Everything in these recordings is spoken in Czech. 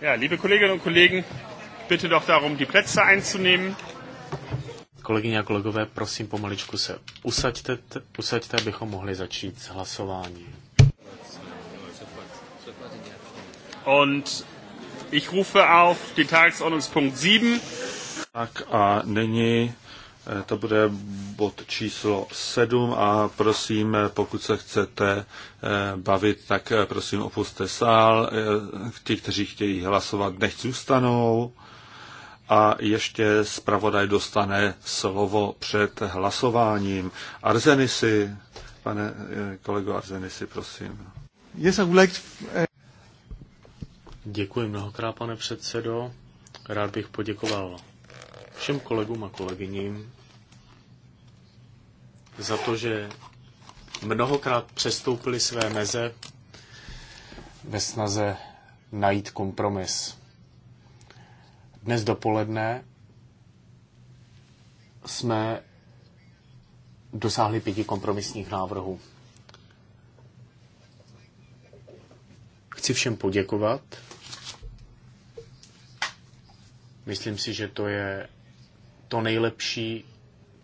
Ja, liebe Kolleginnen und Kollegen, bitte doch darum, die Plätze einzunehmen. Kolegyně a kolegové, prosím pomaličku se usaďte, usaďte, abychom mohli začít s hlasováním. Und ich rufe auf den Tagesordnungspunkt 7. Tak a nyní Eh, to bude bod číslo 7 a prosím, eh, pokud se chcete eh, bavit, tak prosím opuste sál. Ti, kteří chtějí hlasovat, nech zůstanou. A ještě zpravodaj dostane slovo před hlasováním. Arzenisi, pane kolego Arzenisi, prosím. Děkuji mnohokrát, pane předsedo. Rád bych poděkoval všem kolegům a kolegyním za to, že mnohokrát přestoupili své meze ve snaze najít kompromis. Dnes dopoledne jsme dosáhli pěti kompromisních návrhů. Chci všem poděkovat. Myslím si, že to je to nejlepší,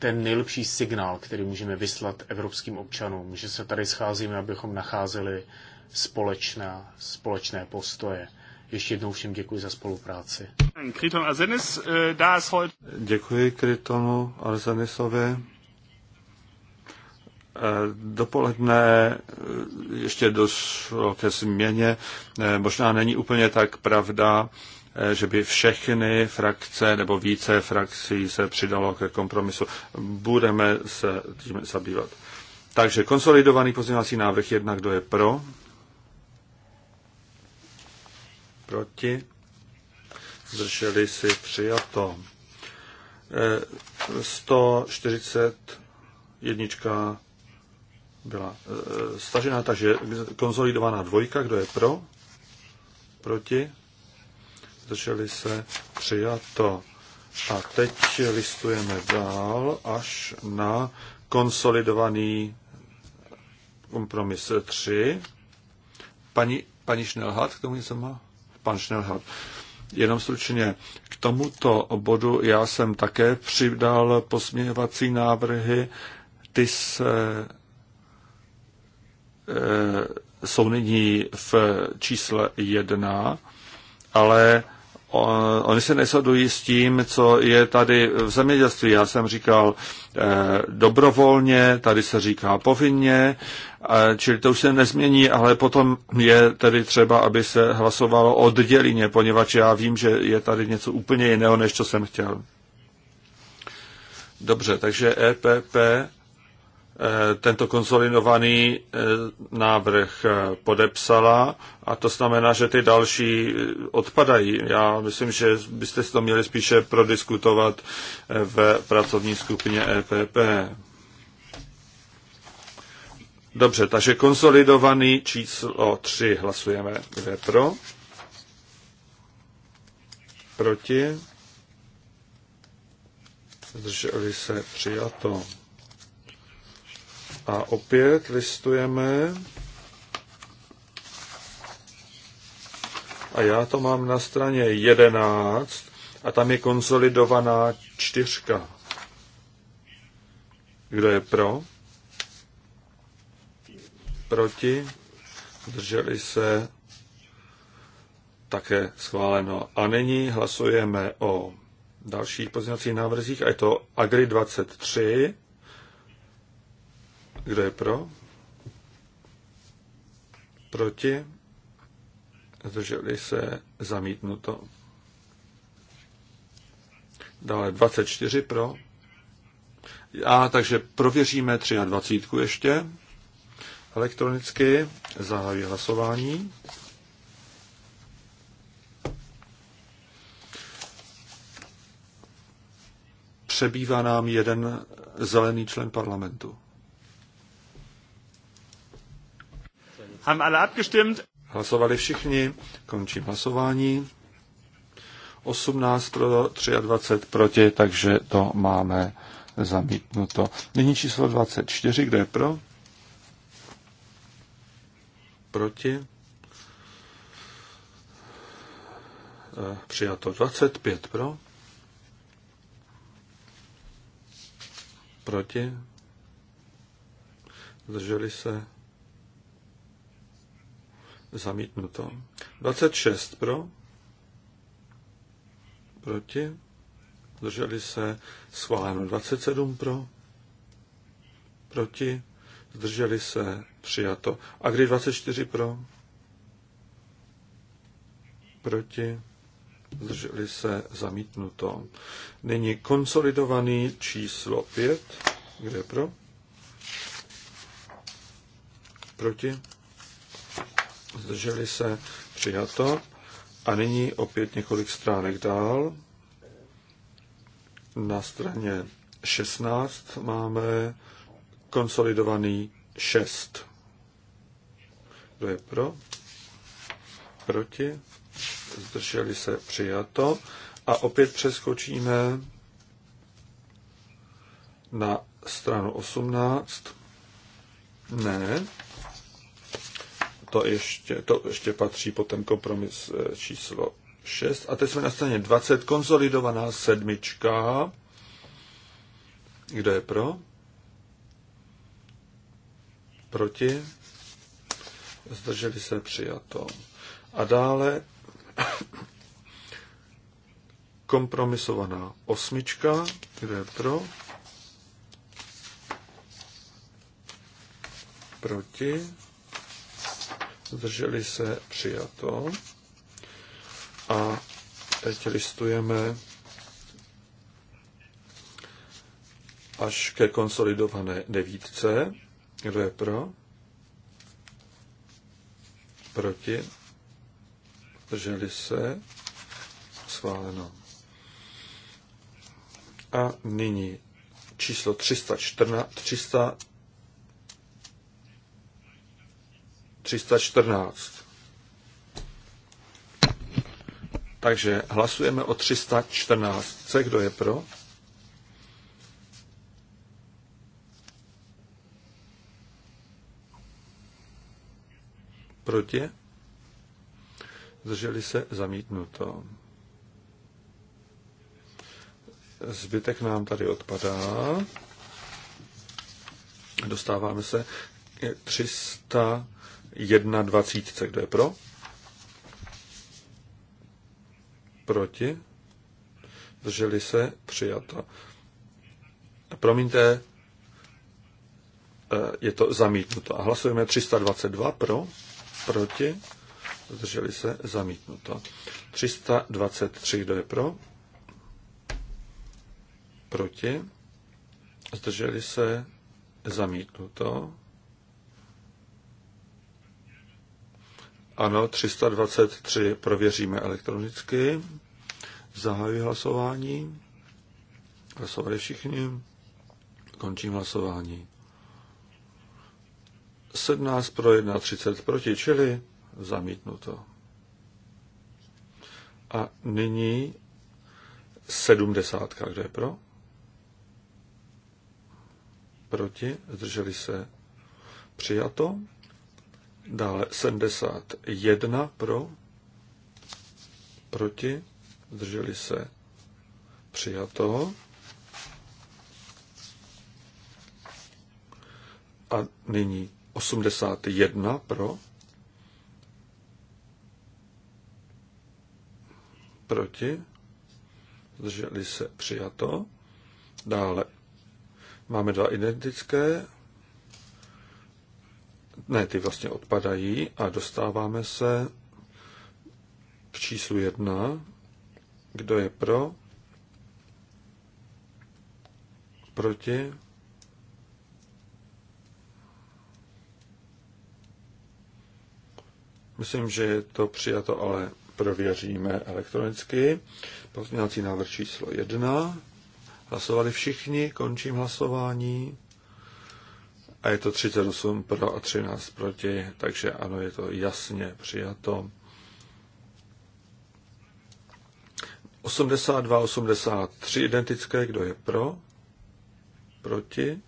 ten nejlepší signál, který můžeme vyslat evropským občanům, že se tady scházíme, abychom nacházeli společná, společné postoje. Ještě jednou všem děkuji za spolupráci. Eh, děkuji Krytonu Arzenisovi. Eh, dopoledne eh, ještě došlo ke změně. Možná není úplně tak pravda, Eh, že by všechny frakce nebo více frakcí se přidalo ke kompromisu. Budeme se tím zabývat. Takže konsolidovaný pozměňovací návrh jednak kdo je pro? Proti? Zdrželi si přijato. 141 eh, byla eh, stažená, takže konsolidovaná dvojka, kdo je pro? Proti? zdrželi se, přijato. A teď listujeme dál až na konsolidovaný kompromis 3. Pani, paní Šnelhat k tomu něco má? Pan Šnelhat. Jenom stručně, k tomuto bodu já jsem také přidal posměvací návrhy. Ty se e, jsou nyní v čísle 1 ale oni se nesadují s tím, co je tady v zemědělství. Já jsem říkal eh, dobrovolně, tady se říká povinně, eh, čili to už se nezmění, ale potom je tedy třeba, aby se hlasovalo odděleně, poněvadž já vím, že je tady něco úplně jiného, než co jsem chtěl. Dobře, takže EPP Eh, tento konsolidovaný eh, návrh eh, podepsala a to znamená, že ty další odpadají. Já myslím, že byste si to měli spíše prodiskutovat v pracovní skupině EPP. Dobře, takže konsolidovaný číslo 3 hlasujeme. Kdo je pro? Proti? Zdrželi se přijato. A opět listujeme. A já to mám na straně 11 a tam je konsolidovaná čtyřka. Kdo je pro? Proti? Drželi se? Také schváleno. A nyní hlasujeme o dalších pozměňovacích návrzích a je to Agri 23. Kdo je pro? Proti? Zdrželi se zamítnuto. Dále 24 pro. A takže prověříme 23 ještě. Elektronicky zahájí hlasování. Přebývá nám jeden zelený člen parlamentu. Haben alle abgestimmt? Hlasovali všichni. Končím hlasování. 18 pro 23 proti, takže to máme zamítnuto. Nyní číslo 24, kde je pro? Proti? Eh, přijato 25 pro? Proti? Zdrželi se? Zamítnuto. 26 pro. Proti. Zdrželi se. Schváleno. 27 pro. Proti. Zdrželi se. Přijato. A kdy 24 pro? Proti. Zdrželi se. Zamítnuto. Nyní konsolidovaný číslo 5. Kde pro? Proti zdrželi se, přijato. A nyní opět několik stránek dál. Na straně 16 máme konsolidovaný 6. Kdo je pro? Proti? Zdrželi se přijato. A opět přeskočíme na stranu 18. Ne to ještě, to ještě patří pod ten kompromis eh, číslo 6. A teď jsme na straně 20, konsolidovaná sedmička. Kdo je pro? Proti? Zdrželi se přijato. A dále kompromisovaná osmička. Kdo je pro? Proti? zdrželi se, přijato. A teď listujeme až ke konsolidované devítce. Kdo je pro? Proti? Zdrželi se? Schváleno. A nyní číslo 314, 300 314. Takže hlasujeme o 314. Kdo je pro? Proti? Zdrželi se zamítnuto. Zbytek nám tady odpadá. Dostáváme se 300. 21. Kdo je pro? Proti? Drželi se? Přijato. Promiňte, eh, je to zamítnuto. A hlasujeme 322 pro, proti, zdrželi se, zamítnuto. 323, kdo je pro, proti, zdrželi se, zamítnuto. Ano, 323 prověříme elektronicky. Zahajuji hlasování. Hlasovali všichni. Končím hlasování. 17 pro 30 proti, čili zamítnuto. A nyní 70. Kdo je pro? Proti? Zdrželi se? Přijato? Dále 71 pro, proti, zdrželi se, přijato. A nyní 81 pro, proti, zdrželi se, přijato. Dále máme dva identické ne, ty vlastně odpadají a dostáváme se k číslu jedna. Kdo je pro? Proti? Myslím, že je to přijato, ale prověříme elektronicky. Pozměňovací návrh číslo jedna. Hlasovali všichni, končím hlasování a je to 38 pro a 13 proti, takže ano, je to jasně přijato. 82, 83 identické, kdo je pro, proti,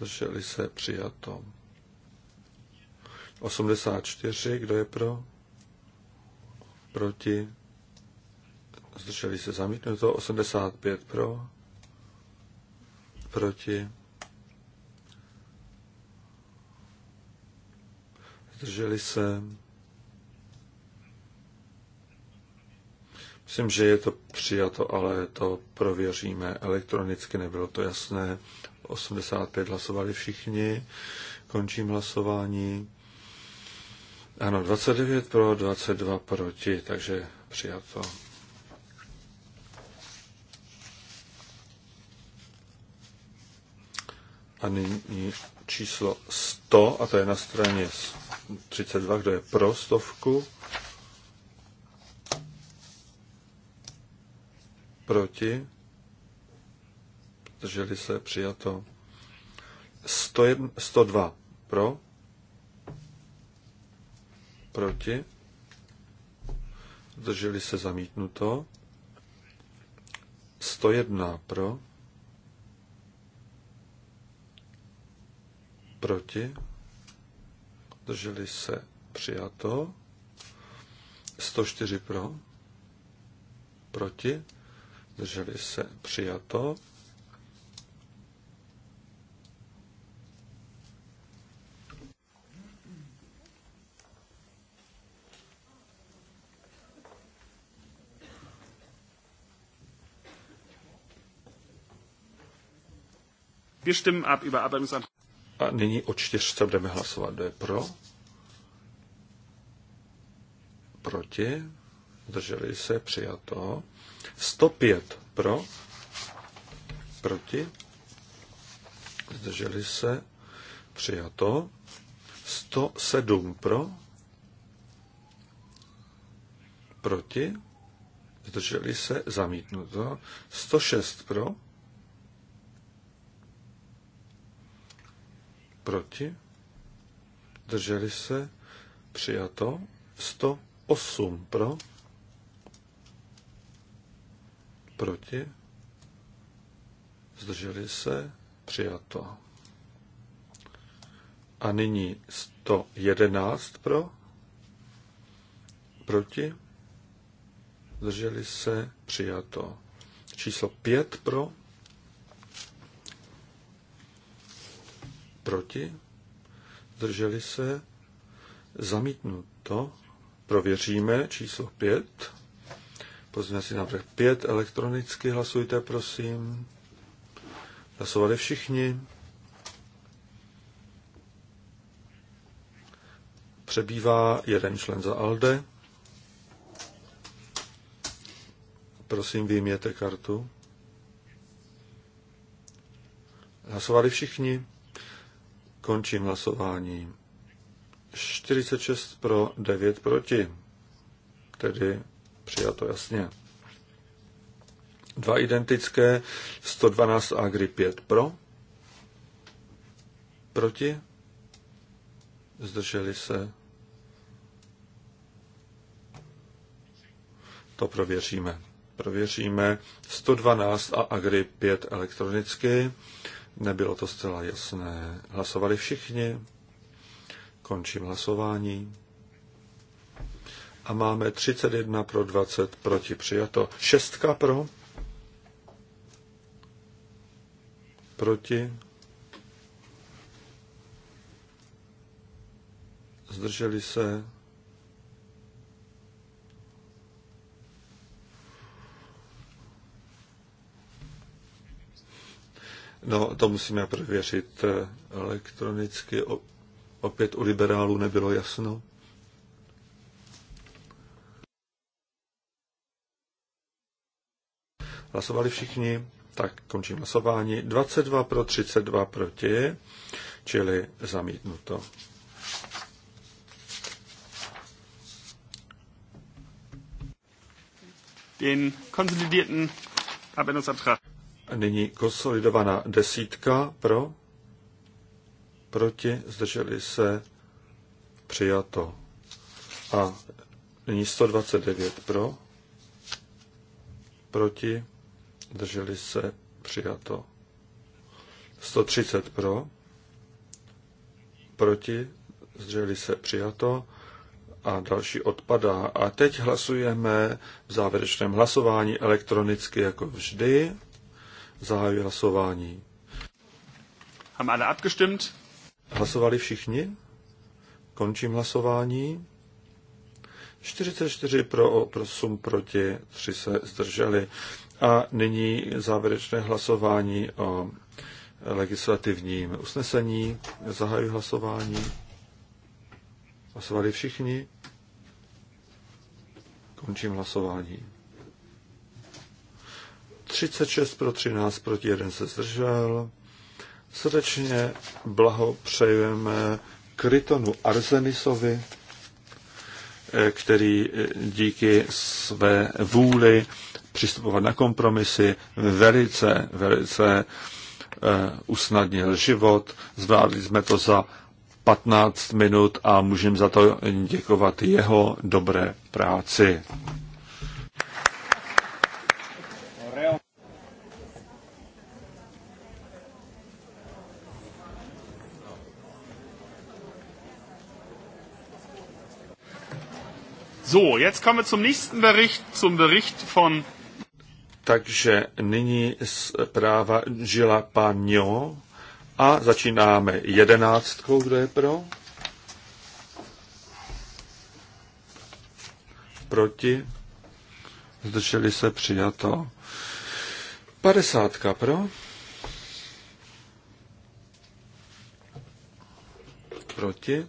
drželi se přijato. 84, kdo je pro, proti, zdrželi se zamítnuto, 85 pro, proti, Zdrželi se. Myslím, že je to přijato, ale to prověříme elektronicky, nebylo to jasné. 85 hlasovali všichni, končím hlasování. Ano, 29 pro, 22 proti, takže přijato. A nyní číslo 100, a to je na straně 32, kdo je pro stovku, proti, drželi se, přijato. 101, 102 pro, proti, drželi se zamítnuto. 101 pro, Proti? Drželi se přijato. 104 pro. Proti? Drželi se přijato. Wir stimmen ab über Abänderungsantrag. A nyní o čtyřce budeme hlasovat. Kdo je pro? Proti? Drželi se? Přijato. 105 pro? Proti? Zdrželi se? Přijato. 107 pro? Proti? Zdrželi se? Zamítnuto. 106 pro? proti, drželi se, přijato, 108 pro, proti, zdrželi se, přijato. A nyní 111 pro, proti, zdrželi se, přijato. Číslo 5 pro, proti, zdrželi se, Zamítnu to. prověříme číslo 5, si návrh 5, elektronicky hlasujte, prosím. Hlasovali všichni. Přebývá jeden člen za ALDE. Prosím, vyjměte kartu. Hlasovali všichni. Končím hlasování. 46 pro, 9 proti. Tedy přijato jasně. Dva identické, 112 agri 5 pro, proti, zdrželi se. To prověříme. Prověříme 112 a agri 5 elektronicky. Nebylo to zcela jasné. Hlasovali všichni. Končím hlasování. A máme 31 pro 20 proti přijato. Šestka pro. Proti. Zdrželi se. No, to musíme prověřit eh, elektronicky. Opět u liberálů nebylo jasno. Hlasovali všichni, tak končím hlasování. 22 pro, 32 proti, čili zamítnuto. Den konsolidierten Abänderungsantrag. Nyní konsolidovaná desítka pro, proti, zdrželi se, přijato. A nyní 129 pro, proti, zdrželi se, přijato. 130 pro, proti, zdrželi se, přijato a další odpadá. A teď hlasujeme v závěrečném hlasování elektronicky jako vždy. Zahajuji hlasování. Haben alle abgestimmt? Hlasovali všichni? Končím hlasování. 44 pro 8 proti, 3 se zdrželi. A nyní závěrečné hlasování o legislativním usnesení. Zahajuji hlasování. Hlasovali všichni. Končím hlasování. 36 pro 13 proti 1 se zdržel. Srdečně blahopřejeme Krytonu Arzenisovi, eh, který eh, díky své vůli přistupovat na kompromisy velice, velice eh, usnadnil život. Zvládli jsme to za 15 minut a můžeme za to děkovat jeho dobré práci. So, jetzt kommen wir zum nächsten Bericht, zum Bericht von... Takže nyní zpráva Gila Pagno a začínáme jedenáctkou, kdo je pro? Proti? Zdrželi se přijato. Padesátka pro? Proti?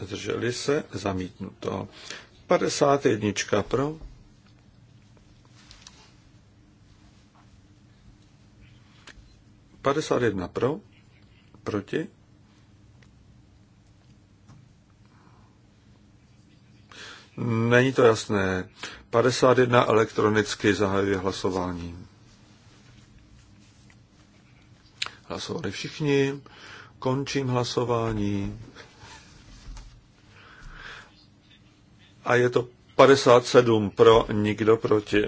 zdrželi se, zamítnuto. 51 pro. Padesát jedna pro, proti. Není to jasné. 51 elektronicky zahajuje hlasování. Hlasovali všichni. Končím hlasování. a je to 57 pro, nikdo proti.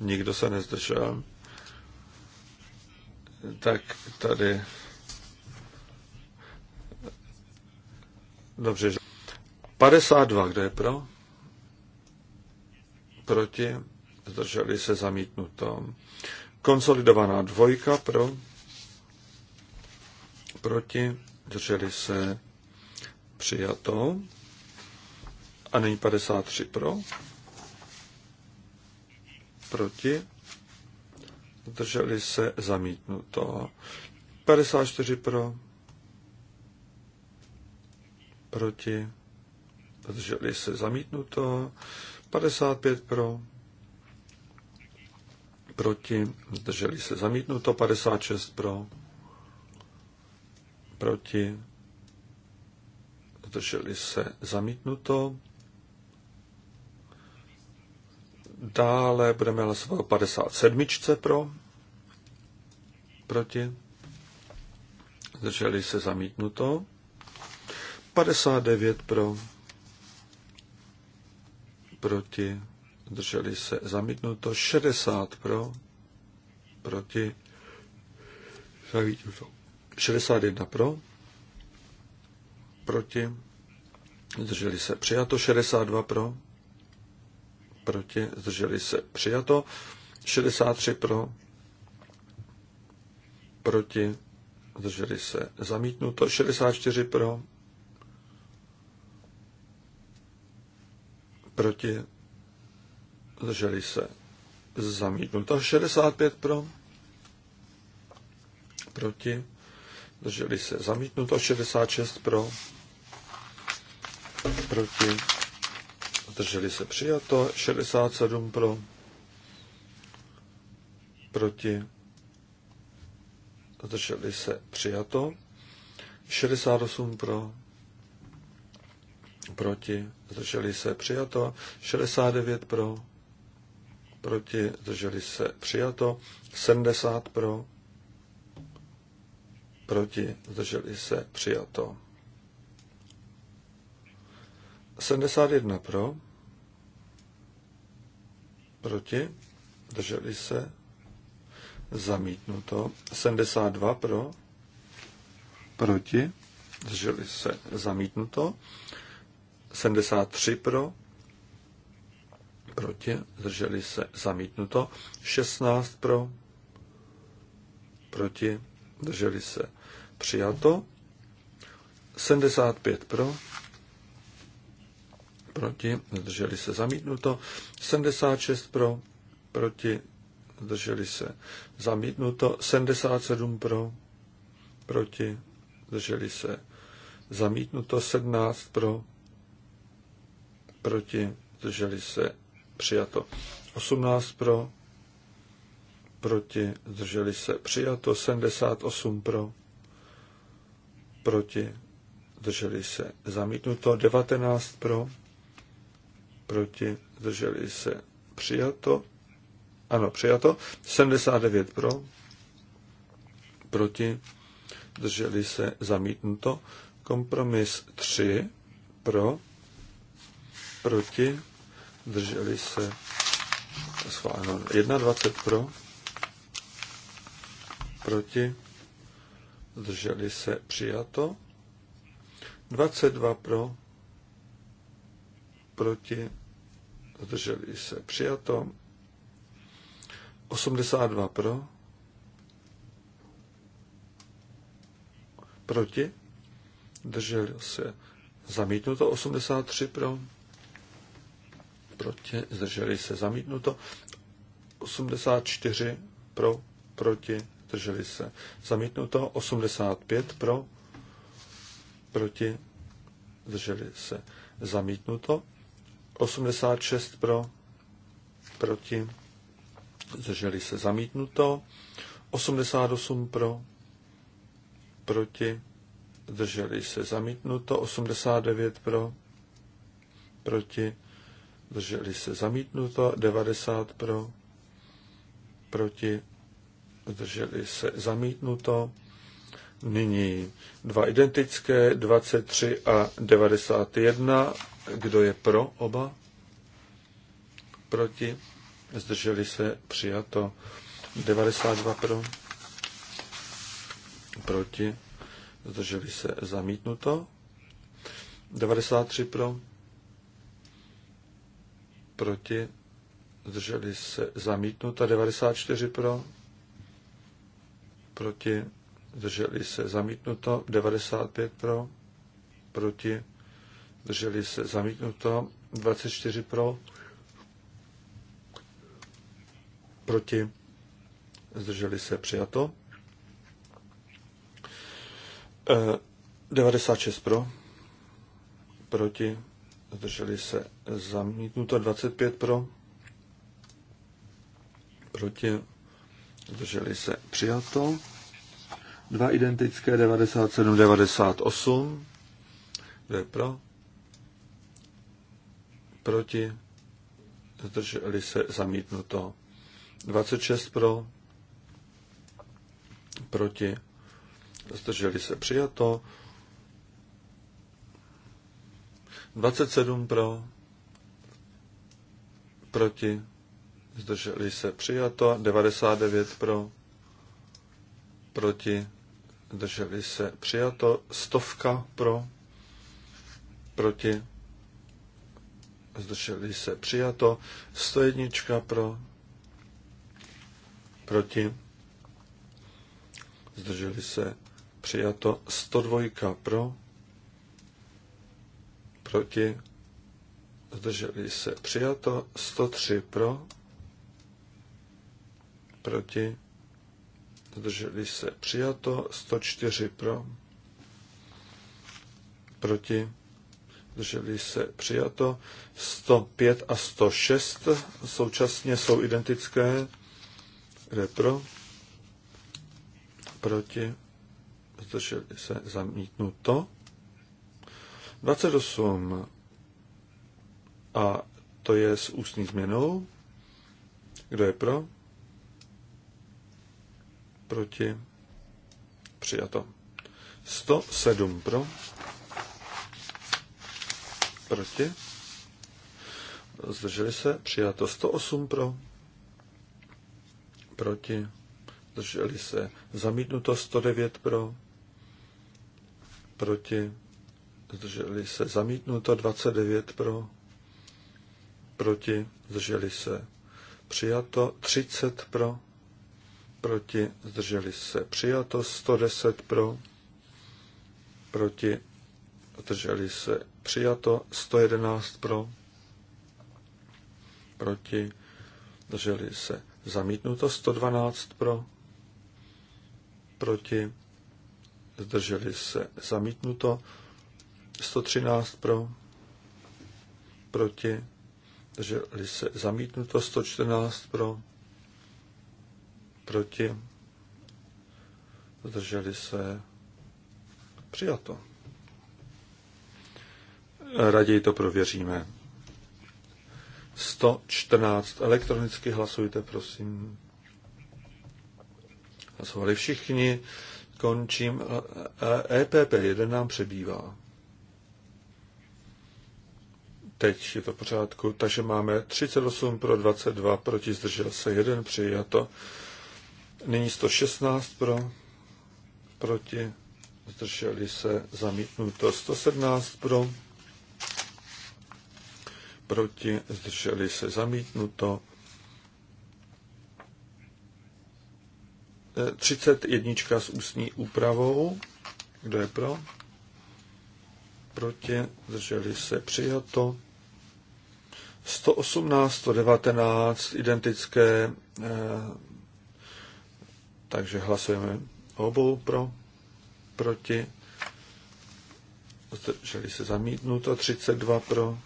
Nikdo se nezdržel. Tak tady. Dobře. 52, kdo je pro? Proti? Zdrželi se zamítnuto. Konsolidovaná dvojka pro? Proti? Zdrželi se přijatou. A není 53 pro. Proti. Zdrželi se zamítnuto. 54 pro. Proti. Zdrželi se zamítnuto. 55 pro. Proti. Zdrželi se zamítnuto. 56 pro. Proti. Zdrželi se zamítnuto. Dále budeme hlasovat o 57. pro, proti, zdrželi se zamítnuto. 59 pro, proti, zdrželi se zamítnuto. 60 pro, proti, zamítnuto. 61 pro, proti, zdrželi se přijato. 62 pro, proti, zdrželi se přijato, 63 pro, proti, zdrželi se zamítnuto, 64 pro, proti, zdrželi se zamítnuto, 65 pro, proti, zdrželi se zamítnuto, 66 pro, proti, zdrželi se přijato, 67 pro, proti, zdrželi se přijato, 68 pro, proti, zdrželi se přijato, 69 pro, proti, zdrželi se přijato, 70 pro, proti, zdrželi se přijato. 71 pro, proti, drželi se, zamítnuto. 72 pro, proti, drželi se, zamítnuto. 73 pro, proti, drželi se, zamítnuto. 16 pro, proti, drželi se, přijato. 75 pro, proti, zdrželi se zamítnuto, 76 pro, proti, zdrželi se zamítnuto, 77 pro, proti, zdrželi se zamítnuto, 17 pro, proti, zdrželi se přijato, 18 pro, proti, zdrželi se přijato, 78 pro, proti, zdrželi se zamítnuto, 19 pro, proti, zdrželi se přijato. Ano, přijato. 79 pro, proti, drželi se zamítnuto. Kompromis 3 pro, proti, drželi se schváleno. 21 pro, proti, zdrželi se přijato. 22 pro, proti, zdrželi se přijato, 82 pro, proti, zdrželi se zamítnuto, 83 pro, proti, zdrželi se zamítnuto, 84 pro, proti, zdrželi se zamítnuto, 85 pro, proti, zdrželi se zamítnuto, 86 pro, proti, zdrželi se zamítnuto, 88 pro, proti, zdrželi se zamítnuto, 89 pro, proti, zdrželi se zamítnuto, 90 pro, proti, zdrželi se zamítnuto. Nyní dva identické, 23 a 91 kdo je pro oba? Proti? Zdrželi se přijato. 92 pro. Proti? Zdrželi se zamítnuto. 93 pro. Proti? Zdrželi se zamítnuto. 94 pro. Proti? Zdrželi se zamítnuto. 95 pro. Proti? drželi se zamítnuto, 24 pro, proti, zdrželi se přijato, 96 e, pro, proti, zdrželi se zamítnuto, 25 pro, proti, zdrželi se přijato, dva identické 97, 98, kdo je pro, proti, zdrželi se zamítnuto. 26 pro, proti, zdrželi se přijato. 27 pro, proti, zdrželi se přijato. 99 pro, proti, zdrželi se přijato. Stovka pro, proti, zdrželi se přijato, 101 pro, proti, zdrželi se přijato, 102 pro, proti, zdrželi se přijato, 103 pro, proti, zdrželi se přijato, 104 pro, proti, drželi se přijato. 105 a 106 současně jsou identické. Kde pro? Proti? Zdrželi se zamítnuto. 28 a to je s ústní změnou. Kdo je pro? Proti? Přijato. 107 pro proti, zdrželi se, přijato 108 pro, proti, zdrželi se, zamítnuto 109 pro, proti, zdrželi se, zamítnuto 29 pro, proti, zdrželi se, přijato 30 pro, proti, zdrželi se, přijato 110 pro, proti, Zdrželi se. Přijato 111 pro. Proti. Zdrželi se. Zamítnuto 112 pro. Proti. Zdrželi se. Zamítnuto 113 pro. Proti. Zdrželi se. Zamítnuto 114 pro. Proti. Zdrželi se. Přijato raději to prověříme. 114. Elektronicky hlasujte, prosím. Hlasovali všichni. Končím. EPP e, e 1 nám přebývá. Teď je to v pořádku. Takže máme 38 pro 22, proti zdržel se 1, přijato. Nyní 116 pro, proti, zdrželi se, zamítnuto 117 pro, proti, zdrželi se zamítnuto. 31 e, s ústní úpravou. Kdo je pro? Proti, zdrželi se přijato. 118, 119 identické, e, takže hlasujeme obou pro, proti, zdrželi se zamítnuto, 32 pro,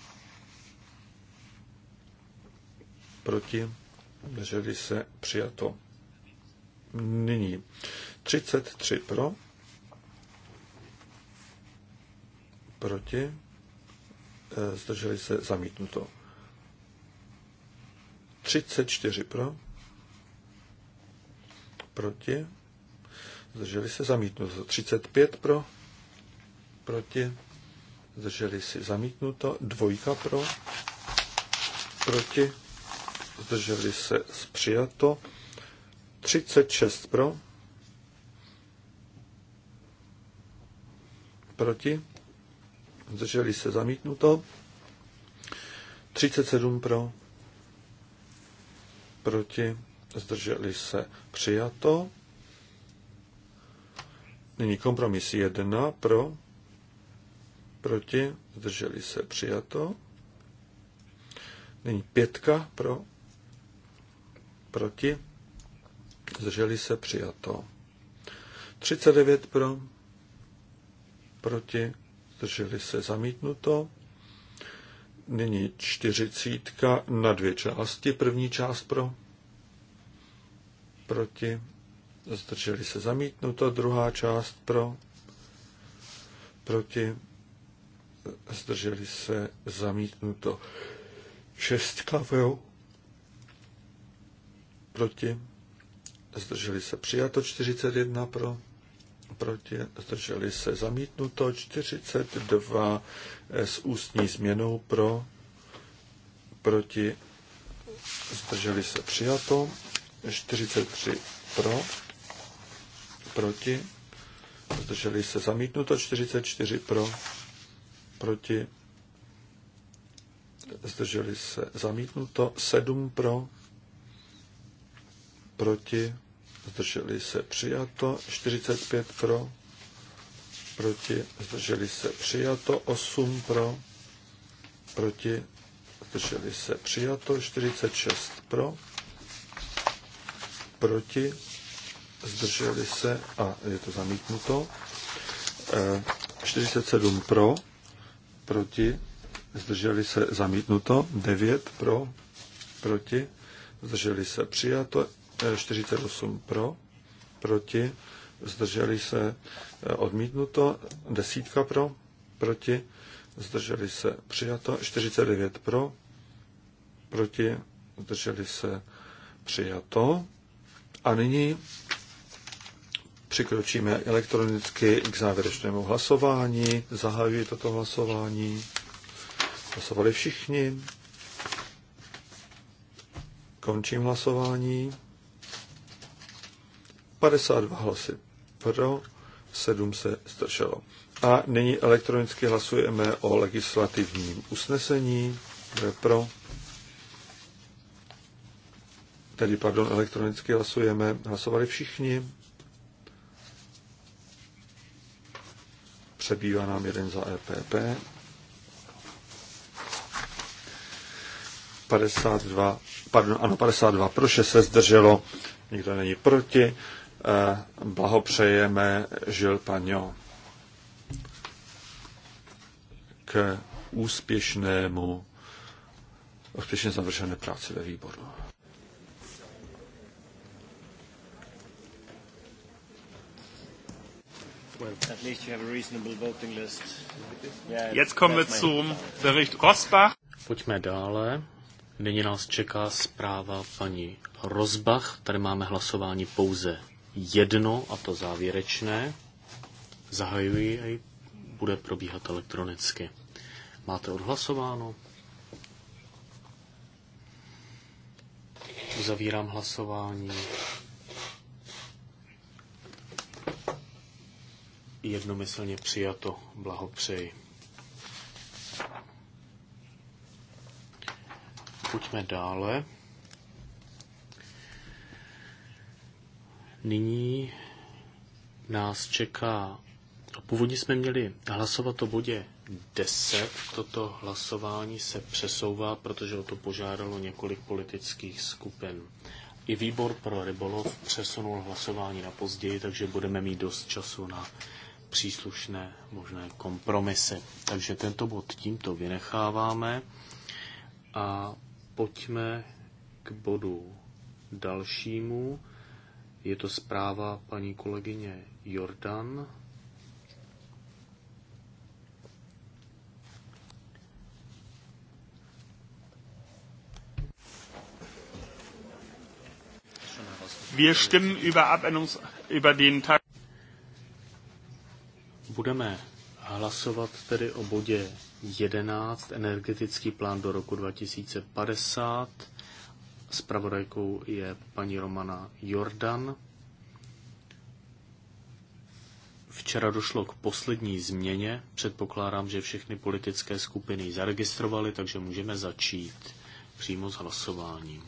proti, drželi se, přijato. Nyní 33 eh, pro, proti, zdrželi se, zamítnuto. 34 pro, proti, zdrželi se, zamítnuto. 35 pro, proti, zdrželi se, zamítnuto. Dvojka pro, proti, zdrželi se přijato, 36 pro, proti, zdrželi se zamítnuto, 37 pro, proti, zdrželi se přijato, Nyní kompromis 1 pro, proti, zdrželi se přijato. Nyní pětka pro, proti, zdrželi se přijato. 39 pro, proti, zdrželi se zamítnuto. Nyní čtyřicítka na dvě části. První část pro, proti, zdrželi se zamítnuto. Druhá část pro, proti, zdrželi se zamítnuto. Šestka pro, proti, zdrželi se přijato 41 pro, proti, zdrželi se zamítnuto 42 eh, s ústní změnou pro, proti, zdrželi se přijato 43 pro, proti, zdrželi se zamítnuto 44 pro, proti, zdrželi se zamítnuto 7 pro, proti, zdrželi se přijato, 45 pro, proti, zdrželi se přijato, 8 pro, proti, zdrželi se přijato, 46 pro, proti, zdrželi se a je to zamítnuto, 47 e, pro, proti, zdrželi se zamítnuto, 9 pro, proti, zdrželi se přijato, 48 pro, proti, zdrželi se eh, odmítnuto, desítka pro, proti, zdrželi se přijato, 49 pro, proti, zdrželi se přijato. A nyní přikročíme elektronicky k závěrečnému hlasování. Zahajuji toto hlasování. Hlasovali všichni. Končím hlasování. 52 hlasy pro, 7 se zdrželo. A nyní elektronicky hlasujeme o legislativním usnesení. Kdo je pro? Tedy, pardon, elektronicky hlasujeme. Hlasovali všichni. Přebývá nám jeden za EPP. 52, pardon, ano, 52 pro, 6 se zdrželo, nikdo není proti. Eh, blahopřejeme Žil Paňo k úspěšnému, úspěšně završené práci ve výboru. Jetzt kommen wir zum Bericht Rosbach. Pojďme dále. Nyní nás čeká zpráva paní Rozbach. Tady máme hlasování pouze jedno a to závěrečné. Zahajuji a bude probíhat elektronicky. Máte odhlasováno? Uzavírám hlasování. Jednomyslně přijato. Blahopřeji. Pojďme dále. Nyní nás čeká. Původně jsme měli hlasovat o bodě 10. Toto hlasování se přesouvá, protože o to požádalo několik politických skupin. I výbor pro rybolov přesunul hlasování na později, takže budeme mít dost času na příslušné možné kompromisy. Takže tento bod tímto vynecháváme a pojďme k bodu dalšímu, je to zpráva paní kolegyně Jordan. Wir stimmen über Abendungs über den Tag. Budeme hlasovat tedy o bodě 11, energetický plán do roku 2050. Spravodajkou je paní Romana Jordan. Včera došlo k poslední změně. Předpokládám, že všechny politické skupiny ji zaregistrovaly, takže můžeme začít přímo s hlasováním.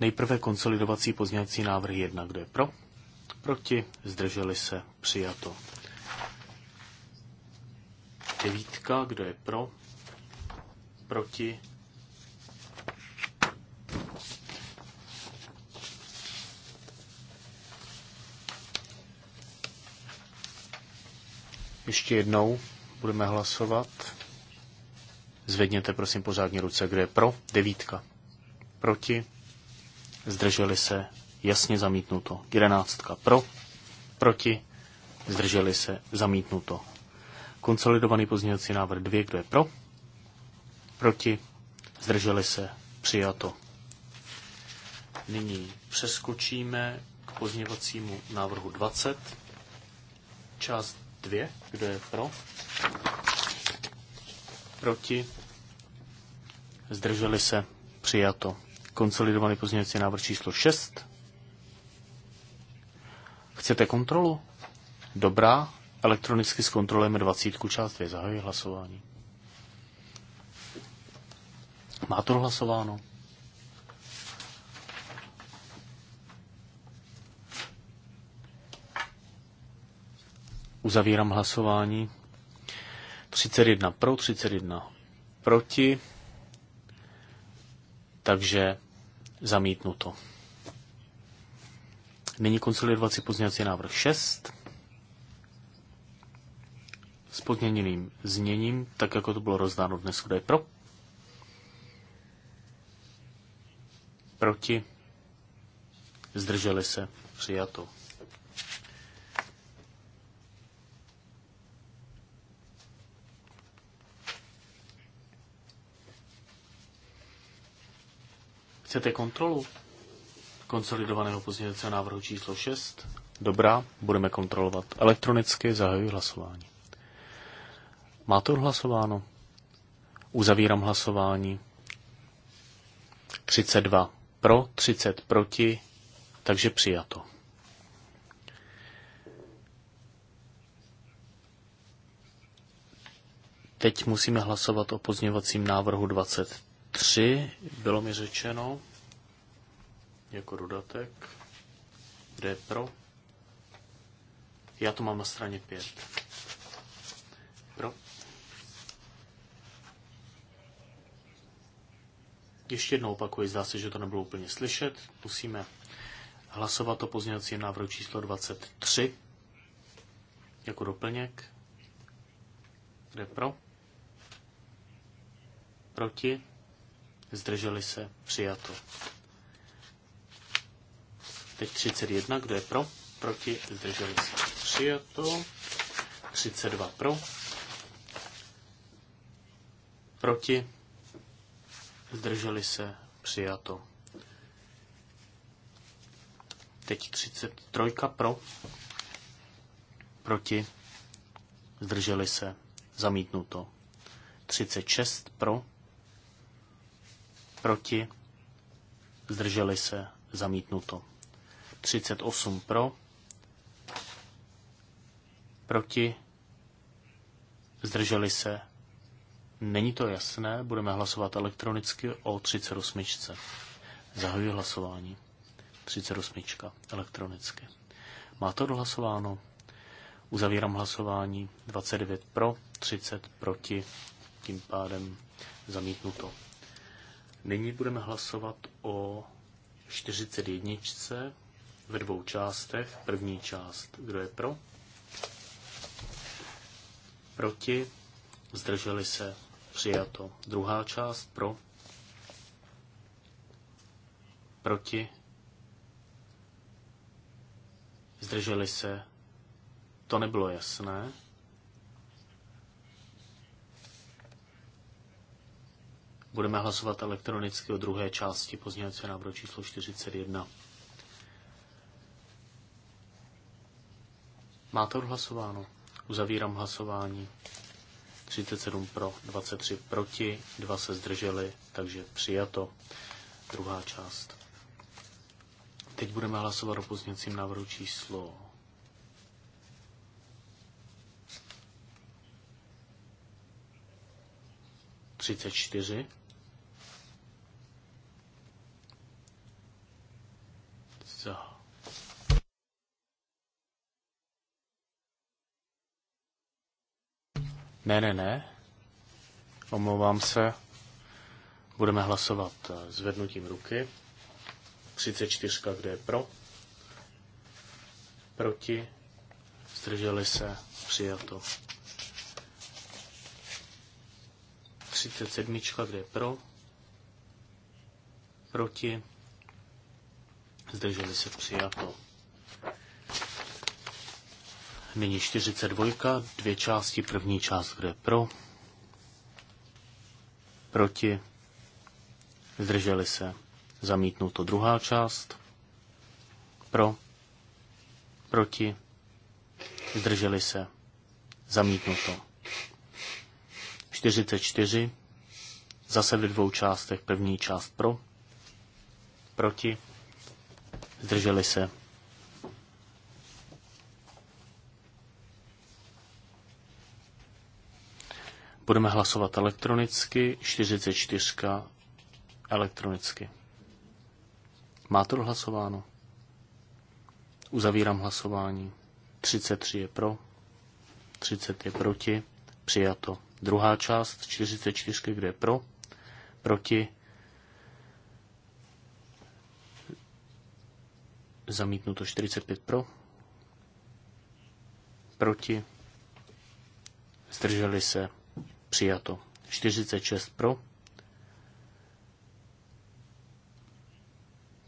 Nejprve konsolidovací pozměňovací návrh 1. Kdo je pro? Proti? Zdrželi se? Přijato. Devítka, kdo je pro? Proti? Ještě jednou budeme hlasovat. Zvedněte prosím pořádně ruce, kdo je pro. Devítka. Proti. Zdrželi se. Jasně zamítnuto. Jedenáctka. Pro. Proti. Zdrželi se. Zamítnuto. Konsolidovaný pozměňovací návrh 2, kdo je pro? Proti? Zdrželi se? Přijato. Nyní přeskočíme k pozměňovacímu návrhu 20, část 2, kdo je pro? Proti? Zdrželi se? Přijato. Konsolidovaný pozměňovací návrh číslo 6. Chcete kontrolu? Dobrá, Elektronicky zkontrolujeme dvacítku část 2. Zahajuji hlasování. Má to hlasováno? Uzavírám hlasování. 31 pro, 31 proti. Takže zamítnuto. Nyní konsolidovací pozměňovací návrh 6 s podměněným zněním, tak jako to bylo rozdáno dnes, kdo je pro. Proti. Zdrželi se. Přijato. Chcete kontrolu konsolidovaného pozměňovacího návrhu číslo 6? Dobrá, budeme kontrolovat elektronicky, zahajuji hlasování. Máte odhlasováno? Uzavírám hlasování. 32 pro, 30 proti, takže přijato. Teď musíme hlasovat o pozměňovacím návrhu 23, bylo mi řečeno, jako dodatek, kde je pro. Já to mám na straně 5. Ještě jednou opakuji, zdá se, že to nebylo úplně slyšet. Musíme hlasovat o pozměňovacím návrhu číslo 23 jako doplněk. Kde pro? Proti? Zdrželi se? Přijato. Teď 31. Kdo je pro? Proti? Zdrželi se? Přijato. 32 pro. Proti? zdrželi se, přijato. Teď 33 pro, proti, zdrželi se, zamítnuto. 36 pro, proti, zdrželi se, zamítnuto. 38 pro, proti, zdrželi se, Není to jasné, budeme hlasovat elektronicky o 38. Zahajuji hlasování. 38. elektronicky. Má to dohlasováno? Uzavírám hlasování 29 pro, 30 proti, tím pádem zamítnuto. Nyní budeme hlasovat o 41 ve dvou částech. První část, kdo je pro? Proti, zdrželi se, Přijato. Druhá část pro. Proti. Zdrželi se. To nebylo jasné. Budeme hlasovat elektronicky o druhé části pozměňovacího návrhu číslo 41. Máte odhlasováno? Uzavírám hlasování. 37 pro, 23 proti, 2 se zdrželi, takže přijato. Druhá část. Teď budeme hlasovat o pozměňovacím návrhu číslo 34. Za Ne, ne, ne. Omlouvám se. Budeme hlasovat eh, zvednutím ruky. 34, kde je pro. Proti. Zdrželi se. Přijato. 37, kde je pro. Proti. Zdrželi se. Přijato. Nyní 42, dvě části, první část, kde pro, proti, zdrželi se, zamítnuto druhá část, pro, proti, zdrželi se, zamítnuto. 44, zase ve dvou částech, první část pro, proti, zdrželi se, Budeme hlasovat elektronicky, 44 elektronicky. Má to hlasováno Uzavírám hlasování. 33 je pro, 30 je proti, přijato. Druhá část, 44, kde je pro, proti, zamítnuto 45 pro, proti, zdrželi se Přijato. 46 pro.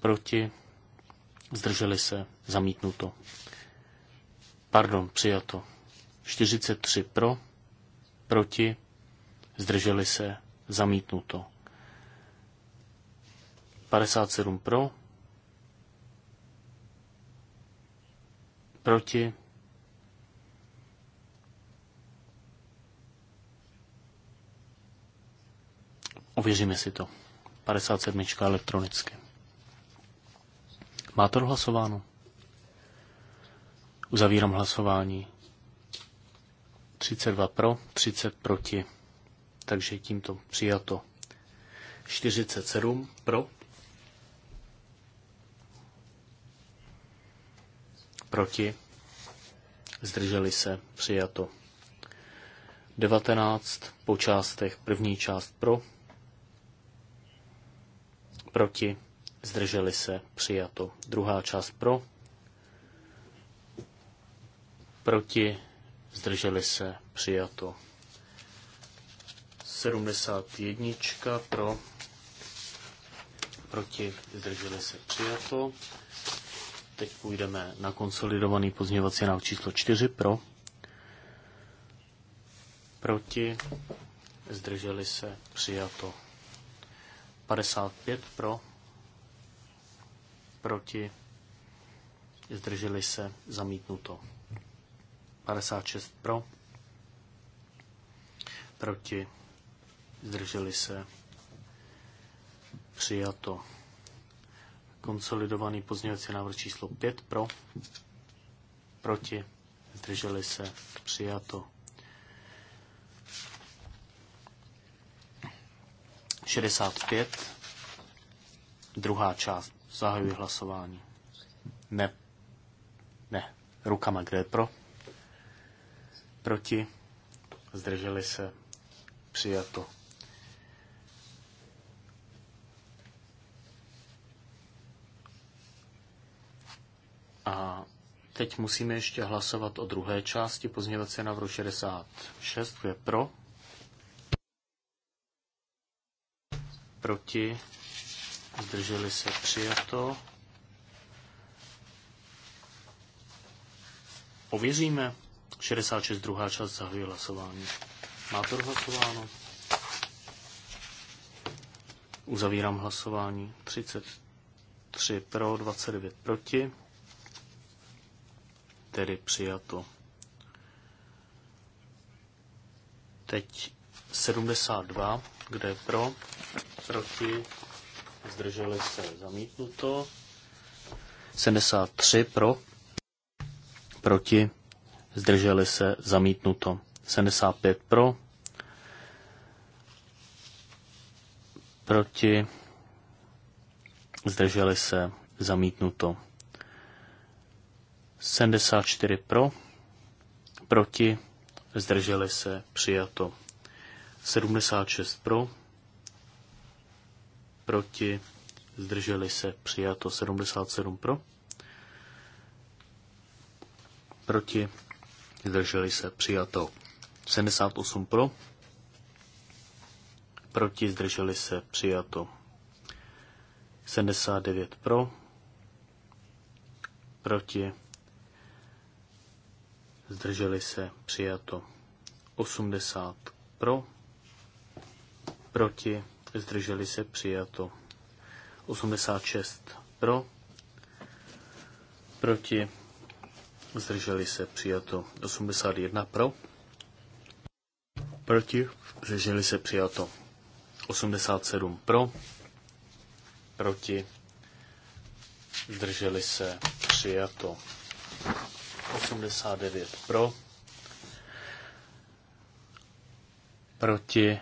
Proti. Zdrželi se. Zamítnuto. Pardon, přijato. 43 pro. Proti. Zdrželi se. Zamítnuto. 57 pro. Proti. Ověříme si to. 57. elektronicky. to hlasováno? Uzavírám hlasování. 32 pro, 30 proti. Takže tímto přijato. 47 pro. Proti. Zdrželi se. Přijato. 19 po částech. První část pro proti, zdrželi se, přijato. Druhá část pro, proti, zdrželi se, přijato. 71 pro, proti, zdrželi se, přijato. Teď půjdeme na konsolidovaný pozměňovací návrh číslo 4 pro, proti, zdrželi se, přijato. 55 pro, proti, zdrželi se, zamítnuto. 56 pro, proti, zdrželi se, přijato. Konsolidovaný pozměňovací návrh číslo 5 pro, proti, zdrželi se, přijato. 65, druhá část. Zahajuji hlasování. Ne. Ne. Rukama, kde je pro? Proti? Zdrželi se? Přijato. A teď musíme ještě hlasovat o druhé části pozměňovací návrhu 66, kde je pro? proti, zdrželi se přijato. Ověříme. 66. druhá část zahajuje hlasování. Má to hlasováno? Uzavírám hlasování. 33 pro, 29 proti. Tedy přijato. Teď 72, kde je pro, proti, zdrželi se zamítnuto. 73 pro, proti, zdrželi se zamítnuto. 75 pro, proti, zdrželi se zamítnuto. 74 pro, proti, zdrželi se přijato. 76 pro, proti, zdrželi se, přijato 77 pro, proti, zdrželi se, přijato 78 pro, proti, zdrželi se, přijato 79 pro, proti, zdrželi se, přijato 80 pro, proti, zdrželi se přijato. 86 pro, proti, zdrželi se přijato. 81 pro, proti, zdrželi se přijato. 87 pro, proti, zdrželi se přijato. 89 pro, proti,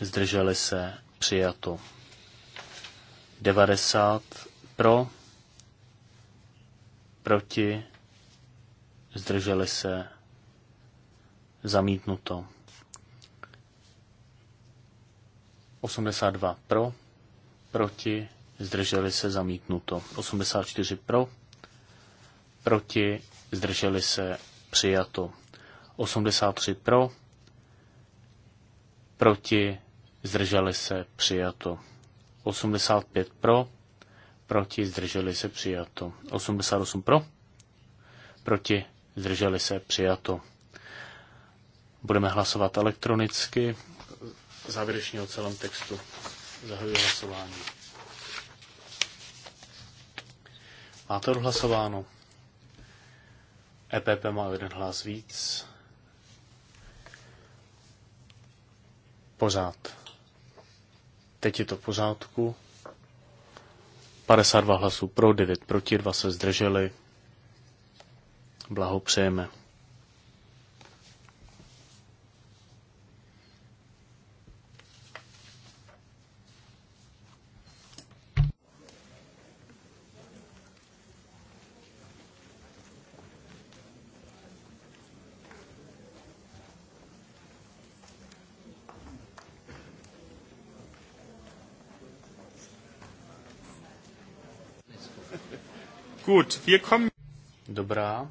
zdrželi se Přijato. 90 pro, proti, zdrželi se, zamítnuto. 82 pro, proti, zdrželi se, zamítnuto. 84 pro, proti, zdrželi se, přijato. 83 pro, proti, zdrželi se, přijato. 85 pro, proti, zdrželi se, přijato. 88 pro, proti, zdrželi se, přijato. Budeme hlasovat elektronicky. Závěrečně o celém textu. Zahajuji hlasování. Máte odhlasováno. EPP má jeden hlas víc. Pořád. Teď je to v pořádku. 52 hlasů pro, 9 proti, 2 se zdrželi. Blahopřejeme. Gut, wir kommen... Dobrá.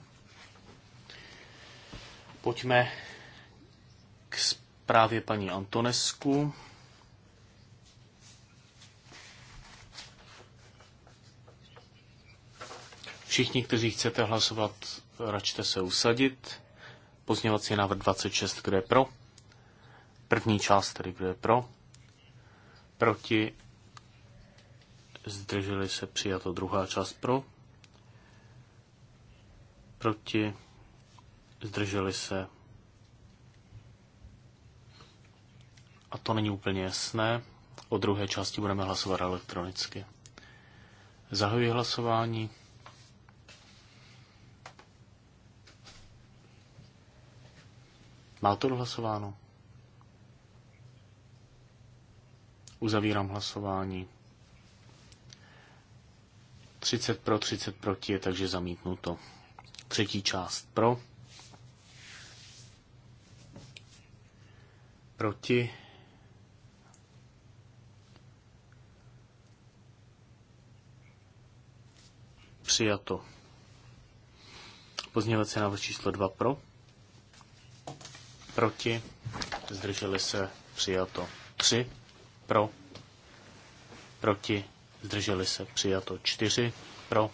Pojďme k zprávě paní Antonesku. Všichni, kteří chcete hlasovat, račte se usadit. Pozněvací návrh 26, kdo je pro? První část, tedy kdo je pro? Proti? Zdrželi se přijato druhá část pro? proti, zdrželi se. A to není úplně jasné. O druhé části budeme hlasovat elektronicky. Zahajuji hlasování. Má to dohlasováno? Uzavírám hlasování. 30 pro, 30 proti je takže zamítnuto. Třetí část pro. Proti. Přijato. Pozměňovací návrh číslo 2 pro. Proti. Zdrželi se. Přijato. 3 pro. Proti. Zdrželi se. Přijato. 4 pro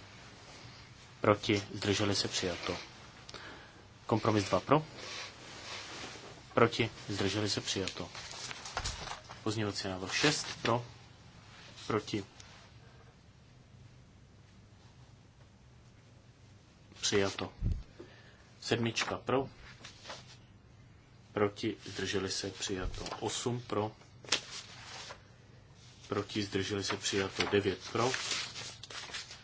proti, zdrželi se přijato. Kompromis 2 pro, proti, zdrželi se přijato. Pozměňovací návrh 6 pro, proti, přijato. Sedmička pro, proti, zdrželi se přijato. 8 pro, proti, zdrželi se přijato. 9 pro,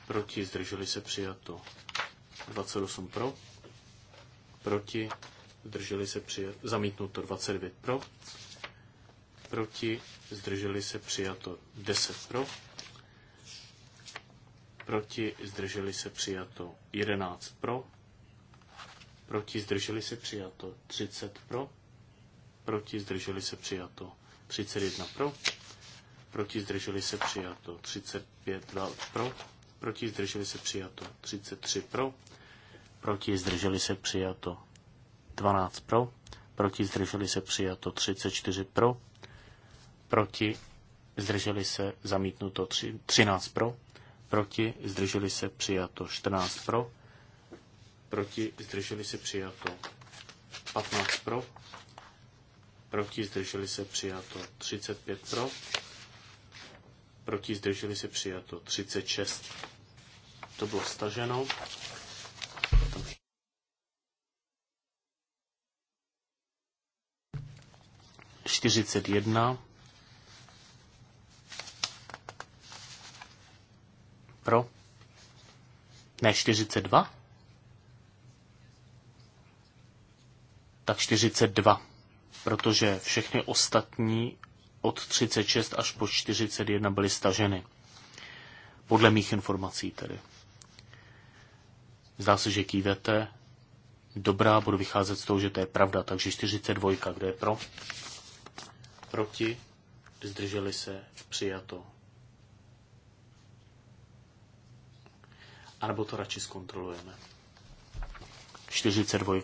proti, zdrželi se přijato. 28 pro, proti, zdrželi se přijato, zamítnuto 29 pro, proti, zdrželi se přijato 10 pro, proti, zdrželi se přijato 11 pro, proti, zdrželi se přijato 30 pro, proti, zdrželi se přijato 31 pro, proti, zdrželi se přijato 35 pro, proti, zdrželi se přijato. 33 pro, proti, zdrželi se přijato. 12 pro, proti, zdrželi se přijato. 34 pro, proti, zdrželi se zamítnuto. 13 pro, proti, zdrželi se přijato. 14 pro, proti, zdrželi se přijato. 15 pro, proti, zdrželi se přijato. 35 pro, proti zdrželi se přijato 36. To bylo staženo. Čtyřicet jedna. Pro. Ne, dva. Tak dva. protože všechny ostatní od 36 až po 41 byly staženy. Podle mých informací tedy. Zdá se, že kývete. Dobrá, budu vycházet z toho, že to je pravda. Takže 42, kde je pro? Proti? Zdrželi se? Přijato. A nebo to radši zkontrolujeme. 42.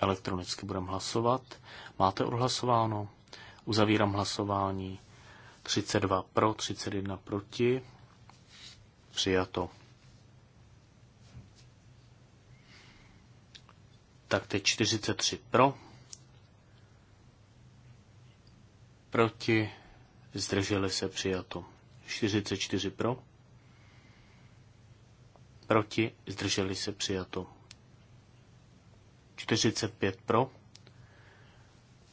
Elektronicky budeme hlasovat. Máte odhlasováno? Uzavírám hlasování. 32 pro, 31 proti. Přijato. Tak teď 43 pro. Proti. Zdrželi se přijato. 44 pro. Proti. Zdrželi se přijato. 45 pro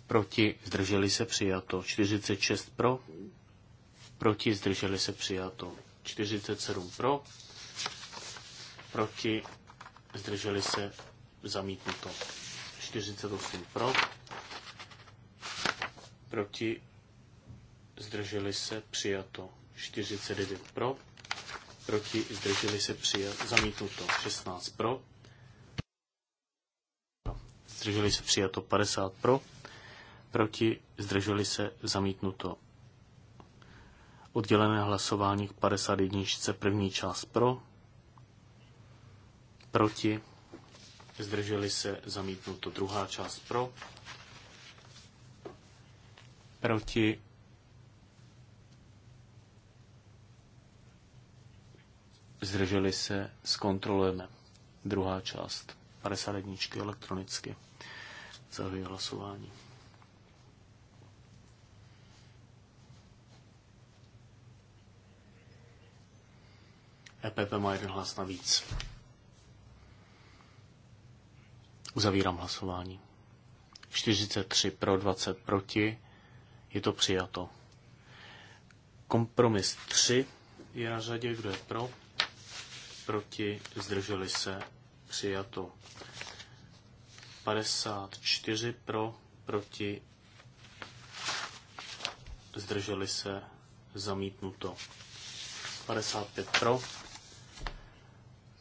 proti, zdrželi se přijato. 46 pro, proti, zdrželi se přijato. 47 pro, proti, zdrželi se zamítnuto. 48 pro, proti, zdrželi se přijato. 49 pro, proti, zdrželi se přijato. Zamítnuto. 16 pro, zdrželi se přijato. 50 pro, proti, zdrželi se, zamítnuto. Oddělené hlasování k 51. první část pro, proti, zdrželi se, zamítnuto. Druhá část pro, proti, zdrželi se, zkontrolujeme. Druhá část, 51. elektronicky. zahvíjí hlasování. EPP má jeden hlas navíc. Uzavírám hlasování. 43 pro, 20 proti. Je to přijato. Kompromis 3 je na řadě. Kdo je pro? Proti. Zdrželi se. Přijato. 54 pro, proti. Zdrželi se. Zamítnuto. 55 pro,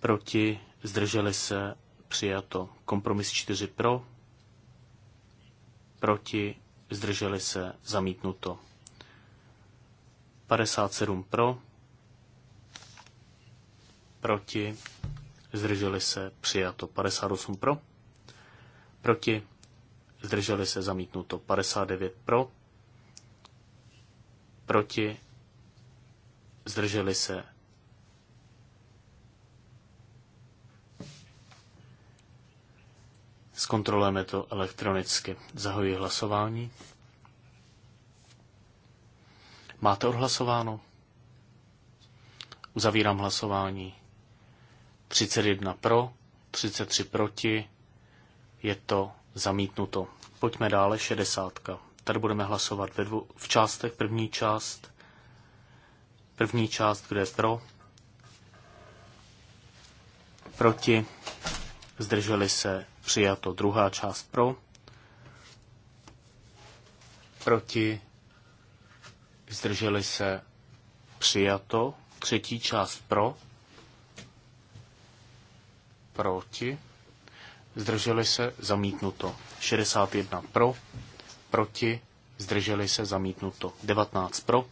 proti, zdrželi se, přijato. Kompromis 4 pro, proti, zdrželi se, zamítnuto. 57 pro, proti, zdrželi se, přijato. 58 pro, proti, zdrželi se, zamítnuto. 59 pro, proti, zdrželi se, Zkontrolujeme to elektronicky. Zahoji hlasování. Máte odhlasováno? Uzavírám hlasování. 31 pro, 33 proti. Je to zamítnuto. Pojďme dále, 60. Tady budeme hlasovat ve dvou, v částech. První část, první část, kde je pro, proti, zdrželi se Přijato druhá část pro. Proti. Zdrželi se. Přijato. Třetí část pro. Proti. Zdrželi se. Zamítnuto. 61 pro. Proti. Zdrželi se. Zamítnuto. 19 pro.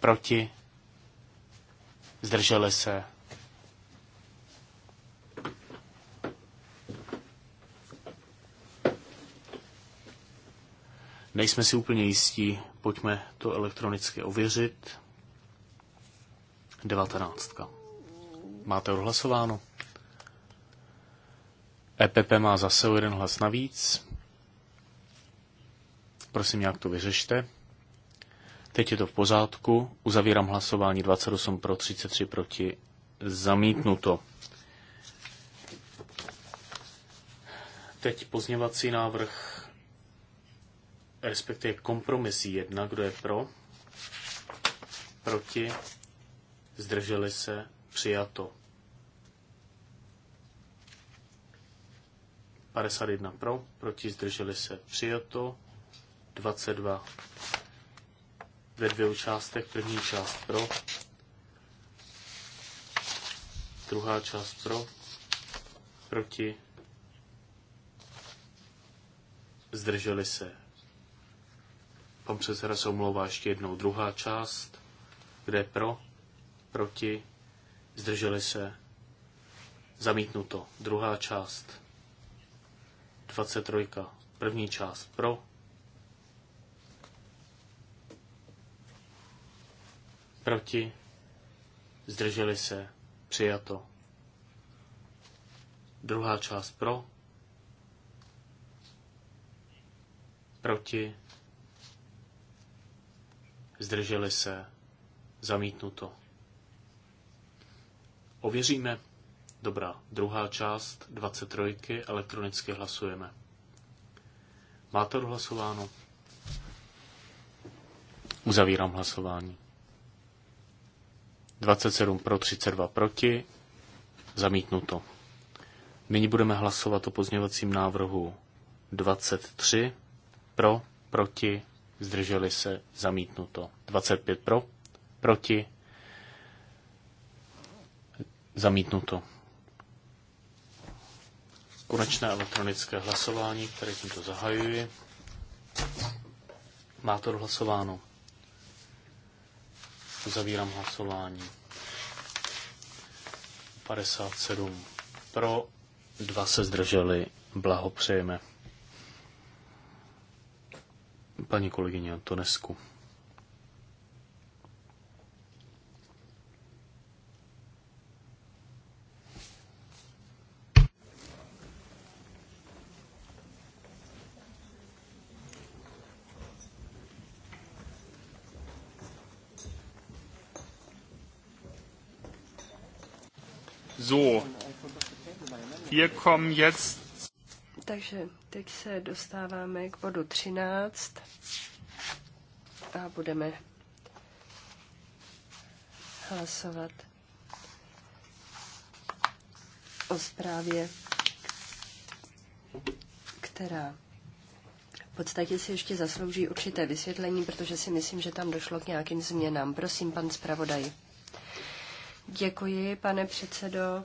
Proti. Zdrželi se Nejsme si úplně jistí, pojďme to elektronicky ověřit. 19. Máte odhlasováno? EPP má zase o jeden hlas navíc. Prosím, jak to vyřešte. Teď je to v pořádku. Uzavírám hlasování 28 pro 33 proti. Zamítnuto. Teď pozněvací návrh respektive kompromis jedna, kdo je pro, proti, zdrželi se, přijato. 51 pro, proti, zdrželi se, přijato. 22 ve dvou částech, první část pro, druhá část pro, proti, zdrželi se, Pan předseda se omlouvá ještě jednou. Druhá část, kde pro, proti, zdrželi se, zamítnuto. Druhá část, 23. První část pro, proti, zdrželi se, přijato. Druhá část pro, proti, zdrželi se, zamítnuto. Ověříme. Dobrá, druhá část 23. Elektronicky hlasujeme. Máte odhlasováno? Uzavírám hlasování. 27 pro, 32 proti. Zamítnuto. Nyní budeme hlasovat o pozměňovacím návrhu 23 pro, proti, zdrželi se, zamítnuto. 25 pro, proti, zamítnuto. Konečné elektronické hlasování, které tímto zahajuji. Má to hlasováno. Zavírám hlasování. 57 pro, dva se zdrželi. Blahopřejeme paní kolegyně Antonesku. So, wir kommen jetzt. Takže Teď se dostáváme k bodu 13 a budeme hlasovat o zprávě, která v podstatě si ještě zaslouží určité vysvětlení, protože si myslím, že tam došlo k nějakým změnám. Prosím, pan zpravodaj. Děkuji, pane předsedo.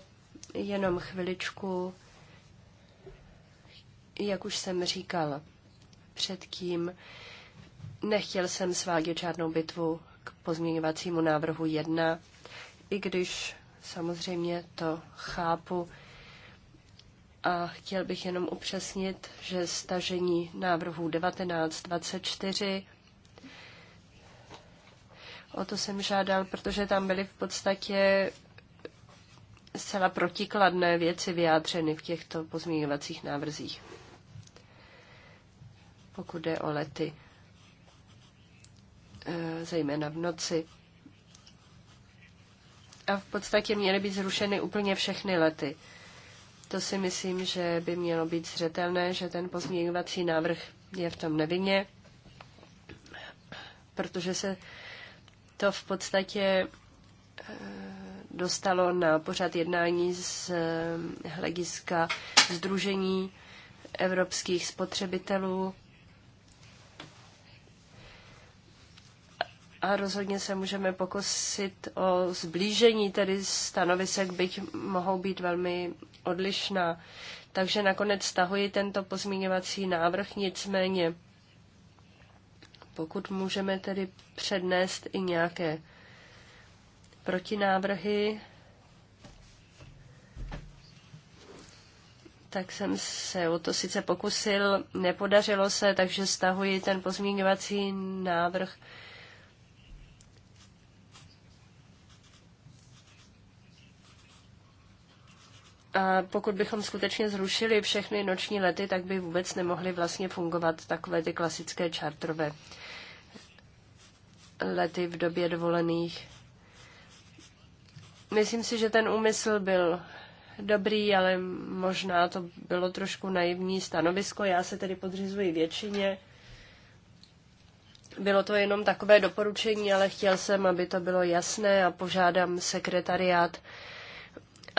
Jenom chviličku. Jak už jsem říkal předtím, nechtěl jsem svádět žádnou bitvu k pozměňovacímu návrhu 1, i když samozřejmě to chápu, a chtěl bych jenom upřesnit, že stažení návrhů 1924 o to jsem žádal, protože tam byly v podstatě zcela protikladné věci vyjádřeny v těchto pozměňovacích návrzích pokud jde o lety, eh, zejména v noci. A v podstatě měly být zrušeny úplně všechny lety. To si myslím, že by mělo být zřetelné, že ten pozměňovací návrh je v tom nevině, protože se to v podstatě eh, dostalo na pořad jednání z eh, hlediska Združení evropských spotřebitelů a rozhodně se můžeme pokusit o zblížení tedy stanovisek, byť mohou být velmi odlišná. Takže nakonec stahuji tento pozmíněvací návrh, nicméně pokud můžeme tedy přednést i nějaké protinávrhy, tak jsem se o to sice pokusil, nepodařilo se, takže stahuji ten pozměňovací návrh A pokud bychom skutečně zrušili všechny noční lety, tak by vůbec nemohly vlastně fungovat takové ty klasické čartrové lety v době dovolených. Myslím si, že ten úmysl byl dobrý, ale možná to bylo trošku naivní stanovisko. Já se tedy podřizuji většině. Bylo to jenom takové doporučení, ale chtěl jsem, aby to bylo jasné a požádám sekretariát,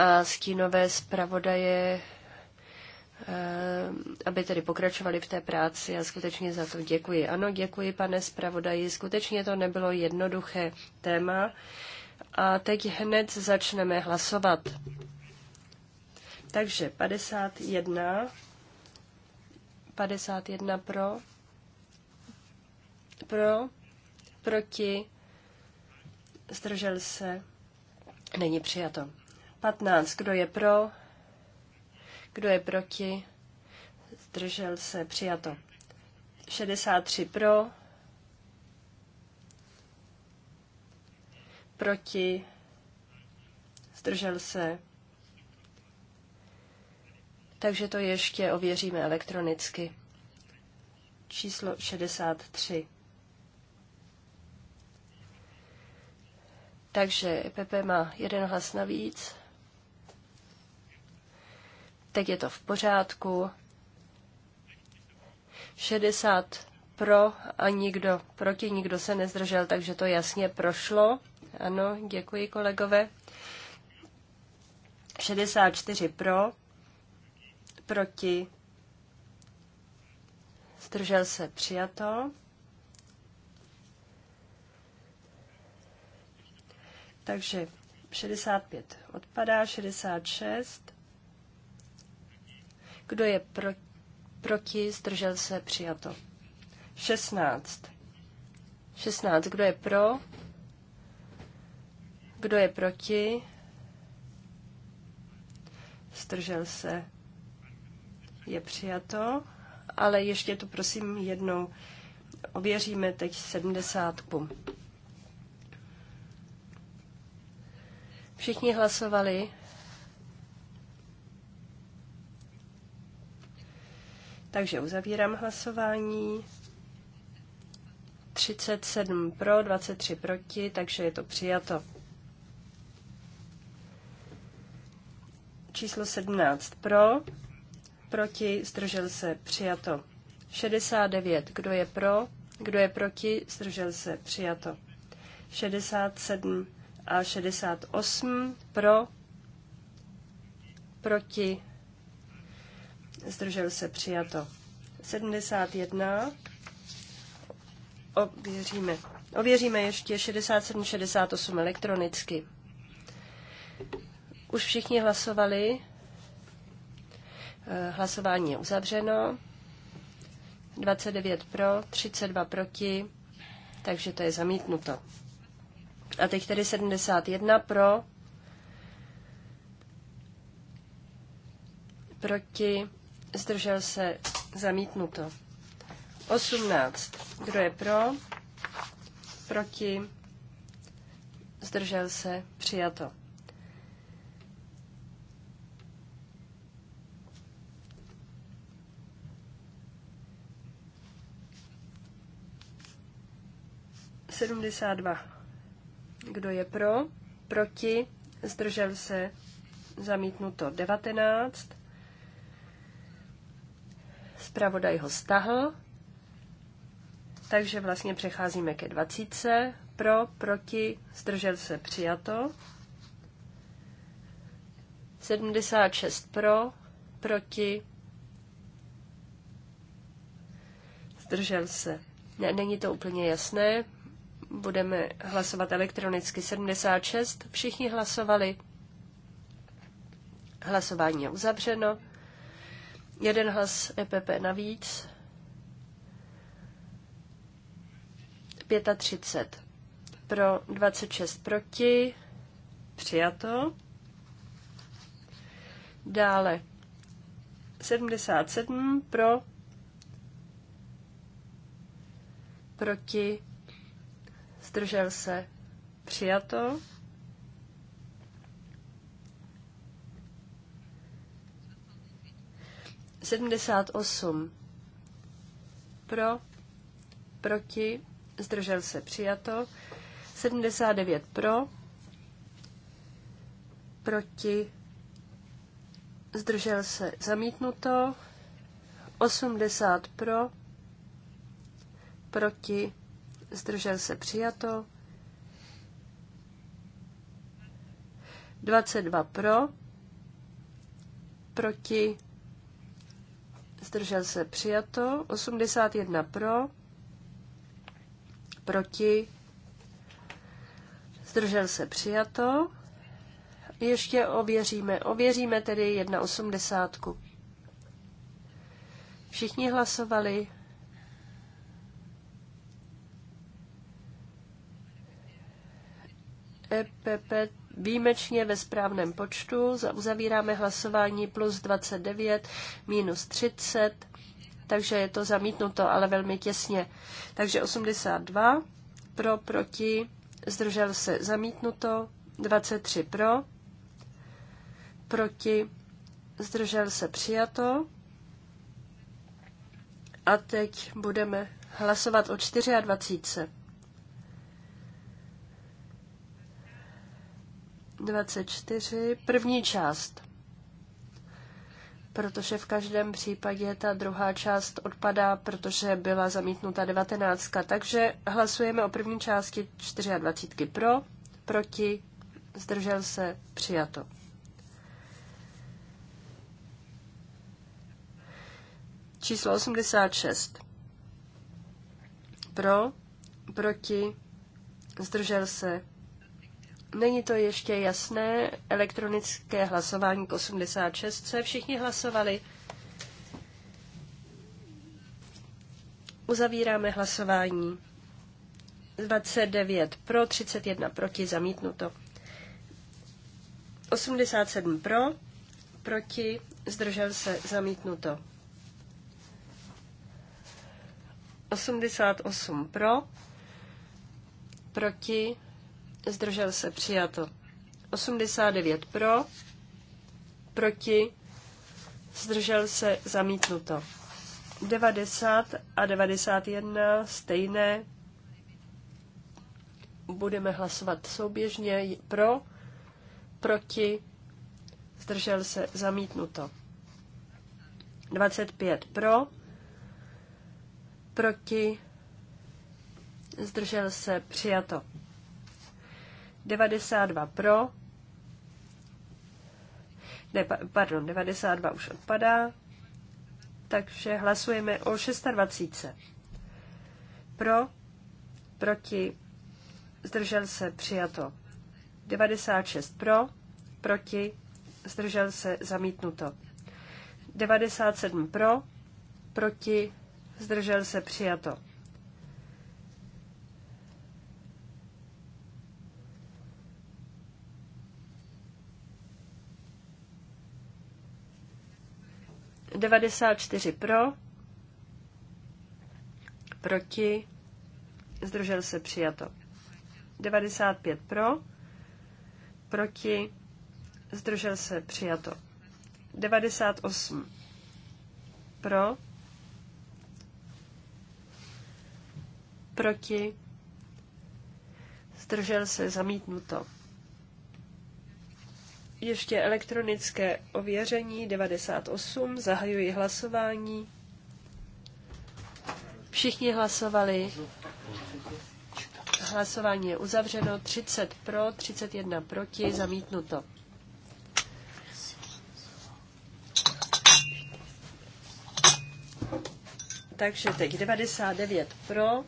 a stínové zpravodaje, eh, aby tedy pokračovali v té práci a skutečně za to děkuji. Ano, děkuji, pane zpravodaji, skutečně to nebylo jednoduché téma. A teď hned začneme hlasovat. Takže 51, 51 pro, pro, proti, zdržel se, není přijato. 15. Kdo je pro? Kdo je proti? Zdržel se. Přijato. 63 pro. Proti. Zdržel se. Takže to ještě ověříme elektronicky. Číslo 63. Takže Pepe má jeden hlas navíc. Teď je to v pořádku. 60 pro a nikdo proti, nikdo se nezdržel, takže to jasně prošlo. Ano, děkuji kolegové. 64 pro, proti, zdržel se přijato. Takže 65 odpadá, 66 kdo je pro, proti? Zdržel se? Přijato. 16. 16. Kdo je pro? Kdo je proti? Zdržel se? Je přijato. Ale ještě to prosím jednou ověříme teď 70. Všichni hlasovali. Takže uzavírám hlasování. 37 pro, 23 proti, takže je to přijato. Číslo 17 pro, proti, zdržel se, přijato. 69, kdo je pro, kdo je proti, zdržel se, přijato. 67 a 68 pro, proti, zdržel se přijato. 71 ověříme. Ověříme ještě 67, 68 elektronicky. Už všichni hlasovali. Eh, hlasování je uzavřeno. 29 pro, 32 proti, takže to je zamítnuto. A teď tedy 71 pro, proti, zdržel se, zamítnuto. 18. Kdo je pro? Proti? Zdržel se? Přijato. Sedmdesát dva. Kdo je pro? Proti? Zdržel se? Zamítnuto. Devatenáct. Spravodaj ho stahl. Takže vlastně přecházíme ke 20. Pro, proti, zdržel se přijato. 76 pro, proti, zdržel se. Ne, není to úplně jasné. Budeme hlasovat elektronicky 76. Všichni hlasovali. Hlasování je uzavřeno. Jeden hlas EPP navíc. 35 pro, 26 proti. Přijato. Dále 77 pro, proti, zdržel se, přijato. 78 pro, proti, zdržel se přijato. 79 pro, proti, zdržel se zamítnuto. 80 pro, proti, zdržel se přijato. 22 pro, proti, zdržel se přijato, 81 pro, proti, zdržel se přijato, ještě ověříme, ověříme tedy 1,80. Všichni hlasovali. EPP výjimečně ve správném počtu. Uzavíráme hlasování plus 29, minus 30, takže je to zamítnuto, ale velmi těsně. Takže 82 pro, proti, zdržel se zamítnuto, 23 pro, proti, zdržel se přijato. A teď budeme hlasovat o 24. 24, první část. Protože v každém případě ta druhá část odpadá, protože byla zamítnuta 19. Takže hlasujeme o první části 24 pro, proti, zdržel se, přijato. Číslo 86. Pro, proti, zdržel se, Není to ještě jasné. Elektronické hlasování k 86. Se všichni hlasovali. Uzavíráme hlasování. 29 pro, 31 proti, zamítnuto. 87 pro, proti, zdržel se, zamítnuto. 88 pro, proti, zdržel se, přijato. 89 pro, proti, zdržel se, zamítnuto. 90 a 91 stejné. Budeme hlasovat souběžně pro, proti, zdržel se, zamítnuto. 25 pro, proti, zdržel se, přijato. 92 pro. Ne, pardon, 92 už odpadá. Takže hlasujeme o 26. Pro, proti, zdržel se, přijato. 96 pro, proti, zdržel se, zamítnuto. 97 pro, proti, zdržel se, přijato. 94 pro, proti, zdržel se přijato. 95 pro, proti, zdržel se přijato. 98 pro, proti, zdržel se zamítnuto. Ještě elektronické ověření 98. Zahajuji hlasování. Všichni hlasovali. Hlasování je uzavřeno. 30 pro, 31 proti, zamítnuto. Takže teď 99 pro,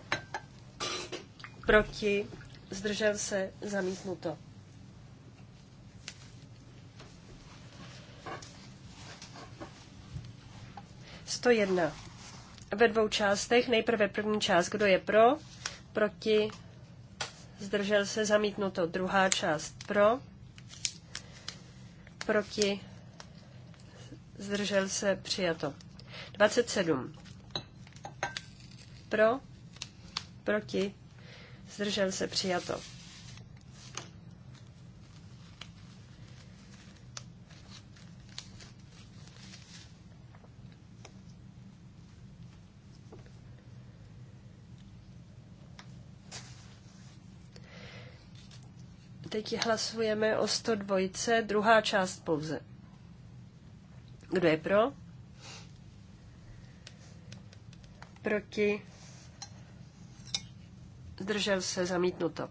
proti, zdržel se, zamítnuto. 101. Ve dvou částech. Nejprve první část, kdo je pro, proti, zdržel se, zamítnuto. Druhá část pro, proti, zdržel se, přijato. 27. Pro, proti, zdržel se, přijato. Teď hlasujeme o 102, druhá část pouze. Kdo je pro? Proti? Zdržel se zamítnuto.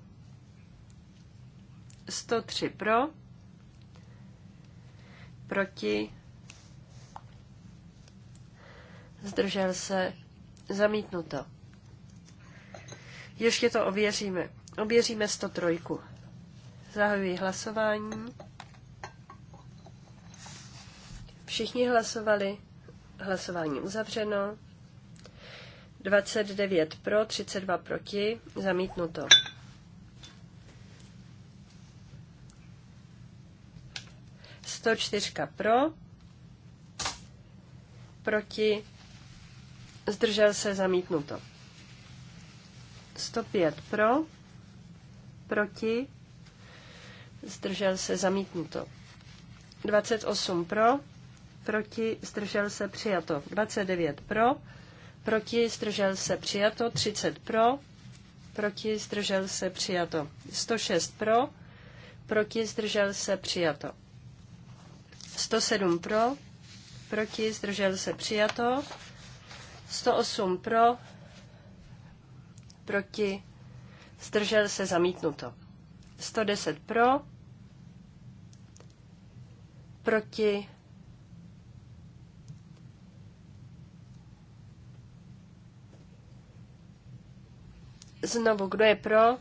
103 pro, proti, zdržel se, zamítnuto. Ještě to ověříme. Ověříme 103. Zahajuji hlasování. Všichni hlasovali. Hlasování uzavřeno. 29 pro, 32 proti. Zamítnuto. Sto čtyřka pro, proti, zdržel se zamítnuto. 105 pro, proti, zdržel se zamítnuto. 28 pro, proti, zdržel se přijato. 29 pro, proti, zdržel se přijato. 30 pro, proti, zdržel se přijato. 106 pro, proti, zdržel se přijato. 107 pro, proti, zdržel se přijato. 108 pro, proti, zdržel se zamítnuto. 110 pro, proti, znovu, kdo je pro,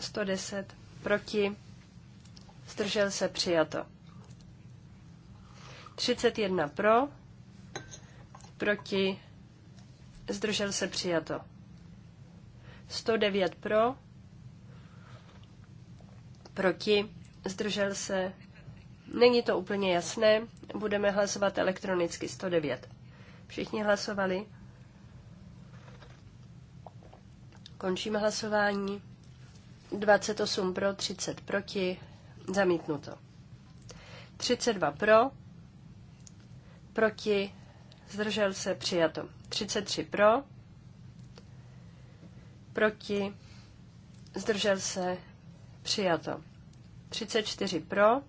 110 proti, zdržel se přijato. 31 pro, proti, zdržel se přijato. 109 pro, proti, zdržel se, není to úplně jasné, budeme hlasovat elektronicky 109. Všichni hlasovali? Končím hlasování. 28 pro, 30 proti, zamítnuto. 32 pro, proti, zdržel se, přijato. 33 pro, proti, zdržel se, přijato. 34 pro,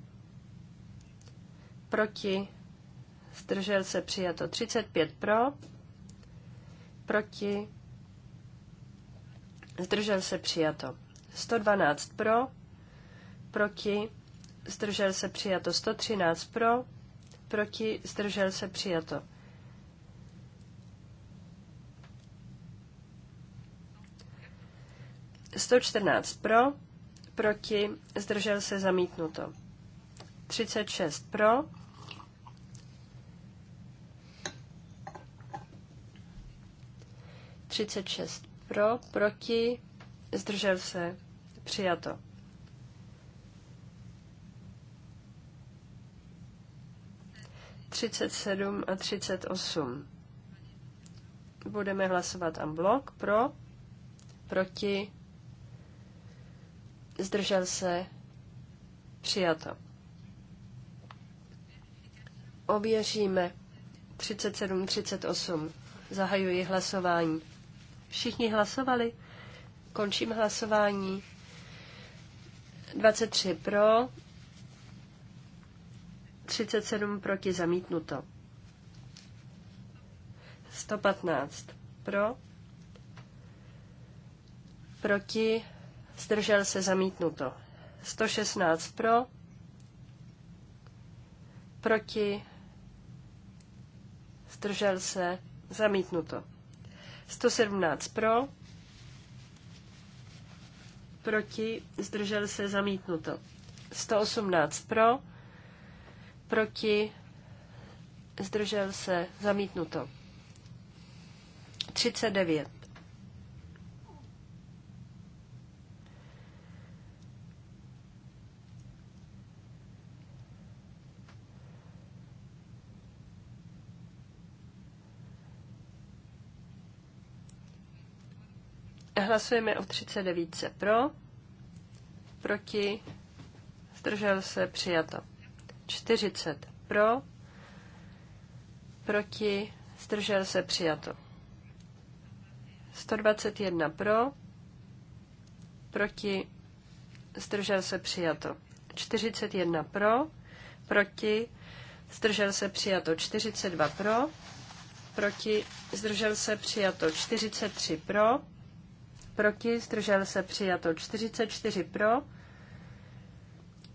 proti, zdržel se přijato 35 pro, proti, zdržel se přijato 112 pro, proti, zdržel se přijato 113 pro, proti, zdržel se přijato. 114 pro, proti, zdržel se zamítnuto. 36 pro, Třicet šest pro, proti, zdržel se, přijato. Třicet sedm a třicet osm. Budeme hlasovat en blok pro, proti, zdržel se, přijato. Ověříme 37, 38. Zahajuji hlasování. Všichni hlasovali? Končím hlasování. 23 pro, 37 proti zamítnuto. 115 pro, proti zdržel se zamítnuto. 116 pro, proti, zdržel se zamítnuto. 117 pro, proti, zdržel se zamítnuto. 118 pro, proti, zdržel se zamítnuto. 39 Hlasujeme o 39 pro, proti, zdržel se, přijato. 40 pro, proti, zdržel se, přijato. 121 pro, proti, zdržel se, přijato. 41 pro, proti, zdržel se, přijato. 42 pro, proti, zdržel se, přijato. 43 pro, proti, zdržel se přijato 44 pro,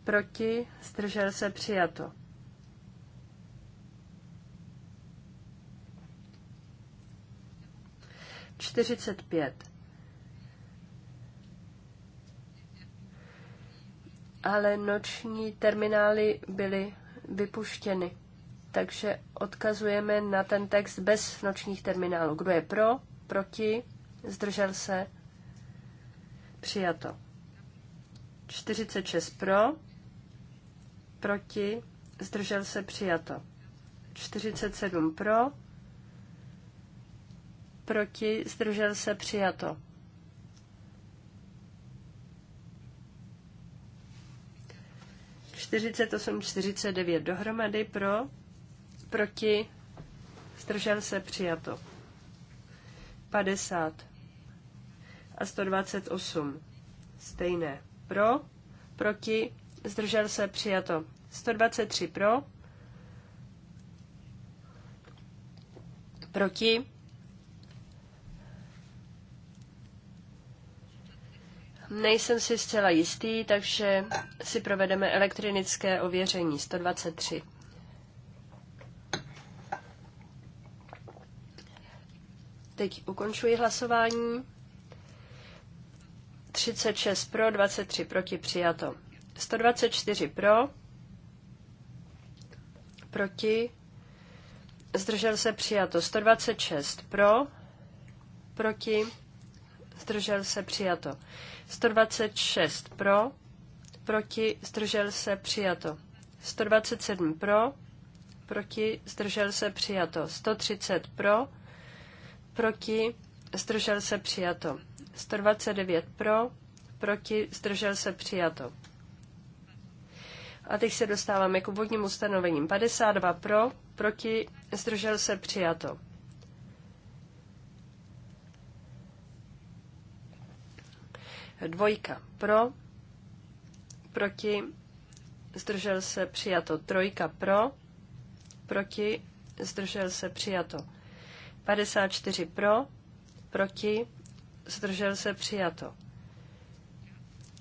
proti, zdržel se přijato. Čtyřicet pět. Ale noční terminály byly vypuštěny, takže odkazujeme na ten text bez nočních terminálů. Kdo je pro, proti, zdržel se, Přijato. 46 pro, proti, zdržel se přijato. 47 pro, proti, zdržel se přijato. Čtyřicet osm, čtyřicet devět dohromady pro, proti, zdržel se přijato. Padesát a 128. Stejné. Pro, proti, zdržel se, přijato. 123 pro, proti, Nejsem si zcela jistý, takže si provedeme elektronické ověření 123. Teď ukončuji hlasování. 36 pro, 23 proti, přijato. 124 pro, proti, zdržel se přijato. 126 pro, proti, zdržel se přijato. 126 pro, proti, zdržel se přijato. 127 pro, proti, zdržel se přijato. 130 pro, proti, zdržel se přijato. 129 pro, proti, zdržel se přijato. A teď se dostáváme k úvodním ustanovením. 52 pro, proti, zdržel se přijato. Dvojka pro, proti, zdržel se přijato. Trojka pro, proti, zdržel se přijato. 54 pro, proti, zdržel se přijato.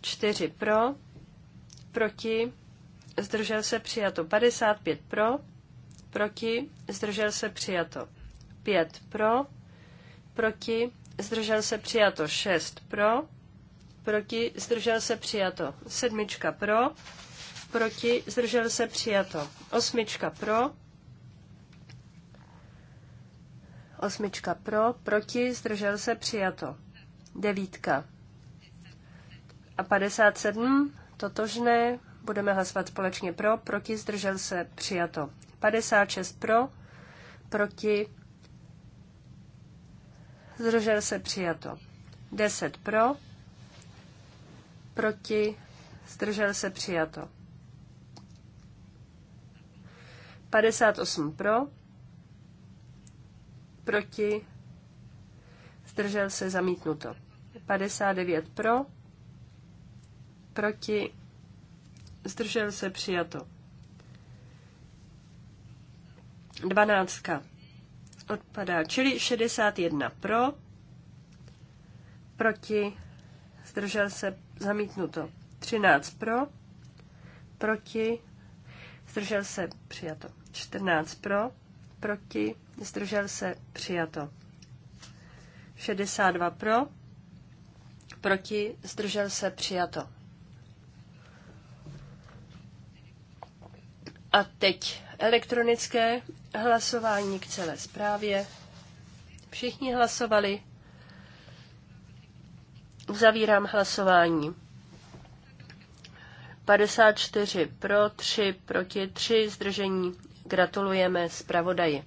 4 pro, proti, zdržel se přijato. 55 pro, proti, zdržel se přijato. 5 pro, proti, zdržel se přijato. 6 pro, proti, zdržel se přijato. 7 pro, proti, zdržel se přijato. 8 pro, Osmička pro, proti, zdržel se, přijato. Devítka. A 57, totožné, budeme hlasovat společně pro, proti, zdržel se, přijato. 56 pro, proti, zdržel se, přijato. 10 pro, proti, zdržel se, přijato. 58 pro, proti, zdržel se, zamítnuto. 59 pro, proti, zdržel se přijato. 12 odpadá, čili 61 pro, proti, zdržel se zamítnuto. 13 pro, proti, zdržel se přijato. 14 pro, proti, zdržel se přijato. 62 pro, proti, zdržel se, přijato. A teď elektronické hlasování k celé zprávě. Všichni hlasovali. Uzavírám hlasování. 54 pro, 3 proti, 3 zdržení. Gratulujeme zpravodaji.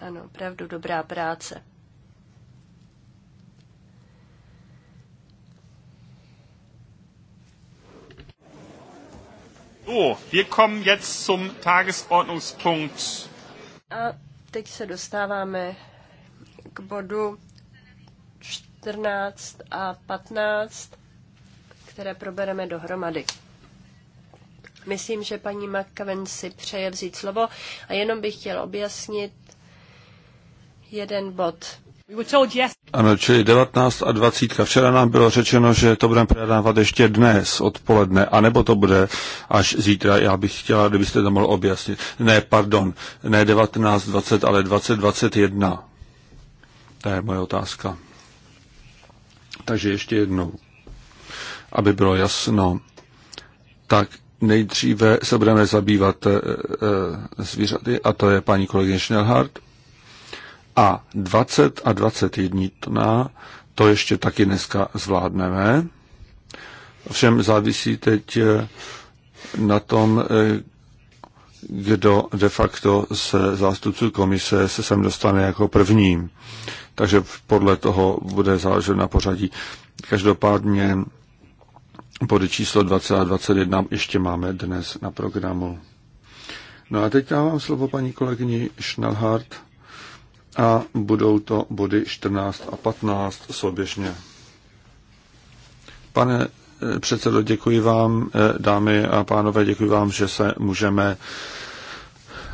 Ano, opravdu dobrá práce. So, wir kommen jetzt zum Tagesordnungspunkt. A teď se dostáváme k bodu 14 a 15, které probereme dohromady. Myslím, že paní McCaven si přeje vzít slovo a jenom bych chtěl objasnit jeden bod. Ano, čili 19 a 20. Včera nám bylo řečeno, že to budeme projednávat ještě dnes odpoledne, anebo to bude až zítra. Já bych chtěla, kdybyste to mohl objasnit. Ne, pardon, ne 19, 20, ale 20, 21. To je moje otázka. Takže ještě jednou, aby bylo jasno. Tak nejdříve se budeme zabývat e, e, zvířaty, a to je paní kolegyně Schnellhardt. A 20 a 21 tna, to ještě taky dneska zvládneme. Všem závisí teď eh, na tom, eh, kdo de facto se zástupců komise se sem dostane jako první. Takže podle toho bude záležet na pořadí. Každopádně body číslo 20 a 21 ještě máme dnes na programu. No a teď dávám slovo paní kolegyni Schnellhardt a budou to body 14 a 15 souběžně. Pane eh, předsedo, děkuji vám, eh, dámy a pánové, děkuji vám, že se můžeme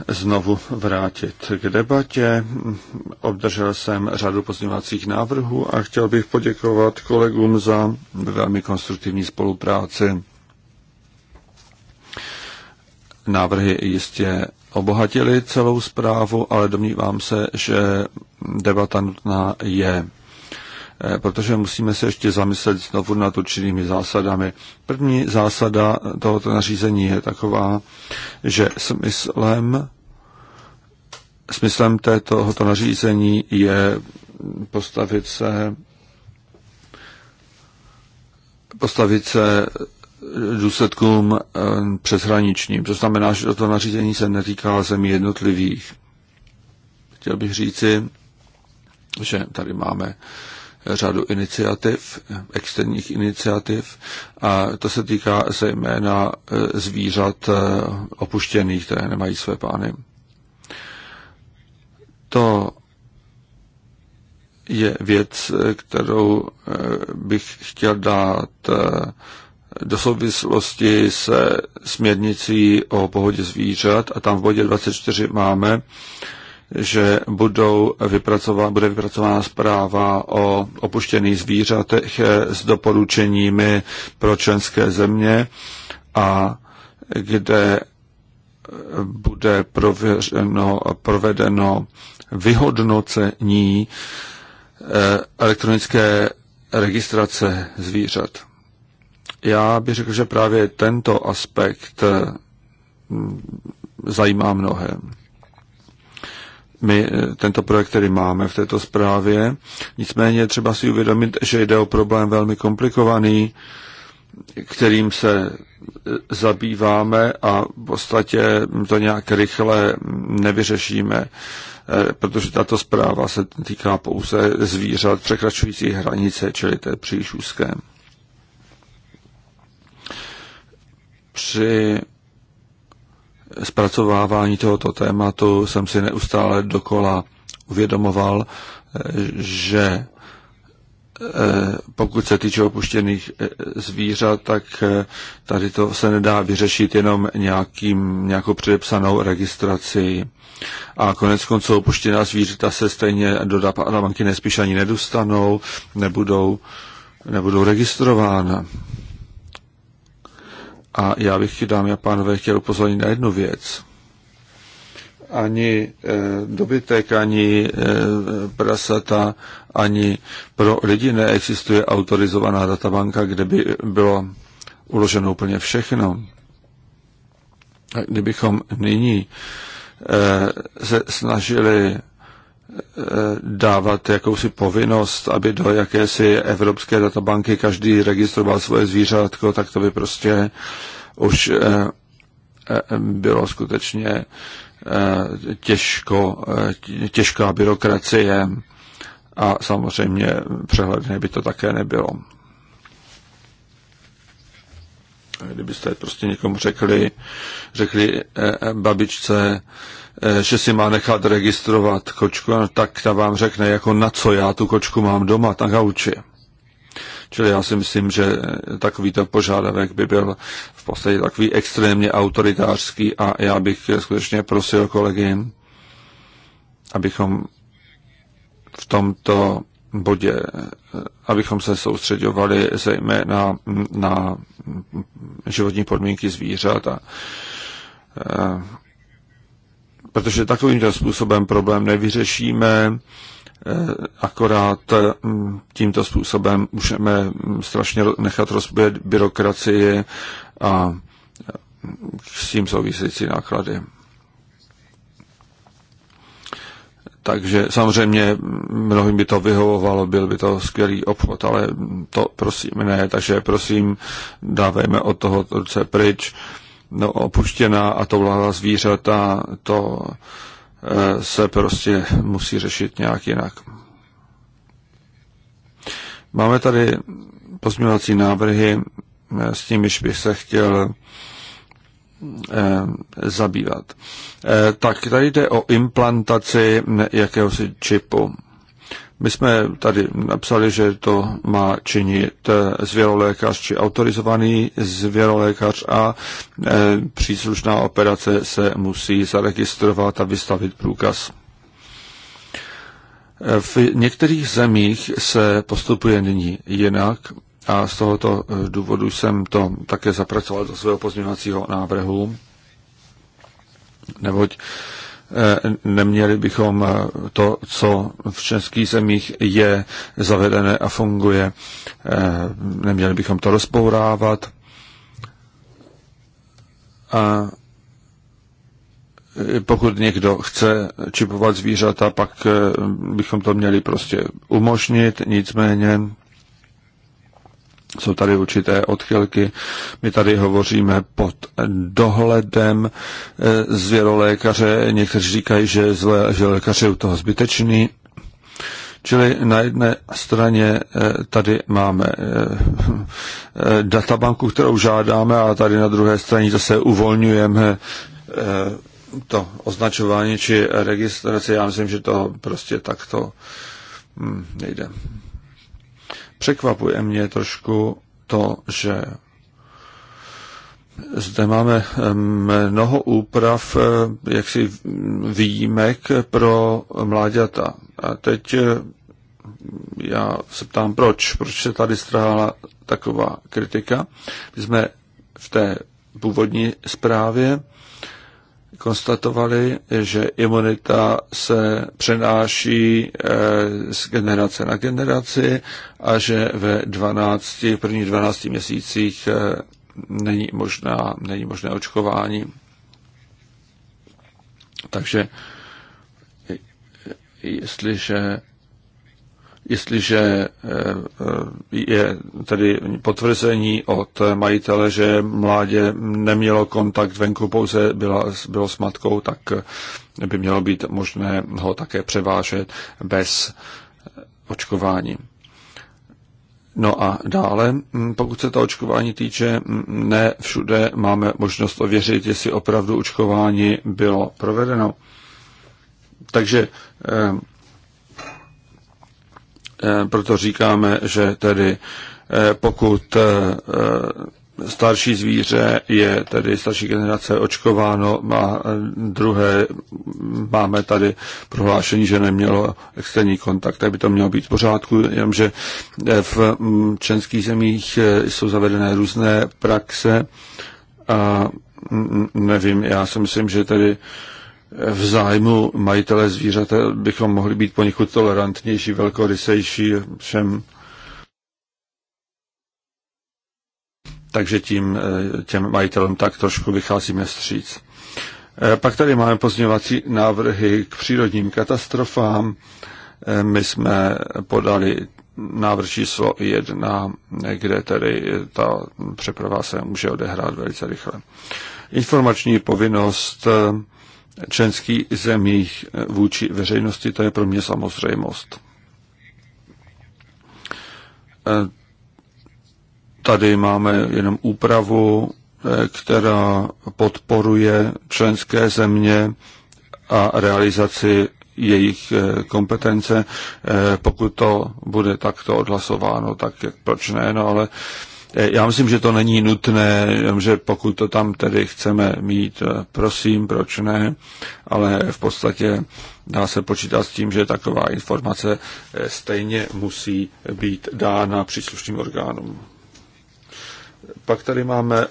znovu vrátit k debatě. Obdržel jsem řadu pozměňovacích návrhů a chtěl bych poděkovat kolegům za velmi konstruktivní spolupráci. Návrhy jistě obohatili celou zprávu, ale domnívám se, že debata nutná je e, protože musíme se ještě zamyslet znovu nad určitými zásadami. První zásada tohoto nařízení je taková, že smyslem, smyslem tohoto nařízení je postavit se postavit se důsledkům přeshraničním. To znamená, že toto nařízení se netýká zemí jednotlivých. Chtěl bych říci, že tady máme řadu iniciativ, externích iniciativ a to se týká zejména e, zvířat e, opuštěných, které nemají své pány. To je věc, e, kterou bych chtěl dát do souvislosti se směrnicí o pohodě zvířat a tam v bodě 24 máme, že budou vypracová, bude vypracována zpráva o opuštěných zvířatech s doporučeními pro členské země a kde bude prověřeno, provedeno vyhodnocení eh, elektronické registrace zvířat. Já bych řekl, že právě tento aspekt eh, zajímá mnohé. My eh, tento projekt, který máme v této zprávě, nicméně třeba si uvědomit, že jde o problém velmi komplikovaný, kterým se eh, zabýváme a v podstatě to nějak rychle nevyřešíme, protože tato zpráva se týká pouze zvířat překračující hranice, čili to je příliš úzké. Při zpracovávání tohoto tématu jsem si neustále dokola uvědomoval, že eh, pokud se týče opuštěných eh, zvířat, tak eh, tady to se nedá vyřešit jenom nějakým, nějakou předepsanou registrací. A konec konců opuštěná zvířata se stejně do banky nespíš ani nedostanou, nebudou, nebudou registrována. A já bych, ti dámy a pánové, chtěl upozornit na jednu věc. Ani eh, dobytek, ani eh, prasata, ani pro lidi neexistuje autorizovaná databanka, kde by bylo uloženo úplně všechno. A kdybychom nyní eh, se snažili dávat jakousi povinnost, aby do jakési evropské databanky každý registroval svoje zvířátko, tak to by prostě už eh, eh, bylo skutečně eh, těžko, těžká byrokracie a samozřejmě přehledné by to také nebylo. Kdybyste prostě někomu řekli, řekli babičce, Eh, že si má nechat registrovat kočku, tak ta vám řekne, jako na co já tu kočku mám doma na gauči. Čili já si myslím, že eh, takovýto požádavek by byl v podstatě takový extrémně autoritářský a já bych eh, skutečně prosil kolegy, abychom v tomto bodě, abychom se soustředovali zejména na mm, životní podmínky zvířat a protože takovýmto způsobem problém nevyřešíme, eh, akorát hm, tímto způsobem můžeme strašně nechat rozbět byrokracii a hm, s tím související náklady. Takže samozřejmě hm, mnohým by to vyhovovalo, byl by to skvělý obchod, ale to prosím ne, takže prosím dávejme od toho ruce pryč no, opuštěná a to toulá zvířata, to eh, se prostě musí řešit nějak jinak. Máme tady pozměňovací návrhy, eh, s nimiž bych se chtěl eh, zabývat. Tak tady jde o implantaci jakéhosi čipu. My jsme tady napsali, že to má činit eh, zvěrolékař či autorizovaný zvěrolékař a e, příslušná operace se musí zaregistrovat a vystavit průkaz. Eh, v některých zemích se postupuje nyní jinak a z tohoto důvodu jsem to také zapracoval do svého pozměňovacího návrhu, neboť e, Eh, neměli bychom eh, to, co v českých zemích je zavedené a funguje, eh, neměli bychom to rozpourávat. A pokud někdo chce čipovat zvířata, pak bychom to měli prostě umožnit, nicméně jsou tady určité odchylky. My tady hovoříme pod dohledem eh, zvěrolékaře. Někteří říkají, že, zle, že lékař je u toho zbytečný. Čili na jedné straně eh, tady máme eh, databanku, kterou žádáme, a tady na druhé straně zase uvolňujeme to označování či registraci. Já myslím, že to prostě takto hm, nejde. Překvapuje mě trošku to, že zde máme eh, mnoho úprav, eh, jaksi výjimek pro mláďata. A teď eh, já se ptám, proč? Proč se tady strhala taková kritika? My jsme v té původní zprávě konstatovali, že imunita se přenáší eh, z generace na generaci a že ve 12, prvních 12 měsících eh, není, možná, není možné očkování. Takže eh, jestliže jestliže eh, eh, je tedy potvrzení od majitele, že mládě nemělo kontakt venku, pouze byla, bylo s matkou, tak eh, by mělo být možné ho také převážet bez očkování. No a dále, hm, pokud se ta očkování týče, hm, ne všude máme možnost ověřit, jestli opravdu očkování bylo provedeno. Takže Eh, proto říkáme, že tedy eh, pokud eh, starší zvíře je tedy starší generace očkováno, má druhé, máme tady prohlášení, že nemělo externí kontakt, tak by to mělo být v pořádku, jenomže v mm, členských zemích jsou zavedené různé praxe a mm, mm, nevím, já si myslím, že tedy v zájmu majitele zvířata bychom mohli být poněkud tolerantnější, velkorysejší všem. Takže tím eh, těm majitelům tak trošku vycházíme vstříc. Eh, pak tady máme pozměňovací návrhy k přírodním katastrofám. Eh, my jsme podali návrh číslo jedna, kde tedy ta přeprava se může odehrát velice rychle. Informační povinnost členských zemích vůči veřejnosti, to je pro mě samozřejmost. E, tady máme jenom úpravu, e, která podporuje členské země a realizaci jejich e, kompetence. Pokud to bude takto odhlasováno, tak proč ne? No ale Eh, já myslím, že to není nutné, že pokud to tam tedy chceme mít, eh, prosím, proč ne, ale v podstatě dá se počítat s tím, že taková informace eh, stejně musí být dána příslušným orgánům. Pak tady máme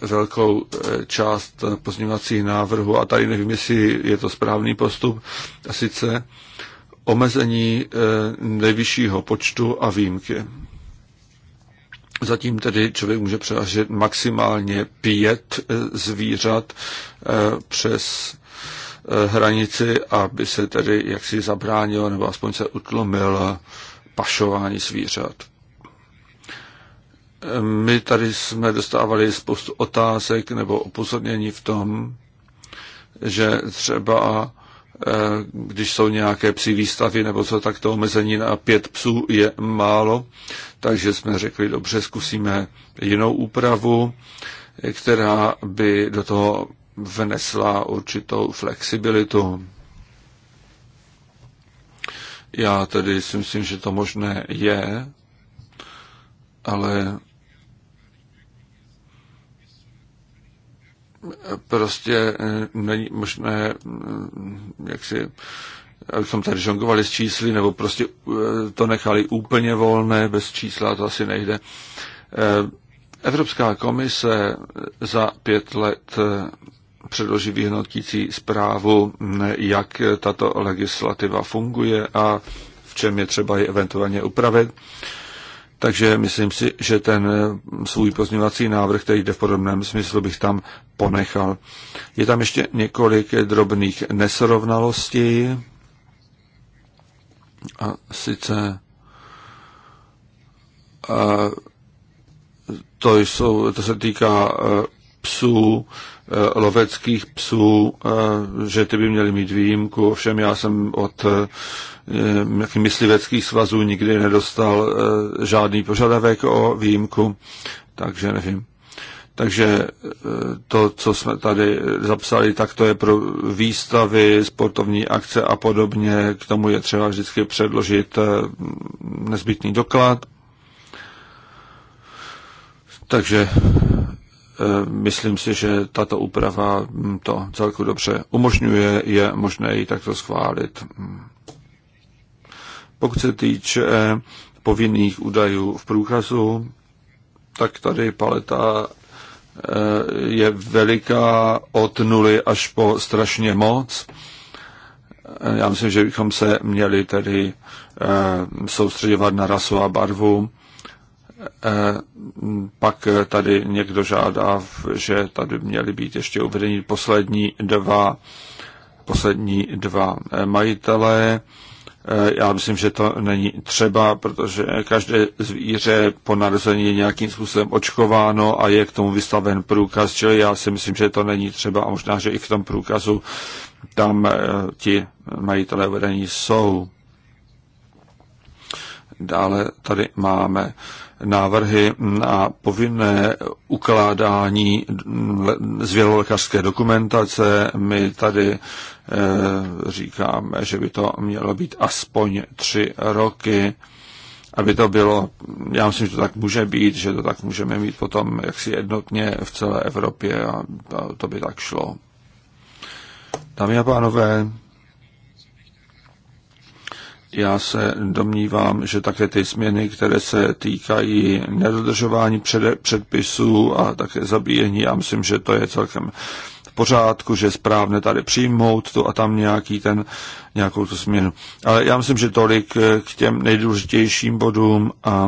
velkou část pozměňovacích návrhů a tady nevím, jestli je to správný postup, a sice omezení nejvyššího počtu a výjimky. Zatím tedy člověk může převážet maximálně pět eh, zvířat eh, přes eh, hranici, aby se tedy jaksi zabránilo nebo aspoň se utlomil pašování zvířat. My tady jsme dostávali spoustu otázek nebo upozornění v tom, že třeba Eh, když jsou nějaké psí výstavy nebo co, tak to omezení na pět psů je málo. Takže jsme řekli, dobře, zkusíme jinou úpravu, která by do toho vnesla určitou flexibilitu. Já tedy si myslím, že to možné je, ale prostě eh, není možné, eh, jak si, abychom tady žongovali s čísly, nebo prostě eh, to nechali úplně volné, bez čísla to asi nejde. Evropská komise za pět let předloží vyhnotící zprávu, jak tato legislativa funguje a v čem je třeba ji eventuálně upravit. Takže myslím si, že ten eh, svůj pozměňovací návrh, který jde v podobném smyslu, bych tam ponechal. Je tam ještě několik drobných nesrovnalostí. A sice a eh, to, jsou, to se týká eh, psů, Eh, loveckých psů, eh, že ty by měly mít výjimku. Ovšem já jsem od eh, mysliveckých svazů nikdy nedostal žádný požadavek o výjimku, takže nevím. Takže to, co jsme tady zapsali, tak to je pro výstavy, sportovní akce a podobně. K tomu je třeba vždycky předložit nezbytný doklad. Takže Eh, myslím si, že tato úprava hm, to celku dobře umožňuje, je možné ji takto schválit. Pokud se týče eh, povinných údajů v průkazu, tak tady paleta eh, je veliká od nuly až po strašně moc. Já myslím, že bychom se měli tedy soustředovat na rasu a barvu Eh, pak eh, tady někdo žádá, že tady měly být ještě uvedení poslední dva, poslední dva eh, majitelé. Já myslím, že to není třeba, protože každé zvíře po narození je nějakým způsobem očkováno a je k tomu vystaven průkaz, čili já si myslím, že to není třeba a možná, že i v tom průkazu tam ti majitelé uvedení jsou. Dále tady máme návrhy na povinné ukládání zvěrolékařské dokumentace. My tady eh, říkáme, že by to mělo být aspoň tři roky, aby to bylo, já myslím, že to tak může být, že to tak můžeme mít potom jaksi jednotně v celé Evropě a to by tak šlo. Dámy a pánové, já se domnívám, že také ty změny, které se týkají nedodržování předpisů a také zabíjení, já myslím, že to je celkem v pořádku, že je správné tady přijmout tu a tam nějaký ten, nějakou tu změnu. Ale já myslím, že tolik eh, k těm nejdůležitějším bodům a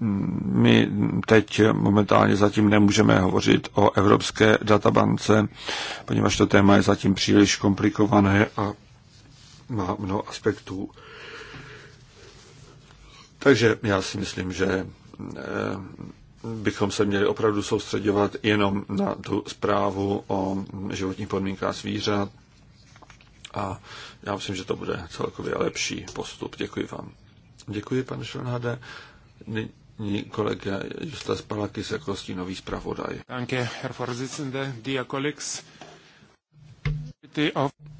mm, my teď momentálně zatím nemůžeme hovořit o evropské databance, poněvadž to téma je zatím příliš komplikované a má mnoho aspektů. Takže já si myslím, že eh, bychom se měli opravdu soustředovat jenom na tu zprávu o životních podmínkách zvířat a já myslím, že to bude celkově lepší postup. Děkuji vám. Děkuji, pane Šelnáde. Nyní kolega Justas Palakis jako nový zpravodaj. Danke, Herr Vorsitzende, Diakolix.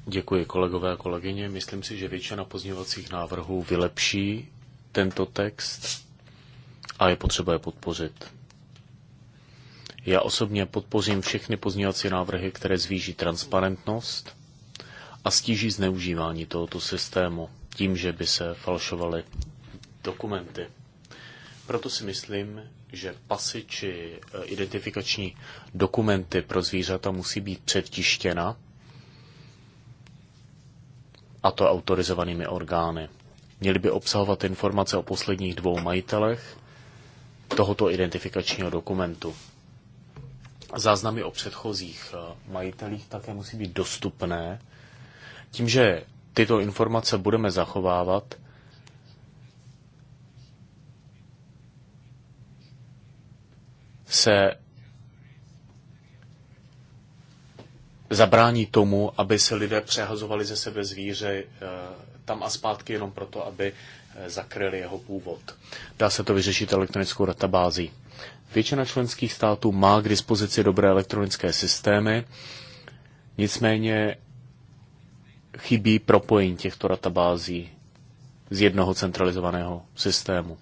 Děkuji kolegové a kolegyně. Myslím si, že většina pozměňovacích návrhů vylepší tento text a je potřeba je podpořit. Já osobně podpořím všechny pozměňovací návrhy, které zvýší transparentnost a stíží zneužívání tohoto systému tím, že by se falšovaly dokumenty. Proto si myslím, že pasy či eh, identifikační dokumenty pro zvířata musí být předtištěna a to autorizovanými orgány. Měly by obsahovat informace o posledních dvou majitelech tohoto identifikačního dokumentu. Záznamy o předchozích eh, majitelích také musí být dostupné. Tím, že tyto informace budeme zachovávat, se zabrání tomu, aby se lidé přehazovali ze sebe zvíře eh, tam a zpátky jenom proto, aby eh, zakryli jeho původ. Dá se to vyřešit elektronickou databází. Většina členských států má k dispozici dobré elektronické systémy, nicméně chybí propojení těchto databází z jednoho centralizovaného systému.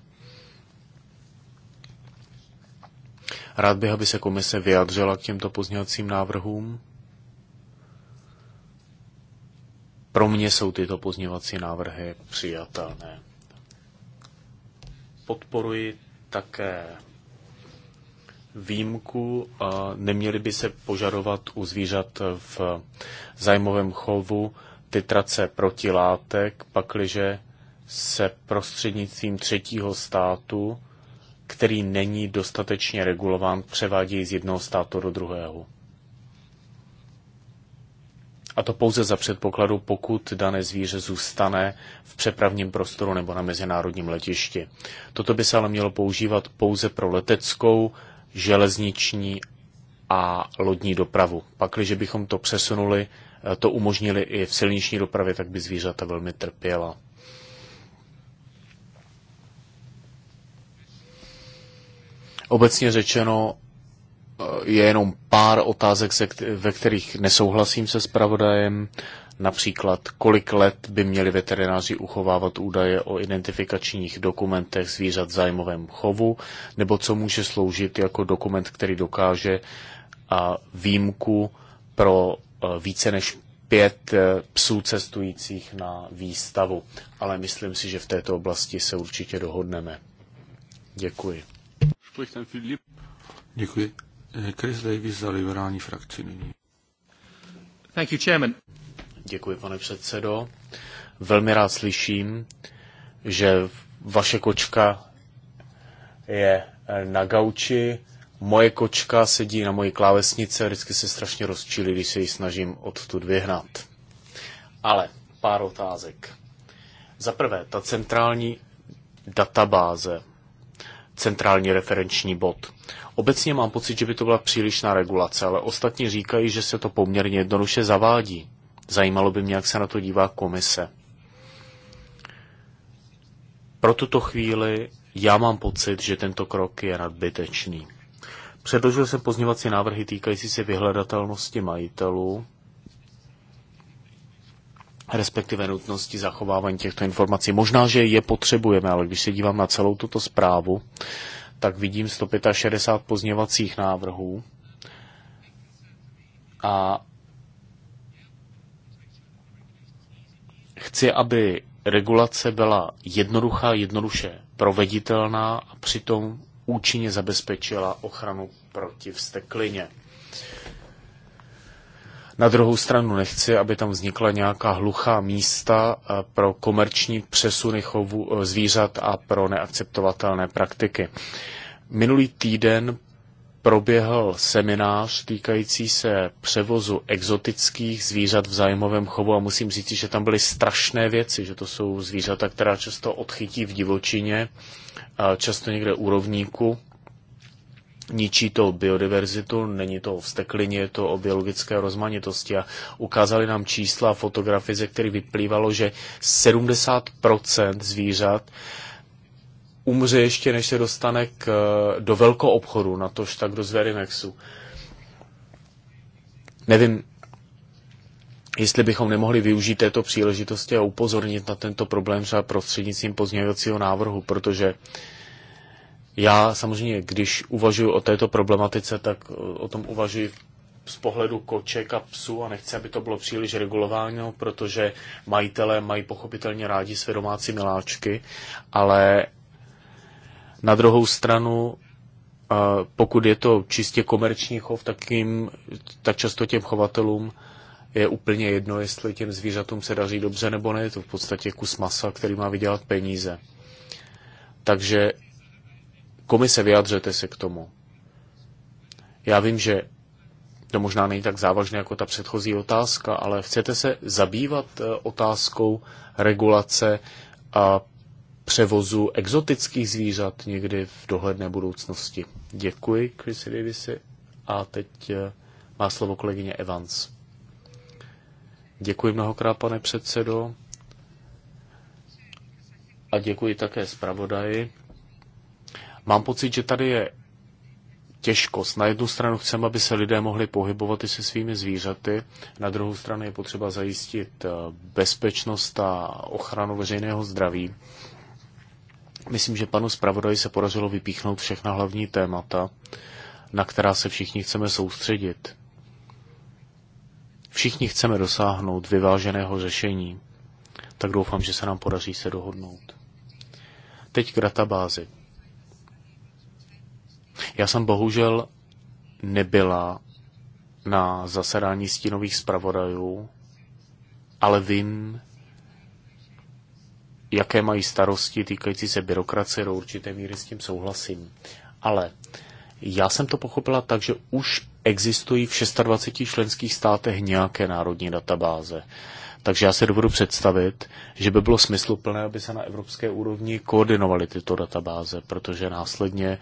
Rád bych, aby se komise vyjadřila k těmto pozněvacím návrhům. Pro mě jsou tyto pozměňovací návrhy přijatelné. Podporuji také výjimku. Neměly by se požadovat u zvířat v zájmovém chovu titrace protilátek, pakliže se prostřednictvím třetího státu, který není dostatečně regulován, převádějí z jednoho státu do druhého. A to pouze za předpokladu, pokud dané zvíře zůstane v přepravním prostoru nebo na mezinárodním letišti. Toto by se ale mělo používat pouze pro leteckou, železniční a lodní dopravu. Pakliže bychom to přesunuli, eh, to umožnili i v silniční dopravě, tak by zvířata velmi trpěla. Obecně řečeno, je jenom pár otázek, ve kterých nesouhlasím se zpravodajem. Například, kolik let by měli veterináři uchovávat údaje o identifikačních dokumentech zvířat v zájmovém chovu, nebo co může sloužit jako dokument, který dokáže a výjimku pro více než pět e, psů cestujících na výstavu. Ale myslím si, že v této oblasti se určitě dohodneme. Děkuji. Děkuji. Chris Davis za liberální frakci nyní. Thank you, chairman. Děkuji, pane předsedo. Velmi rád slyším, že vaše kočka je na gauči, moje kočka sedí na moji klávesnici a vždycky se strašně rozčílí, když se ji snažím odtud vyhnat. Ale pár otázek. Za prvé, ta centrální databáze centrální referenční bod. Obecně mám pocit, že by to byla přílišná regulace, ale ostatní říkají, že se to poměrně jednoduše zavádí. Zajímalo by mě, jak se na to dívá komise. Pro tuto chvíli já mám pocit, že tento krok je nadbytečný. Předložil jsem pozněvací návrhy týkající se vyhledatelnosti majitelů respektive nutnosti zachovávání těchto informací. Možná, že je potřebujeme, ale když se dívám na celou tuto zprávu, tak vidím 165 pozněvacích návrhů a chci, aby regulace byla jednoduchá, jednoduše proveditelná a přitom účinně zabezpečila ochranu proti vsteklině. Na druhou stranu nechci, aby tam vznikla nějaká hluchá místa eh, pro komerční přesuny chovu eh, zvířat a pro neakceptovatelné praktiky. Minulý týden proběhl seminář týkající se převozu exotických zvířat v zájmovém chovu a musím říct, že tam byly strašné věci, že to jsou zvířata, která často odchytí v divočině, eh, často někde u rovníku ničí to biodiverzitu, není to o vsteklině, je to o biologické rozmanitosti. A ukázali nám čísla a fotografie, ze kterých vyplývalo, že 70% zvířat umře ještě, než se dostane k, do velkoobchodu, na tož tak do Zverinexu. Nevím, jestli bychom nemohli využít této příležitosti a upozornit na tento problém třeba prostřednictvím pozměňovacího návrhu, protože uh, já samozřejmě, když uvažuji o této problematice, tak eh, o tom uvažuji z pohledu koček a psů a nechci, aby to bylo příliš regulováno, protože majitelé mají pochopitelně rádi své domácí miláčky, ale na druhou stranu, eh, pokud je to čistě komerční chov, tak, jim, tak často těm chovatelům je úplně jedno, jestli těm zvířatům se daří dobře nebo ne. Je to v podstatě kus masa, který má vydělat peníze. Takže Komise, vyjadřete se k tomu. Já vím, že to možná není tak závažné jako ta předchozí otázka, ale chcete se zabývat eh, otázkou regulace a převozu exotických zvířat někdy v dohledné budoucnosti. Děkuji, Chris Davisi. A teď eh, má slovo kolegyně Evans. Děkuji mnohokrát, pane předsedo. A děkuji také zpravodaji. Mám pocit, že tady je těžkost. Na jednu stranu chceme, aby se lidé mohli pohybovat i se svými zvířaty, na druhou stranu je potřeba zajistit eh, bezpečnost a ochranu veřejného zdraví. Myslím, že panu zpravodaji se podařilo vypíchnout všechna hlavní témata, na která se všichni chceme soustředit. Všichni chceme dosáhnout vyváženého řešení, tak doufám, že se nám podaří se dohodnout. Teď k databázi. Já jsem bohužel nebyla na zasedání stínových zpravodajů, ale vím, jaké mají starosti týkající se byrokracie, do určité míry s tím souhlasím. Ale já jsem to pochopila tak, že už existují v 26 členských státech nějaké národní databáze. Takže já se dovedu představit, že by bylo smysluplné, aby se na evropské úrovni koordinovaly tyto databáze, protože následně eh,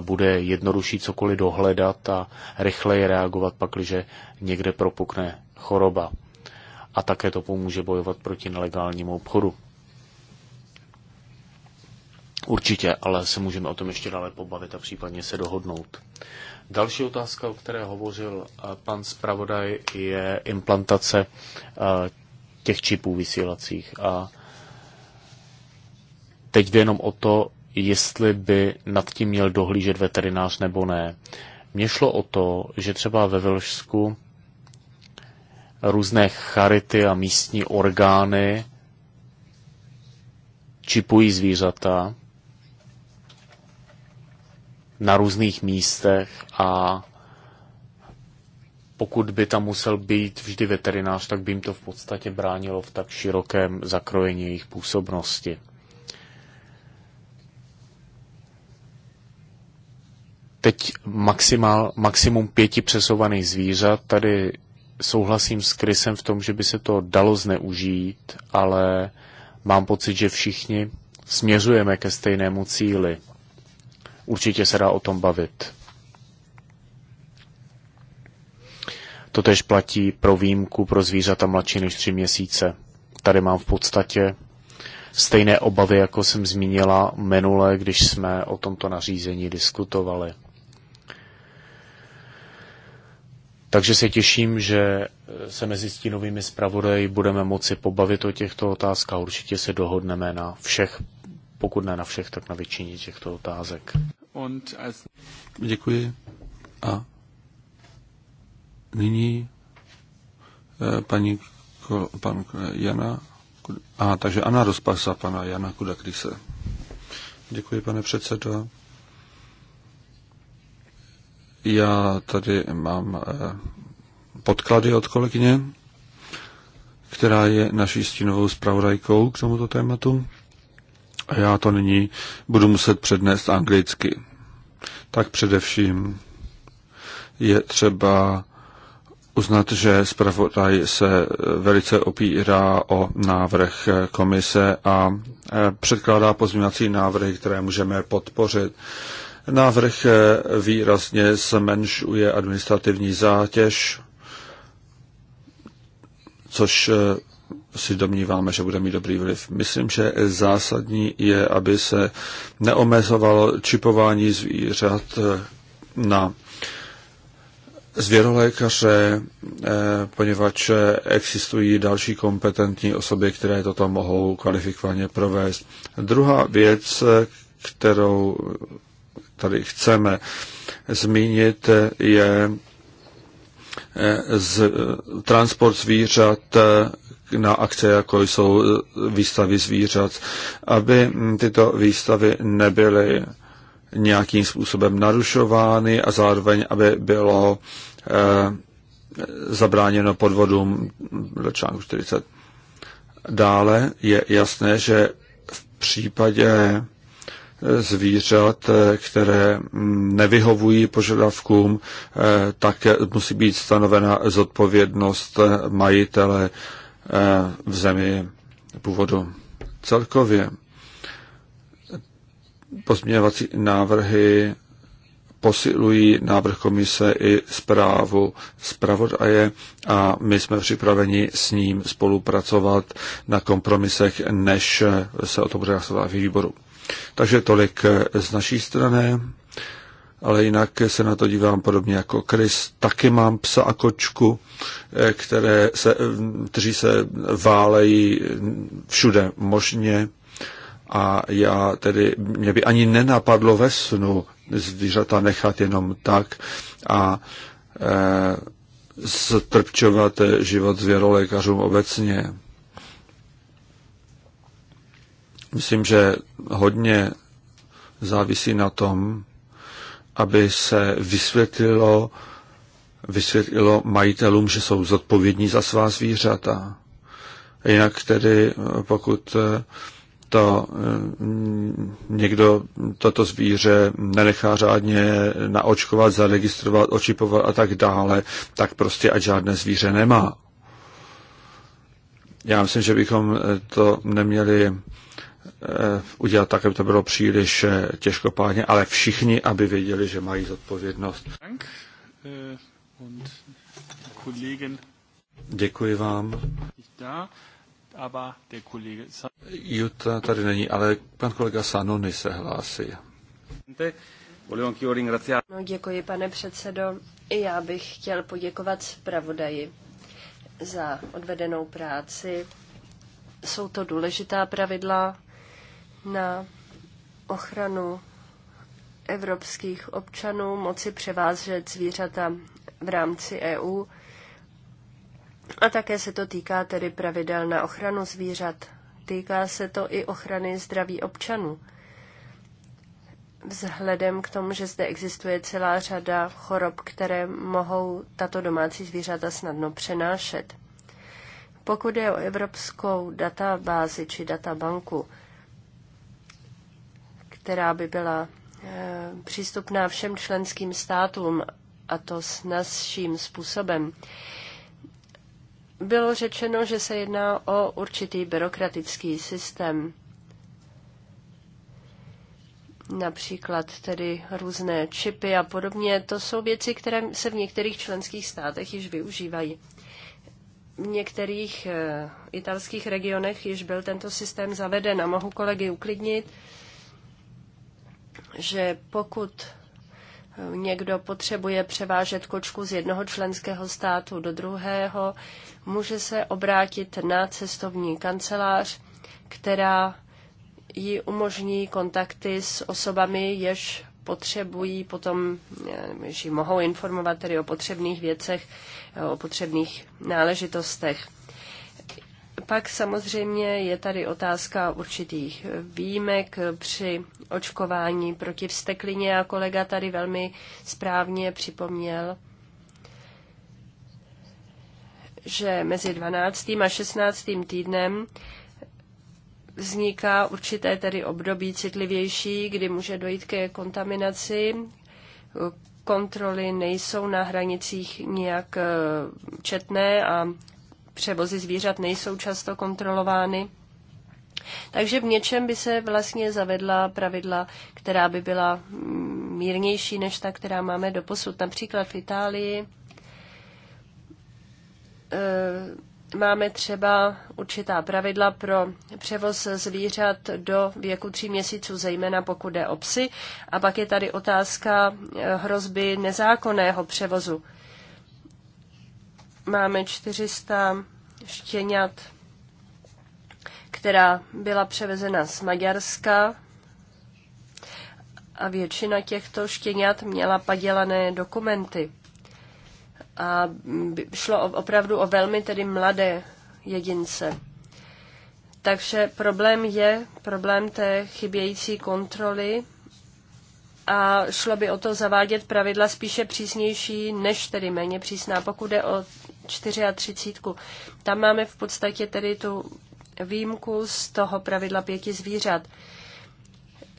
bude jednodušší cokoliv dohledat a rychleji reagovat pakliže někde propukne choroba. A také to pomůže bojovat proti nelegálnímu obchodu. Určitě, ale se můžeme o tom ještě dále pobavit a případně se dohodnout. Další otázka, o které hovořil eh, pan zpravodaj, je implantace eh, těch čipů vysílacích. A teď jde jenom o to, jestli by nad tím měl dohlížet veterinář nebo ne. Mně šlo o to, že třeba ve Velšsku různé charity a místní orgány čipují zvířata na různých místech a pokud by tam musel být vždy veterinář, tak by jim to v podstatě bránilo v tak širokém zakrojení jejich působnosti. Teď maximál, maximum pěti přesouvaných zvířat. Tady souhlasím s Krysem v tom, že by se to dalo zneužít, ale mám pocit, že všichni směřujeme ke stejnému cíli. Určitě se dá o tom bavit. To tež platí pro výjimku pro zvířata mladší než 3 měsíce. Tady mám v podstatě stejné obavy, jako jsem zmínila minule, když jsme o tomto nařízení diskutovali. Takže se těším, že se mezi stínovými zpravodaji budeme moci pobavit o těchto otázkách. Určitě se dohodneme na všech, pokud ne na všech, tak na většině těchto otázek. Děkuji. A Nyní eh, paní pan eh, Jana a takže Anna Rozpasa, pana Jana Kudakryse. Děkuji, pane předsedo. Já tady mám eh, podklady od kolegyně, která je naší stínovou zpravodajkou k tomuto tématu. A já to nyní budu muset přednést anglicky. Tak především je třeba uznat, že zpravodaj se velice opírá o návrh komise a e, předkládá pozměňovací návrhy, které můžeme podpořit. Návrh e, výrazně zmenšuje administrativní zátěž, což e, si domníváme, že bude mít dobrý vliv. Myslím, že zásadní je, aby se neomezovalo čipování zvířat na zvěrolékaře, eh, poněvadž existují další kompetentní osoby, které toto mohou kvalifikovaně provést. Druhá věc, kterou tady chceme zmínit, je eh, z, transport zvířat eh, na akce, jako jsou výstavy zvířat, aby hm, tyto výstavy nebyly nějakým způsobem narušovány a zároveň, aby bylo eh, zabráněno podvodům do článku 40. Dále je jasné, že v případě eh, zvířat, eh, které mm, nevyhovují požadavkům, eh, tak musí být stanovena zodpovědnost majitele v zemi původu. Celkově pozměňovací návrhy posilují návrh komise i zprávu zpravodaje a my jsme připraveni s ním spolupracovat na kompromisech, než se o to bude hlasovat výboru. Takže tolik z naší strany, ale jinak se na to dívám podobně jako Chris. Taky mám psa a kočku, eh, které se, kteří se válejí všude možně a já tedy, mě by ani nenapadlo ve snu zvířata nechat jenom tak a e, strpčovat život zvěrolékařům obecně. Myslím, že hodně závisí na tom, aby se vysvětlilo, vysvětlilo majitelům, že jsou zodpovědní za svá zvířata. Jinak tedy, pokud e, to eh, někdo toto zvíře nenechá řádně naočkovat, zaregistrovat, očipovat a tak dále, tak prostě ať žádné zvíře nemá. Já myslím, že bychom eh, to neměli eh, udělat tak, aby to bylo příliš těžkopádně, ale všichni, aby věděli, že mají zodpovědnost. Děkuji vám aber der Kollege Jutta tady není, ale pan kolega Sanoni se hlásí. No, děkuji, pane předsedo. I já bych chtěl poděkovat zpravodaji za odvedenou práci. Jsou to důležitá pravidla na ochranu evropských občanů moci převážet zvířata v rámci EU a také se to týká tedy pravidel na ochranu zvířat. Týká se to i ochrany zdraví občanů. Vzhledem k tomu, že zde existuje celá řada chorob, které mohou tato domácí zvířata snadno přenášet. Pokud je o evropskou databázi či databanku, která by byla eh, přístupná všem členským státům, a to s snazším způsobem, bylo řečeno, že se jedná o určitý byrokratický systém. Například tedy různé čipy a podobně. To jsou věci, které se v některých členských státech již využívají. V některých eh, italských regionech již byl tento systém zaveden a mohu kolegy uklidnit, že pokud eh, někdo potřebuje převážet kočku z jednoho členského státu do druhého, může se obrátit na cestovní kancelář, která ji umožní kontakty s osobami, jež potřebují potom, jež ji mohou informovat tedy o potřebných věcech, o potřebných náležitostech. Pak samozřejmě je tady otázka určitých výjimek při očkování proti vsteklině a kolega tady velmi správně připomněl, že mezi 12. a 16. týdnem vzniká určité tedy období citlivější, kdy může dojít ke kontaminaci. Kontroly nejsou na hranicích nijak eh, četné a převozy zvířat nejsou často kontrolovány. Takže v něčem by se vlastně zavedla pravidla, která by byla mm, mírnější než ta, která máme doposud. Například v Itálii Eh, máme třeba určitá pravidla pro převoz zvířat do věku tří měsíců, zejména pokud jde o psy. A pak je tady otázka eh, hrozby nezákonného převozu. Máme 400 štěňat, která byla převezena z Maďarska a většina těchto štěňat měla padělané dokumenty a šlo opravdu o velmi tedy mladé jedince. Takže problém je problém té chybějící kontroly a šlo by o to zavádět pravidla spíše přísnější než tedy méně přísná. Pokud je o 34, tam máme v podstatě tedy tu výjimku z toho pravidla pěti zvířat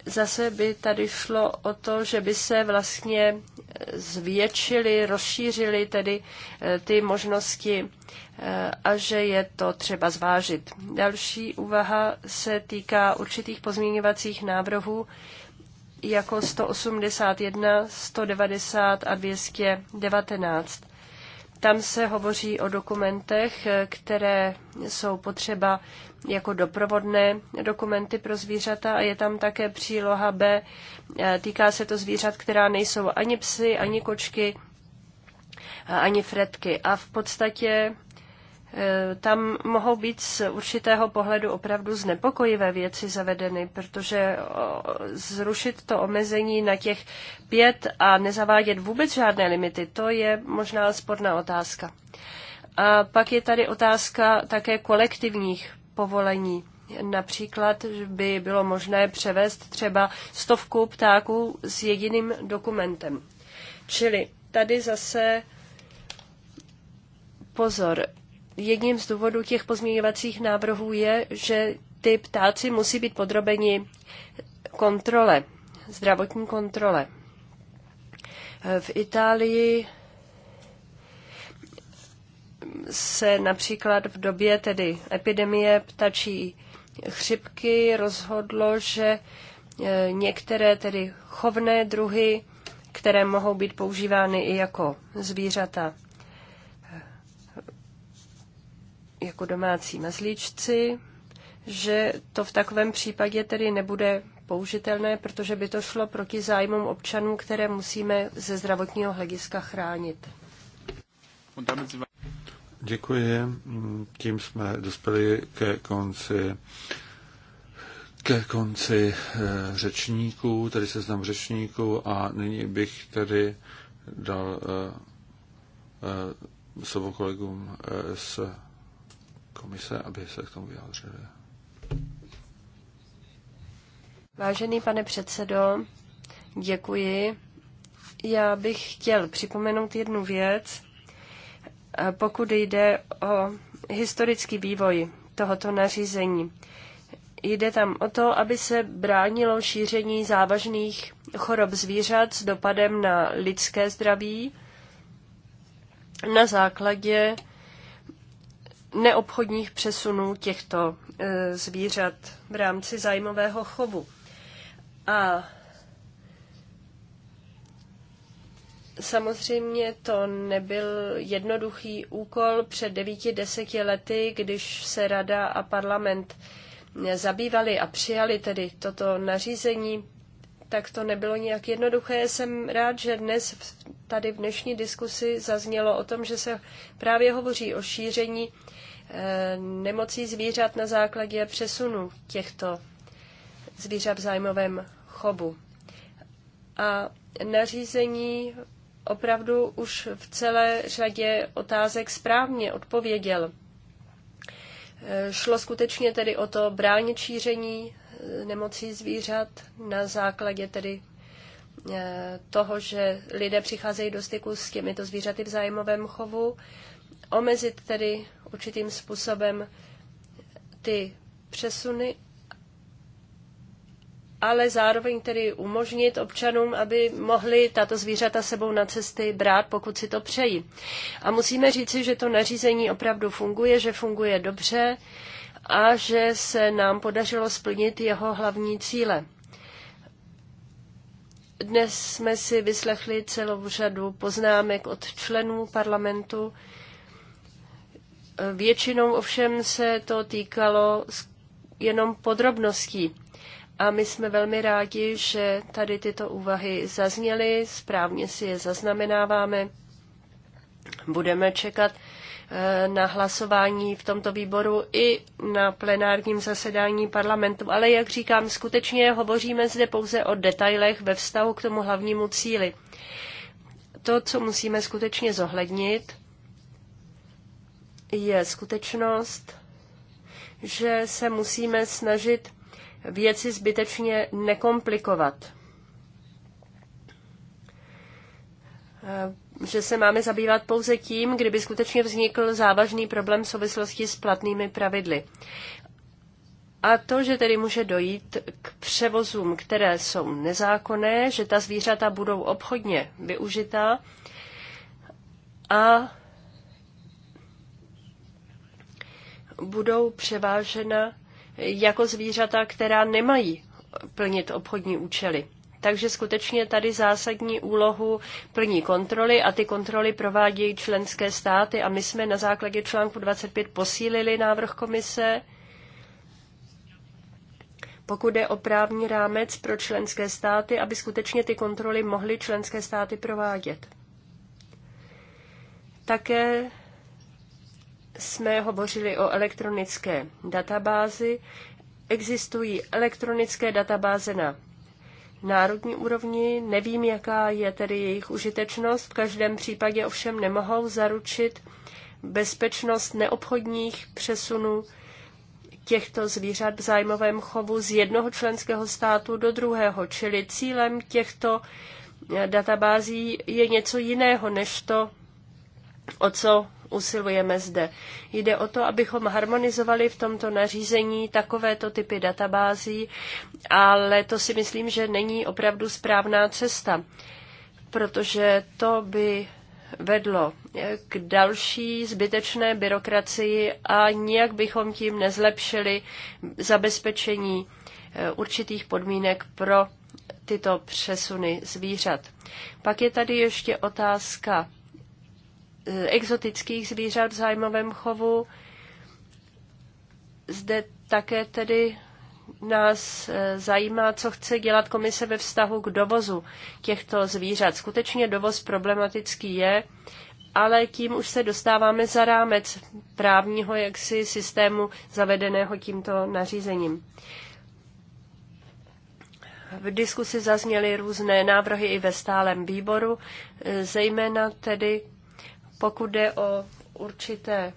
zase by tady šlo o to, že by se vlastně zvětšily, rozšířily tedy eh, ty možnosti eh, a že je to třeba zvážit. Další úvaha se týká určitých pozměňovacích návrhů jako 181, 190 a 219. Tam se hovoří o dokumentech, eh, které jsou potřeba jako doprovodné dokumenty pro zvířata a je tam také příloha B. E, týká se to zvířat, která nejsou ani psy, ani kočky, ani fretky. A v podstatě e, tam mohou být z určitého pohledu opravdu znepokojivé věci zavedeny, protože e, zrušit to omezení na těch pět a nezavádět vůbec žádné limity, to je možná sporná otázka. A pak je tady otázka také kolektivních povolení. Například by bylo možné převést třeba stovku ptáků s jediným dokumentem. Čili tady zase pozor. Jedním z důvodů těch pozměňovacích návrhů je, že ty ptáci musí být podrobeni kontrole, zdravotní kontrole. V Itálii se například v době tedy epidemie ptačí chřipky rozhodlo, že e, některé tedy chovné druhy, které mohou být používány i jako zvířata, e, jako domácí mazlíčci, že to v takovém případě tedy nebude použitelné, protože by to šlo proti zájmům občanů, které musíme ze zdravotního hlediska chránit. Děkuji. Tím jsme dospěli ke konci ke konci eh, řečníků, tady seznam řečníků a nyní bych tedy dal eh, eh, slovo kolegům z komise, aby se k tomu vyjádřili. Vážený pane předsedo, děkuji. Já bych chtěl připomenout jednu věc pokud jde o historický vývoj tohoto nařízení. Jde tam o to, aby se bránilo šíření závažných chorob zvířat s dopadem na lidské zdraví na základě neobchodních přesunů těchto e, zvířat v rámci zájmového chovu. A Samozřejmě to nebyl jednoduchý úkol před devíti, deseti lety, když se rada a parlament zabývali a přijali tedy toto nařízení, tak to nebylo nějak jednoduché. Jsem rád, že dnes tady v dnešní diskusi zaznělo o tom, že se právě hovoří o šíření eh, nemocí zvířat na základě přesunu těchto zvířat v zájmovém chobu. A nařízení opravdu už v celé řadě otázek správně odpověděl. E, šlo skutečně tedy o to bránit šíření e, nemocí zvířat na základě tedy e, toho, že lidé přicházejí do styku s těmito zvířaty v zájmovém chovu, omezit tedy určitým způsobem ty přesuny ale zároveň tedy umožnit občanům, aby mohli tato zvířata sebou na cesty brát, pokud si to přejí. A musíme říci, že to nařízení opravdu funguje, že funguje dobře a že se nám podařilo splnit jeho hlavní cíle. Dnes jsme si vyslechli celou řadu poznámek od členů parlamentu. Většinou ovšem se to týkalo jenom podrobností a my jsme velmi rádi, že tady tyto úvahy zazněly, správně si je zaznamenáváme. Budeme čekat eh, na hlasování v tomto výboru i na plenárním zasedání parlamentu. Ale jak říkám, skutečně hovoříme zde pouze o detailech ve vztahu k tomu hlavnímu cíli. To, co musíme skutečně zohlednit, je skutečnost, že se musíme snažit věci zbytečně nekomplikovat. Eh, že se máme zabývat pouze tím, kdyby skutečně vznikl závažný problém v souvislosti s platnými pravidly. A to, že tedy může dojít k převozům, které jsou nezákonné, že ta zvířata budou obchodně využitá a budou převážena jako zvířata, která nemají plnit obchodní účely. Takže skutečně tady zásadní úlohu plní kontroly a ty kontroly provádějí členské státy a my jsme na základě článku 25 posílili návrh komise. Pokud je o právní rámec pro členské státy, aby skutečně ty kontroly mohly členské státy provádět. Také jsme hovořili o elektronické databázi. Existují elektronické databáze na národní úrovni. Nevím, jaká je tedy jejich užitečnost. V každém případě ovšem nemohou zaručit bezpečnost neobchodních přesunů těchto zvířat v zájmovém chovu z jednoho členského státu do druhého. Čili cílem těchto eh, databází je něco jiného než to, o co usilujeme zde. Jde o to, abychom harmonizovali v tomto nařízení takovéto typy databází, ale to si myslím, že není opravdu správná cesta, protože to by vedlo k další zbytečné byrokracii a nijak bychom tím nezlepšili zabezpečení eh, určitých podmínek pro tyto přesuny zvířat. Pak je tady ještě otázka Eh, exotických zvířat v zájmovém chovu. Zde také tedy nás eh, zajímá, co chce dělat komise ve vztahu k dovozu těchto zvířat. Skutečně dovoz problematický je, ale tím už se dostáváme za rámec právního jaksi systému zavedeného tímto nařízením. V diskusi zazněly různé návrhy i ve stálem výboru, eh, zejména tedy pokud jde o určité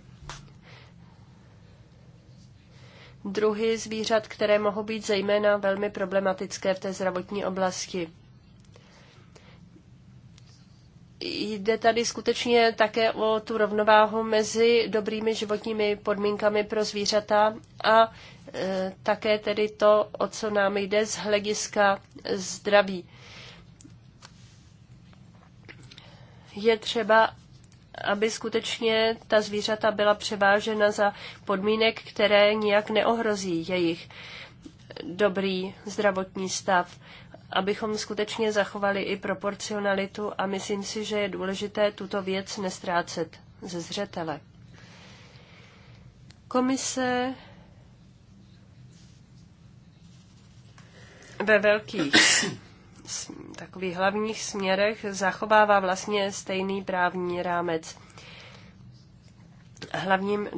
druhy zvířat, které mohou být zejména velmi problematické v té zdravotní oblasti. Jde tady skutečně také o tu rovnováhu mezi dobrými životními podmínkami pro zvířata a e, také tedy to, o co nám jde z hlediska zdraví. Je třeba, aby skutečně ta zvířata byla převážena za podmínek, které nijak neohrozí jejich dobrý zdravotní stav, abychom skutečně zachovali i proporcionalitu a myslím si, že je důležité tuto věc nestrácet ze zřetele. Komise ve velkých takových hlavních směrech zachovává vlastně stejný právní rámec. Hlavním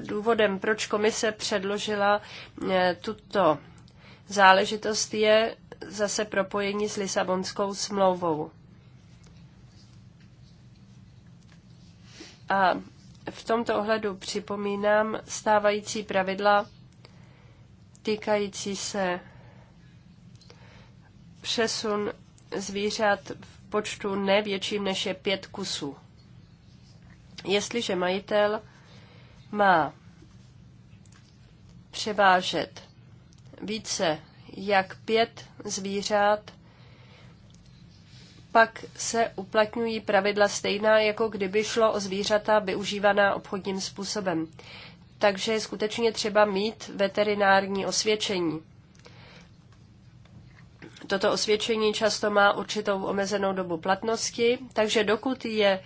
důvodem, proč komise předložila eh, tuto záležitost, je zase propojení s Lisabonskou smlouvou. A v tomto ohledu připomínám stávající pravidla týkající se přesun zvířat v počtu nevětším než je pět kusů. Jestliže majitel má převážet více jak pět zvířat, pak se uplatňují pravidla stejná, jako kdyby šlo o zvířata využívaná obchodním způsobem. Takže je skutečně třeba mít veterinární osvědčení. Toto osvědčení často má určitou omezenou dobu platnosti, takže dokud je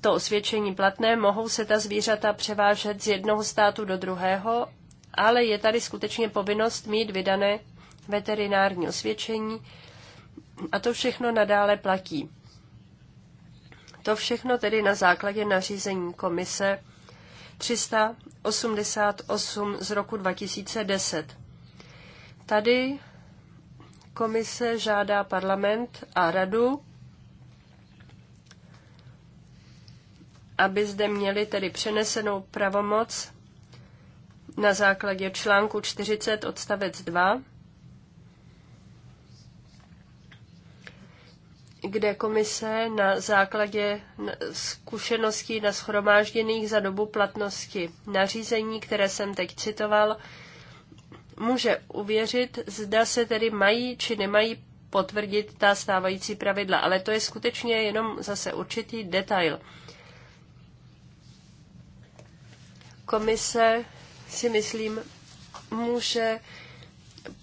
to osvědčení platné, mohou se ta zvířata převážet z jednoho státu do druhého, ale je tady skutečně povinnost mít vydané veterinární osvědčení a to všechno nadále platí. To všechno tedy na základě nařízení komise 388 z roku 2010. Tady Komise žádá parlament a radu, aby zde měli tedy přenesenou pravomoc na základě článku 40 odstavec 2, kde komise na základě zkušeností na schromážděných za dobu platnosti nařízení, které jsem teď citoval, může uvěřit, zda se tedy mají či nemají potvrdit ta stávající pravidla. Ale to je skutečně jenom zase určitý detail. Komise si myslím může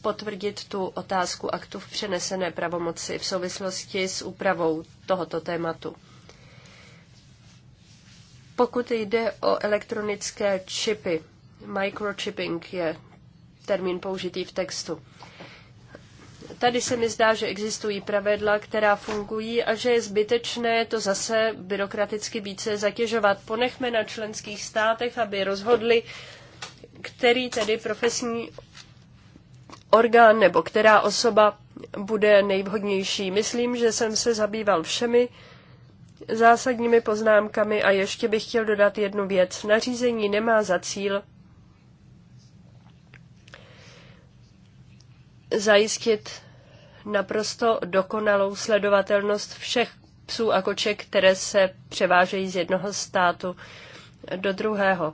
potvrdit tu otázku aktu v přenesené pravomoci v souvislosti s úpravou tohoto tématu. Pokud jde o elektronické čipy, microchipping je termín použitý v textu. Tady se mi zdá, že existují pravidla, která fungují a že je zbytečné to zase byrokraticky více zatěžovat. Ponechme na členských státech, aby rozhodli, který tedy profesní orgán nebo která osoba bude nejvhodnější. Myslím, že jsem se zabýval všemi zásadními poznámkami a ještě bych chtěl dodat jednu věc. Nařízení nemá za cíl zajistit naprosto dokonalou sledovatelnost všech psů a koček, které se převážejí z jednoho státu do druhého.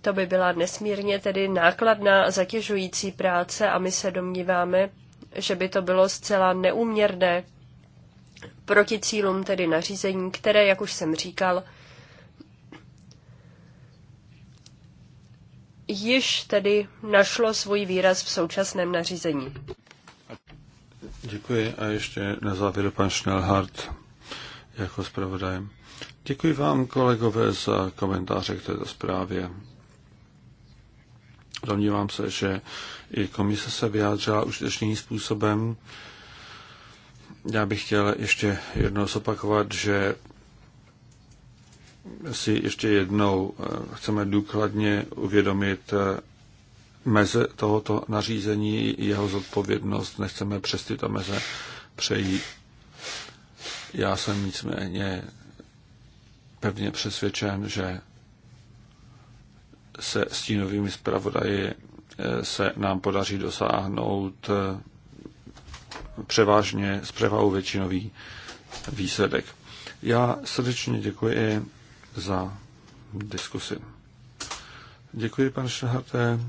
To by byla nesmírně tedy nákladná a zatěžující práce a my se domníváme, že by to bylo zcela neuměrné proti cílům tedy nařízení, které, jak už jsem říkal, již tedy našlo svůj výraz v současném nařízení. Děkuji a ještě na závěr pan Schnellhardt jako zpravodajem. Děkuji vám, kolegové, za komentáře k této zprávě. Domnívám se, že i komise se vyjádřila užitečným způsobem. Já bych chtěl ještě jednou zopakovat, že si ještě jednou eh, chceme důkladně uvědomit eh, meze tohoto nařízení, jeho zodpovědnost, nechceme přes tyto meze přejít. Já jsem nicméně pevně přesvědčen, že se stínovými zpravodaji eh, se nám podaří dosáhnout převážně s převahou většinový výsledek. Já srdečně děkuji za diskusi. Děkuji, pan Šahaté.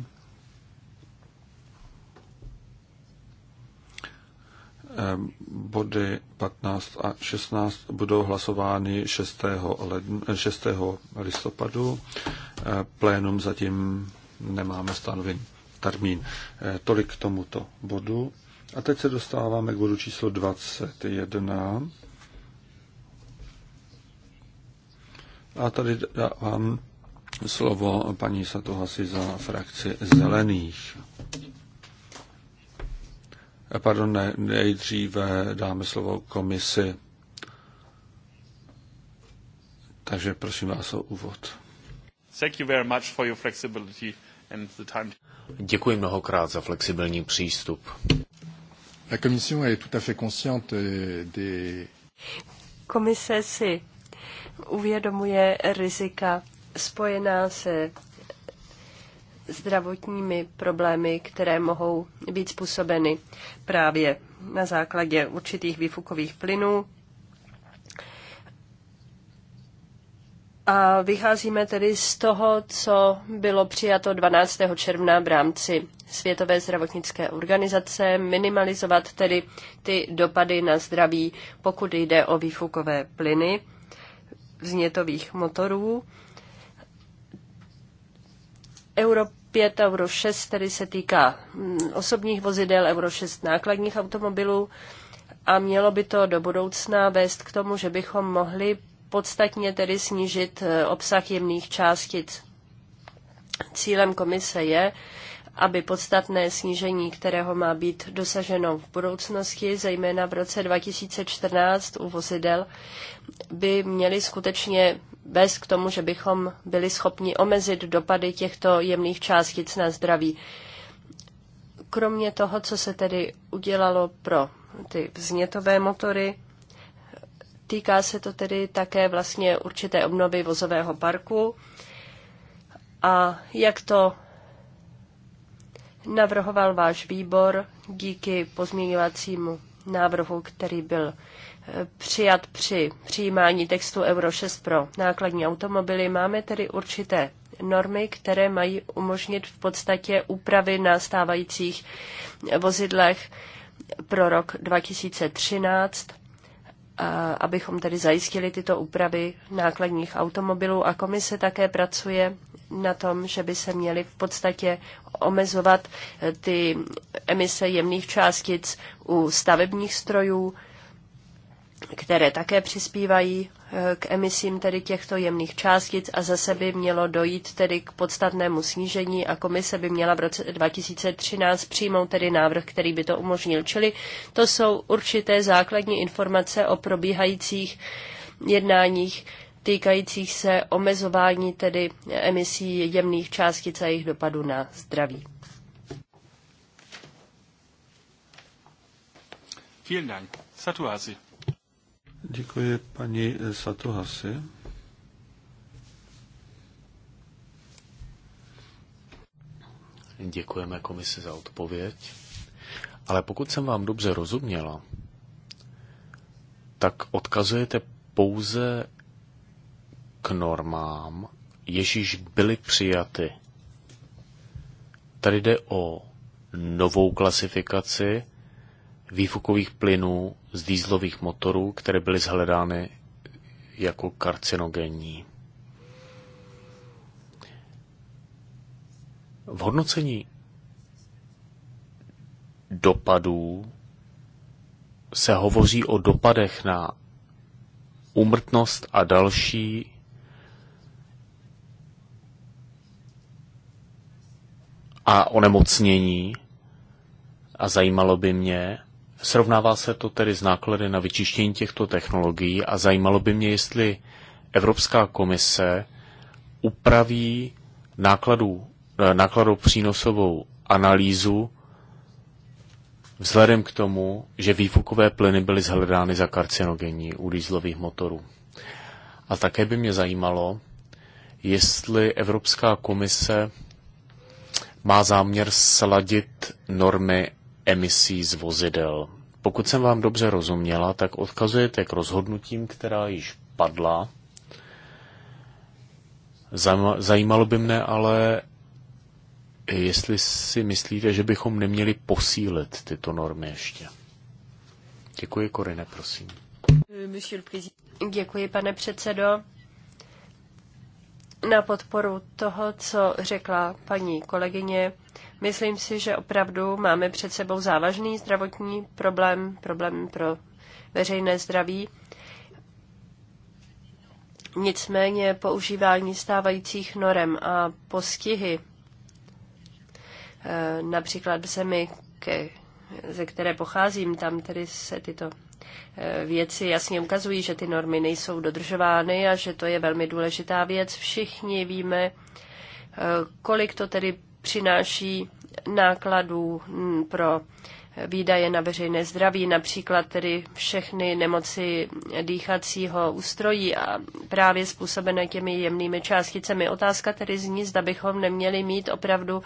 Ehm, body 15 a 16 budou hlasovány 6. Ledn, 6. listopadu. Ehm, plénum zatím nemáme stanovený termín. Ehm, tolik k tomuto bodu. A teď se dostáváme k bodu číslo 21. A tady dávám slovo paní Satohasi za frakci zelených. Pardon, ne, nejdříve dáme slovo komisi. Takže prosím vás o úvod. Thank you very much for your flexibility and the time. Děkuji mnohokrát za flexibilní přístup. La commission est tout à fait consciente des... Komise si uvědomuje rizika spojená se zdravotními problémy, které mohou být způsobeny právě na základě určitých výfukových plynů. A vycházíme tedy z toho, co bylo přijato 12. června v rámci Světové zdravotnické organizace, minimalizovat tedy ty dopady na zdraví, pokud jde o výfukové plyny vznětových motorů. Euro 5, Euro 6, který se týká mm, osobních vozidel, Euro 6 nákladních automobilů a mělo by to do budoucna vést k tomu, že bychom mohli podstatně tedy snížit eh, obsah jemných částic. Cílem komise je aby podstatné snížení, kterého má být dosaženo v budoucnosti, zejména v roce 2014 u vozidel, by měly skutečně bez k tomu, že bychom byli schopni omezit dopady těchto jemných částic na zdraví. Kromě toho, co se tedy udělalo pro ty vznětové motory, týká se to tedy také vlastně určité obnovy vozového parku a jak to navrhoval váš výbor díky pozměňovacímu návrhu, který byl eh, přijat při přijímání textu Euro 6 pro nákladní automobily. Máme tedy určité normy, které mají umožnit v podstatě úpravy na stávajících vozidlech pro rok 2013, abychom tedy zajistili tyto úpravy nákladních automobilů. A komise také pracuje na tom, že by se měly v podstatě omezovat eh, ty emise jemných částic u stavebních strojů, které také přispívají eh, k emisím tedy těchto jemných částic a zase by mělo dojít tedy k podstatnému snížení a komise by měla v roce 2013 přijmout tedy návrh, který by to umožnil. Čili to jsou určité základní informace o probíhajících jednáních týkajících se omezování tedy emisí jemných částic a jejich dopadu na zdraví. Vielen Dank. Satuhasi. Děkuji paní Satuhasi. Děkujeme komisi za odpověď. Ale pokud jsem vám dobře rozuměla, tak odkazujete pouze k normám, ježíš byly přijaty. Tady jde o novou klasifikaci výfukových plynů z dýzlových motorů, které byly zhledány jako karcinogenní. V hodnocení dopadů se hovoří o dopadech na umrtnost a další a onemocnění a zajímalo by mě, srovnává se to tedy s náklady na vyčištění těchto technologií a zajímalo by mě, jestli Evropská komise upraví nákladů, eh, nákladu přínosovou analýzu vzhledem k tomu, že výfukové plyny byly zhledány za karcinogenní u dýzlových motorů. A také by mě zajímalo, jestli Evropská komise má záměr sladit normy emisí z vozidel. Pokud jsem vám dobře rozuměla, tak odkazujete k rozhodnutím, která již padla. Zajímalo by mne ale, jestli si myslíte, že bychom neměli posílit tyto normy ještě. Děkuji, Korine, prosím. Děkuji, pane předsedo na podporu toho, co řekla paní kolegyně. Myslím si, že opravdu máme před sebou závažný zdravotní problém, problém pro veřejné zdraví. Nicméně používání stávajících norem a postihy, e, například v zemi, ke, ze které pocházím, tam tedy se tyto Eh, věci jasně ukazují, že ty normy nejsou dodržovány a že to je velmi důležitá věc. Všichni víme, eh, kolik to tedy přináší nákladů mm, pro výdaje na veřejné zdraví, například tedy všechny nemoci dýchacího ústrojí a právě způsobené těmi jemnými částicemi. Otázka tedy zní, zda bychom neměli mít opravdu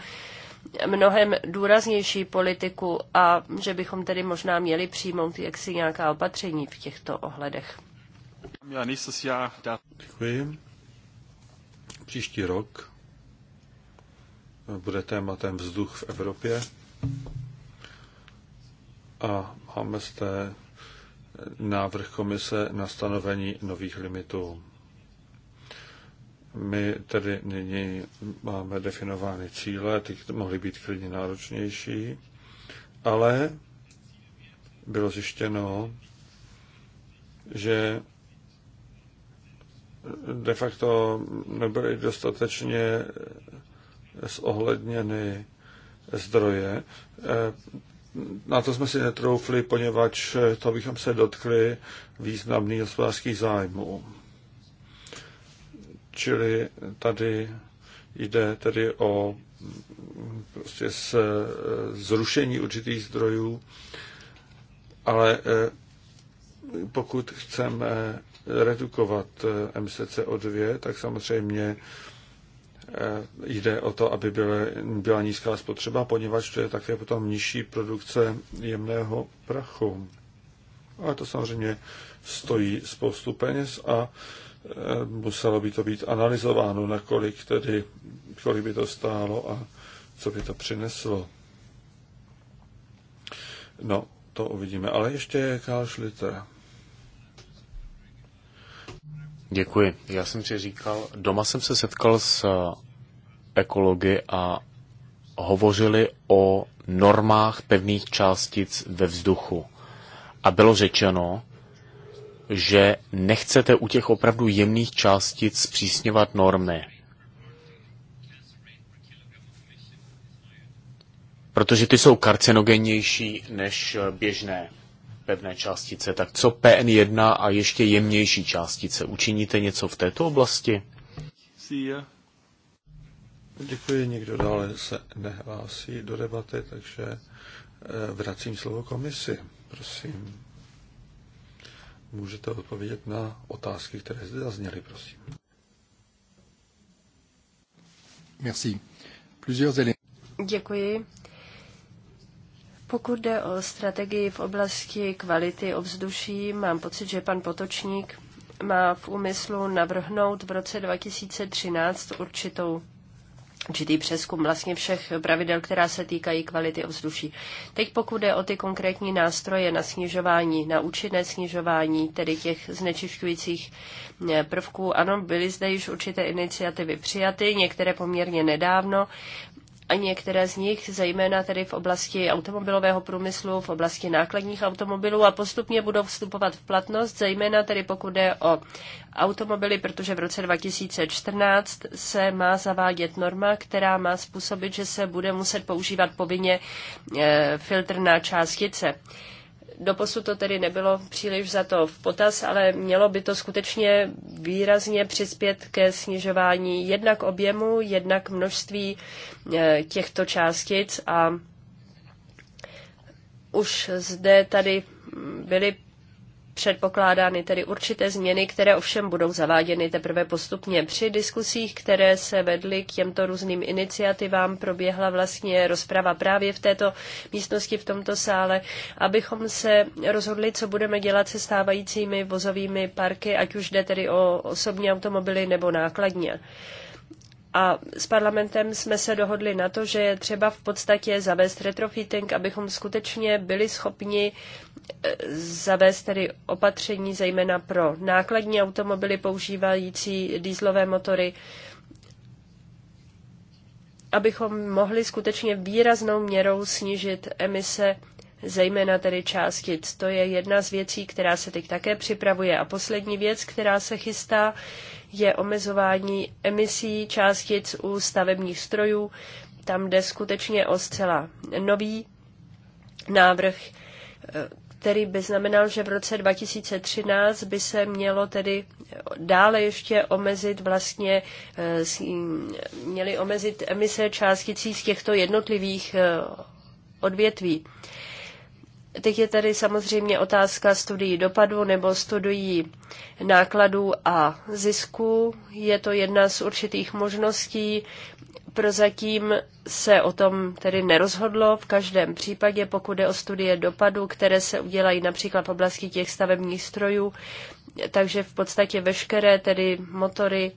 mnohem důraznější politiku a že bychom tedy možná měli přijmout jaksi nějaká opatření v těchto ohledech. Děkuji. Příští rok bude tématem vzduch v Evropě a máme zde návrh komise na stanovení nových limitů. My tedy nyní máme definovány cíle, ty mohly být klidně náročnější, ale bylo zjištěno, že de facto nebyly dostatečně zohledněny zdroje. Na to jsme si netroufli, poněvadž to bychom se dotkli významných hospodářských zájmů. Čili tady jde tedy o prostě z, eh, zrušení určitých zdrojů, ale eh, pokud chceme redukovat eh, emise CO2, tak samozřejmě jde o to, aby byla, byla nízká spotřeba, poněvadž to je také potom nižší produkce jemného prachu. A to samozřejmě stojí spoustu peněz a muselo by to být analyzováno, nakolik tedy, kolik by to stálo a co by to přineslo. No, to uvidíme. Ale ještě je Karl Schlitter. Děkuji. Já jsem si říkal, doma jsem se setkal s eh, ekology a hovořili o normách pevných částic ve vzduchu. A bylo řečeno, že nechcete u těch opravdu jemných částic zpřísňovat normy. Protože ty jsou karcinogennější než běžné pevné částice. Tak co PN1 a ještě jemnější částice? Učiníte něco v této oblasti? Děkuji, nikdo dále se nehlásí do debaty, takže eh, vracím slovo komisi. Prosím můžete odpovědět na otázky, které zde zazněly, prosím. Merci. Plusieurs éléments. Děkuji. Pokud jde o strategii v oblasti kvality ovzduší, mám pocit, že pan Potočník má v úmyslu navrhnout v roce 2013 určitou určitý přeskum vlastně všech pravidel, která se týkají kvality ovzduší. Teď pokud jde o ty konkrétní nástroje na snižování, na účinné snižování tedy těch znečišťujících eh, prvků, ano, byly zde již určité iniciativy přijaty, některé poměrně nedávno a některé z nich, zejména tedy v oblasti automobilového průmyslu, v oblasti nákladních automobilů a postupně budou vstupovat v platnost, zejména tedy pokud jde o automobily, protože v roce 2014 se má zavádět norma, která má způsobit, že se bude muset používat povinně eh, filtr na částice. Doposud to tedy nebylo příliš za to v potaz, ale mělo by to skutečně výrazně přispět ke snižování jednak objemu, jednak množství eh, těchto částic a už zde tady byly předpokládány tedy určité změny, které ovšem budou zaváděny teprve postupně. Při diskusích, které se vedly k těmto různým iniciativám, proběhla vlastně rozprava právě v této místnosti, v tomto sále, abychom se rozhodli, co budeme dělat se stávajícími vozovými parky, ať už jde tedy o osobní automobily nebo nákladně. A s parlamentem jsme se dohodli na to, že je třeba v podstatě zavést retrofitting, abychom skutečně byli schopni e, zavést tedy opatření zejména pro nákladní automobily používající dýzlové motory, abychom mohli skutečně výraznou měrou snížit emise zejména tedy částic. To je jedna z věcí, která se teď také připravuje. A poslední věc, která se chystá, je omezování emisí částic u stavebních strojů. Tam jde skutečně o zcela nový návrh, který by znamenal, že v roce 2013 by se mělo tedy dále ještě omezit vlastně, eh, měly omezit emise částicí z těchto jednotlivých eh, odvětví. Teď je tady samozřejmě otázka studií dopadu nebo studií nákladů a zisku. Je to jedna z určitých možností. Prozatím se o tom tedy nerozhodlo. V každém případě, pokud je o studie dopadu, které se udělají například v oblasti těch stavebních strojů, takže v podstatě veškeré tedy motory,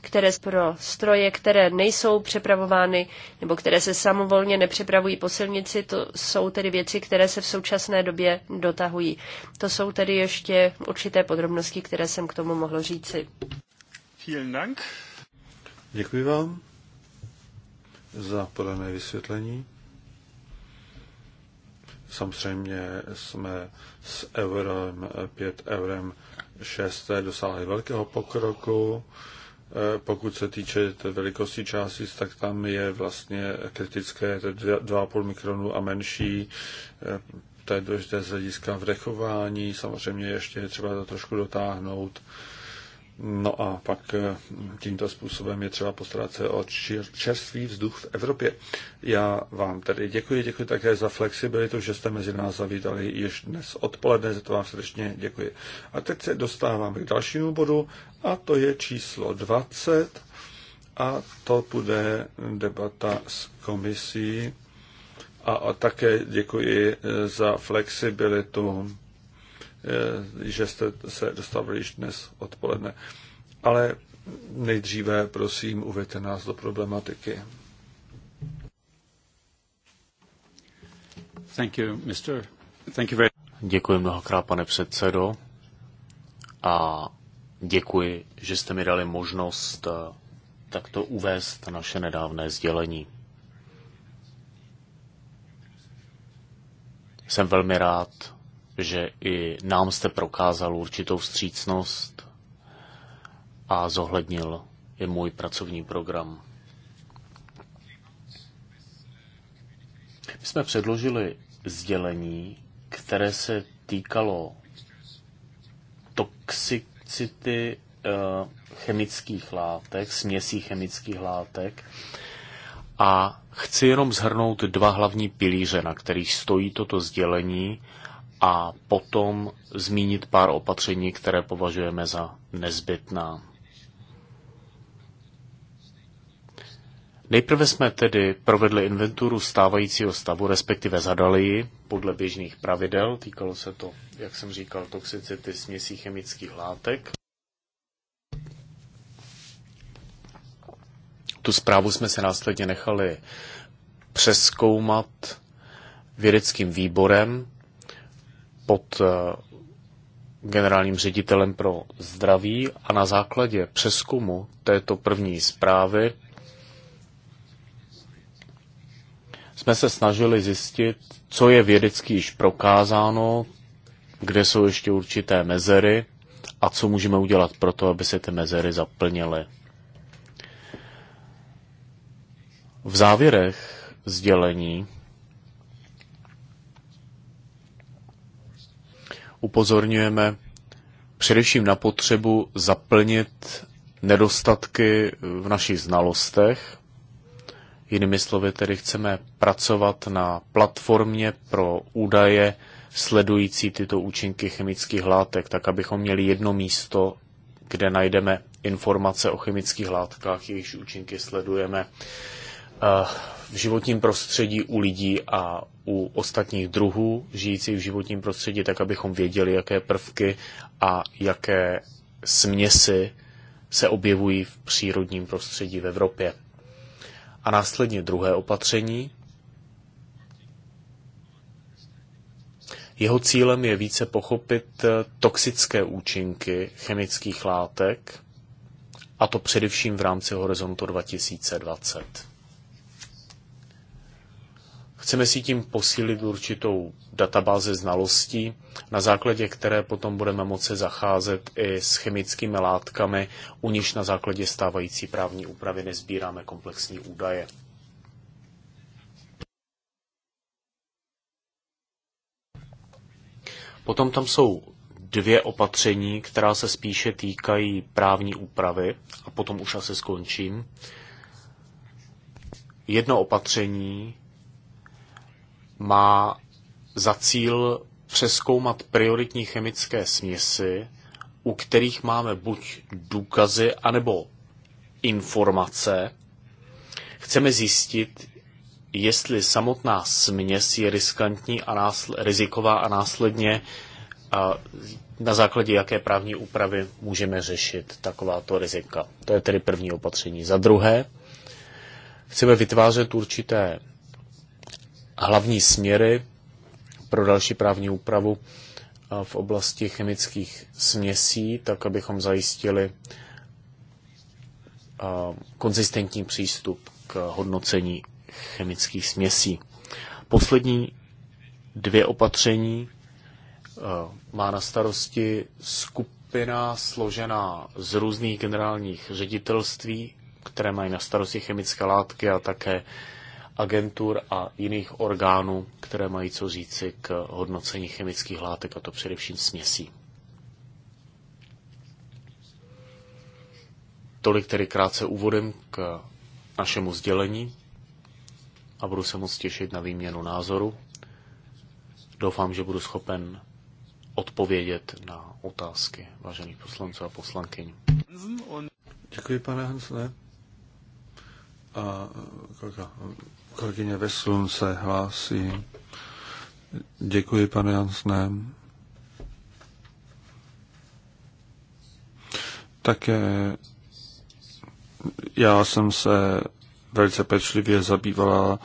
které pro stroje, které nejsou přepravovány nebo které se samovolně nepřepravují po silnici, to jsou tedy věci, které se v současné době dotahují. To jsou tedy ještě určité podrobnosti, které jsem k tomu mohl říci. Vielen Dank. Děkuji vám za podané vysvětlení. Samozřejmě jsme s eurem, 5 eurem 6 dosáhly velkého pokroku. E, pokud se týče té velikosti částic, tak tam je vlastně kritické 2,5 mikronu a menší. E, to je důležité z hlediska vdechování. Samozřejmě ještě je třeba to trošku dotáhnout No a pak eh, tímto způsobem je třeba postarat se o čerstvý vzduch v Evropě. Já vám tedy děkuji, děkuji také za flexibilitu, že jste mezi nás zavítali již dnes odpoledne, za to vám srdečně děkuji. A teď se dostáváme k dalšímu bodu a to je číslo 20 a to bude debata s komisí. A, a také děkuji eh, za flexibilitu Eh, že jste se dostavili již dnes odpoledne. Ale nejdříve, prosím, uvěte nás do problematiky. Thank you, Mr. Thank you very... Děkuji mnohokrát, pane předsedo, a děkuji, že jste mi dali možnost eh, takto uvést naše nedávné sdělení. Jsem velmi rád, že i nám jste prokázal určitou vstřícnost a zohlednil i můj pracovní program. My jsme předložili sdělení, které se týkalo toxicity eh, chemických látek, směsí chemických látek. A chci jenom zhrnout dva hlavní pilíře, na kterých stojí toto sdělení a potom zmínit pár opatření, které považujeme za nezbytná. Nejprve jsme tedy provedli inventuru stávajícího stavu, respektive zadali ji podle běžných pravidel. Týkalo se to, jak jsem říkal, toxicity směsí chemických látek. Tu zprávu jsme se následně nechali přeskoumat vědeckým výborem, pod eh, generálním ředitelem pro zdraví a na základě přeskumu této první zprávy jsme se snažili zjistit, co je vědecky již prokázáno, kde jsou ještě určité mezery a co můžeme udělat pro to, aby se ty mezery zaplnily. V závěrech sdělení upozorňujeme především na potřebu zaplnit nedostatky v našich znalostech. Jinými slovy tedy chceme pracovat na platformě pro údaje sledující tyto účinky chemických látek, tak abychom měli jedno místo, kde najdeme informace o chemických látkách, jejichž účinky sledujeme Eh, v životním prostředí u lidí a u ostatních druhů žijících v životním prostředí, tak abychom věděli, jaké prvky a jaké směsi se objevují v přírodním prostředí v Evropě. A následně druhé opatření. Jeho cílem je více pochopit eh, toxické účinky chemických látek, a to především v rámci horizontu 2020. Chceme si tím posílit určitou databázi znalostí, na základě které potom budeme moci zacházet i s chemickými látkami, u níž na základě stávající právní úpravy nezbíráme komplexní údaje. Potom tam jsou dvě opatření, která se spíše týkají právní úpravy a potom už asi skončím. Jedno opatření má za cíl přeskoumat prioritní chemické směsi, u kterých máme buď důkazy, anebo informace. Chceme zjistit, jestli samotná směs je riskantní a násl- riziková a následně a na základě jaké právní úpravy můžeme řešit takováto rizika. To je tedy první opatření. Za druhé, chceme vytvářet určité hlavní směry pro další právní úpravu eh, v oblasti chemických směsí, tak abychom zajistili eh, konzistentní přístup k hodnocení chemických směsí. Poslední dvě opatření eh, má na starosti skupina složená z různých generálních ředitelství, které mají na starosti chemické látky a také agentur a jiných orgánů, které mají co říci k hodnocení chemických látek, a to především směsí. Tolik tedy krátce úvodem k našemu sdělení a budu se moc těšit na výměnu názoru. Doufám, že budu schopen odpovědět na otázky vážených poslanců a poslankyň. Děkuji, pane Hansle. A kolega Kolegyně Veslun se hlásí. Děkuji, pane Jansnem. Také já jsem se velice pečlivě zabývala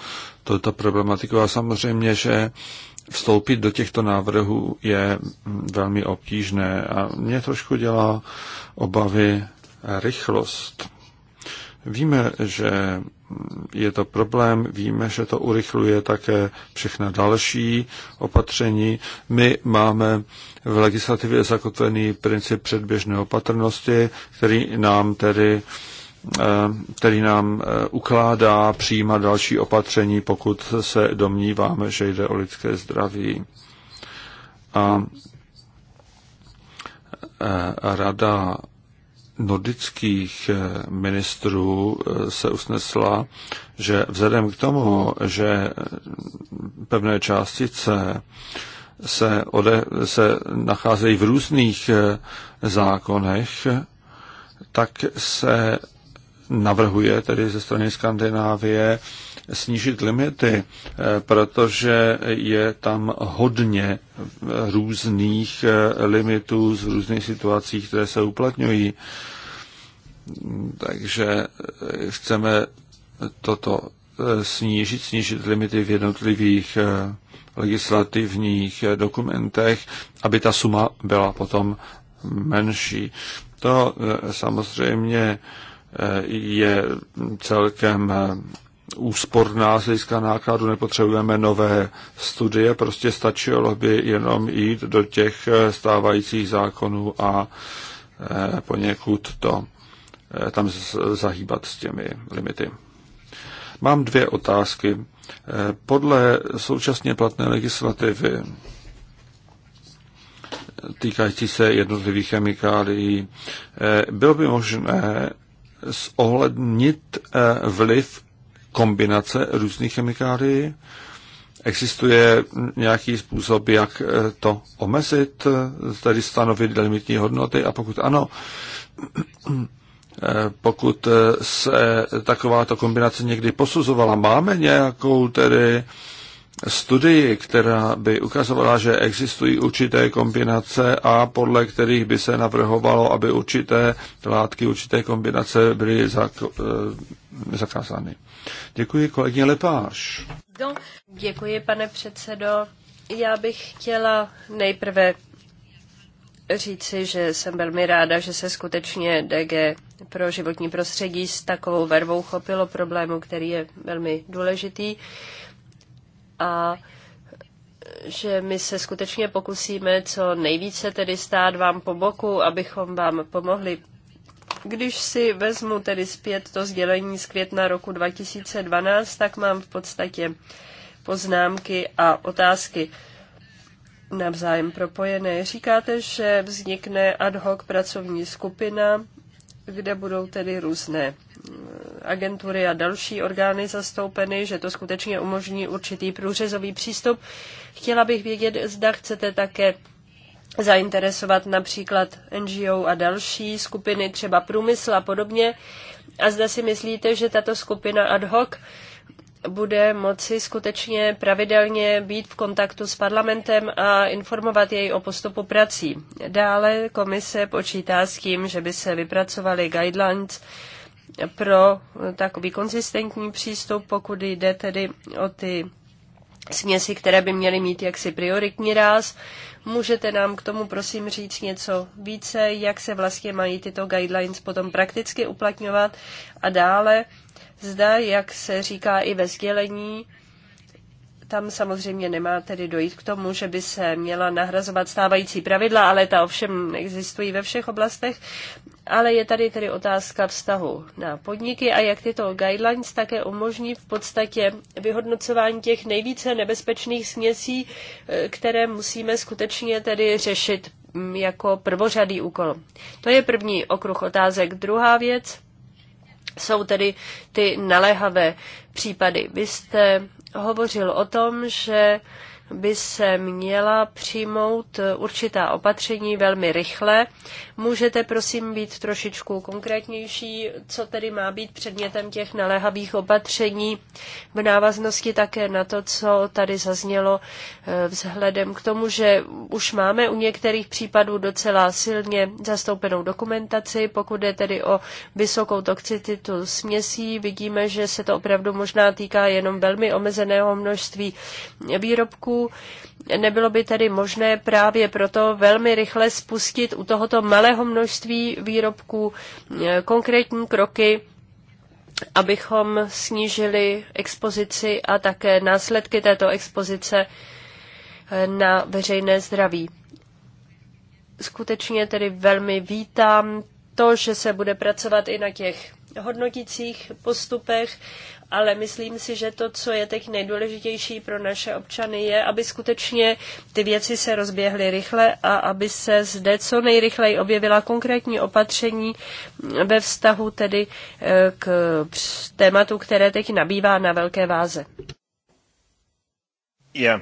touto problematikou a samozřejmě, že vstoupit do těchto návrhů je velmi obtížné a mě trošku dělá obavy rychlost. Víme, že je to problém. Víme, že to urychluje také všechna další opatření. My máme v legislativě zakotvený princip předběžné opatrnosti, který nám tedy eh, který nám eh, ukládá přijímat další opatření, pokud se domníváme, že jde o lidské zdraví. A eh, rada nordických eh, ministrů eh, se usnesla, že vzhledem k tomu, že eh, pevné částice se, ode, se nacházejí v různých zákonech, tak se navrhuje tedy ze strany Skandinávie snížit limity, eh, protože je tam hodně různých eh, limitů z různých situací, které se uplatňují. Takže eh, chceme toto snížit, snížit limity v jednotlivých legislativních dokumentech, aby ta suma byla potom menší. To samozřejmě je celkem úsporná z hlediska nákladu, nepotřebujeme nové studie, prostě stačilo by jenom jít do těch eh, stávajících zákonů a eh, poněkud to eh, tam zahýbat s těmi limity. Mám dvě otázky. Podle současně platné legislativy týkající se jednotlivých chemikálií, bylo by možné zohlednit vliv kombinace různých chemikálií. Existuje nějaký způsob, jak eh, to omezit, eh, tedy stanovit limitní hodnoty a pokud ano, eh, pokud se takováto kombinace někdy posuzovala, máme nějakou tedy studii, která by ukazovala, že existují určité kombinace a podle kterých by se navrhovalo, aby určité látky, určité kombinace byly zak- zakázány. Děkuji kolegyně Lepáš. Děkuji, pane předsedo. Já bych chtěla nejprve říci, že jsem velmi ráda, že se skutečně DG pro životní prostředí s takovou vervou chopilo problému, který je velmi důležitý a že my se skutečně pokusíme co nejvíce tedy stát vám po boku, abychom vám pomohli když si vezmu tedy zpět to sdělení z května roku 2012, tak mám v podstatě poznámky a otázky navzájem propojené. Říkáte, že vznikne ad hoc pracovní skupina, kde budou tedy různé eh, agentury a další orgány zastoupeny, že to skutečně umožní určitý průřezový přístup. Chtěla bych vědět, zda chcete také zainteresovat například NGO a další skupiny, třeba průmysl a podobně. A zda si myslíte, že tato skupina ad hoc bude moci skutečně pravidelně být v kontaktu s parlamentem a informovat jej o postupu prací. Dále komise počítá s tím, že by se vypracovaly guidelines pro takový konzistentní přístup, pokud jde tedy o ty směsi, které by měly mít jaksi prioritní ráz Můžete nám k tomu prosím říct něco více, jak se vlastně mají tyto guidelines potom prakticky uplatňovat a dále, zda, jak se říká i ve sdělení, tam samozřejmě nemá tedy dojít k tomu, že by se měla nahrazovat stávající pravidla, ale ta ovšem existují ve všech oblastech. Ale je tady tedy otázka vztahu na podniky a jak tyto guidelines také umožní v podstatě vyhodnocování těch nejvíce nebezpečných směsí, eh, které musíme skutečně tedy řešit mm, jako prvořadý úkol. To je první okruh otázek. Druhá věc jsou tedy ty naléhavé případy. Vy jste hovořil o tom, že by se měla přijmout určitá opatření velmi rychle. Můžete prosím být trošičku konkrétnější, co tedy má být předmětem těch naléhavých opatření v návaznosti také na to, co tady zaznělo eh, vzhledem k tomu, že už máme u některých případů docela silně zastoupenou dokumentaci, pokud je tedy o vysokou toxicitu směsí, vidíme, že se to opravdu možná týká jenom velmi omezeného množství výrobků, Nebylo by tedy možné právě proto velmi rychle spustit u tohoto malého množství výrobků eh, konkrétní kroky, abychom snížili expozici a také následky této expozice eh, na veřejné zdraví. Skutečně tedy velmi vítám to, že se bude pracovat i na těch hodnotících postupech ale myslím si, že to, co je teď nejdůležitější pro naše občany, je, aby skutečně ty věci se rozběhly rychle a aby se zde co nejrychleji objevila konkrétní opatření ve vztahu tedy eh, k tématu, které teď nabývá na velké váze. Yeah.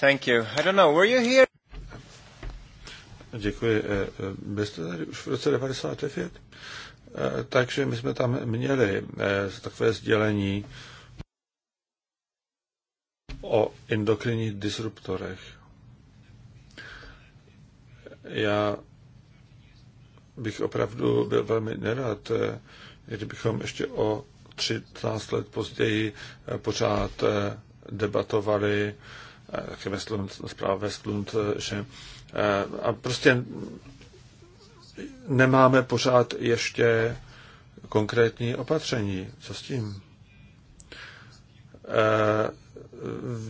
Thank you. I don't know, were you here? Děkuji. Eh, eh, byste tady už v roce 95? Eh, takže my jsme tam měli eh, takové sdělení o endokrinních disruptorech. Já bych opravdu byl velmi nerad, eh, kdybychom ještě o 13 let později pořád debatovali, také ve Stlund, zpráva ve že a prostě nemáme pořád ještě konkrétní opatření. Co s tím? Eh,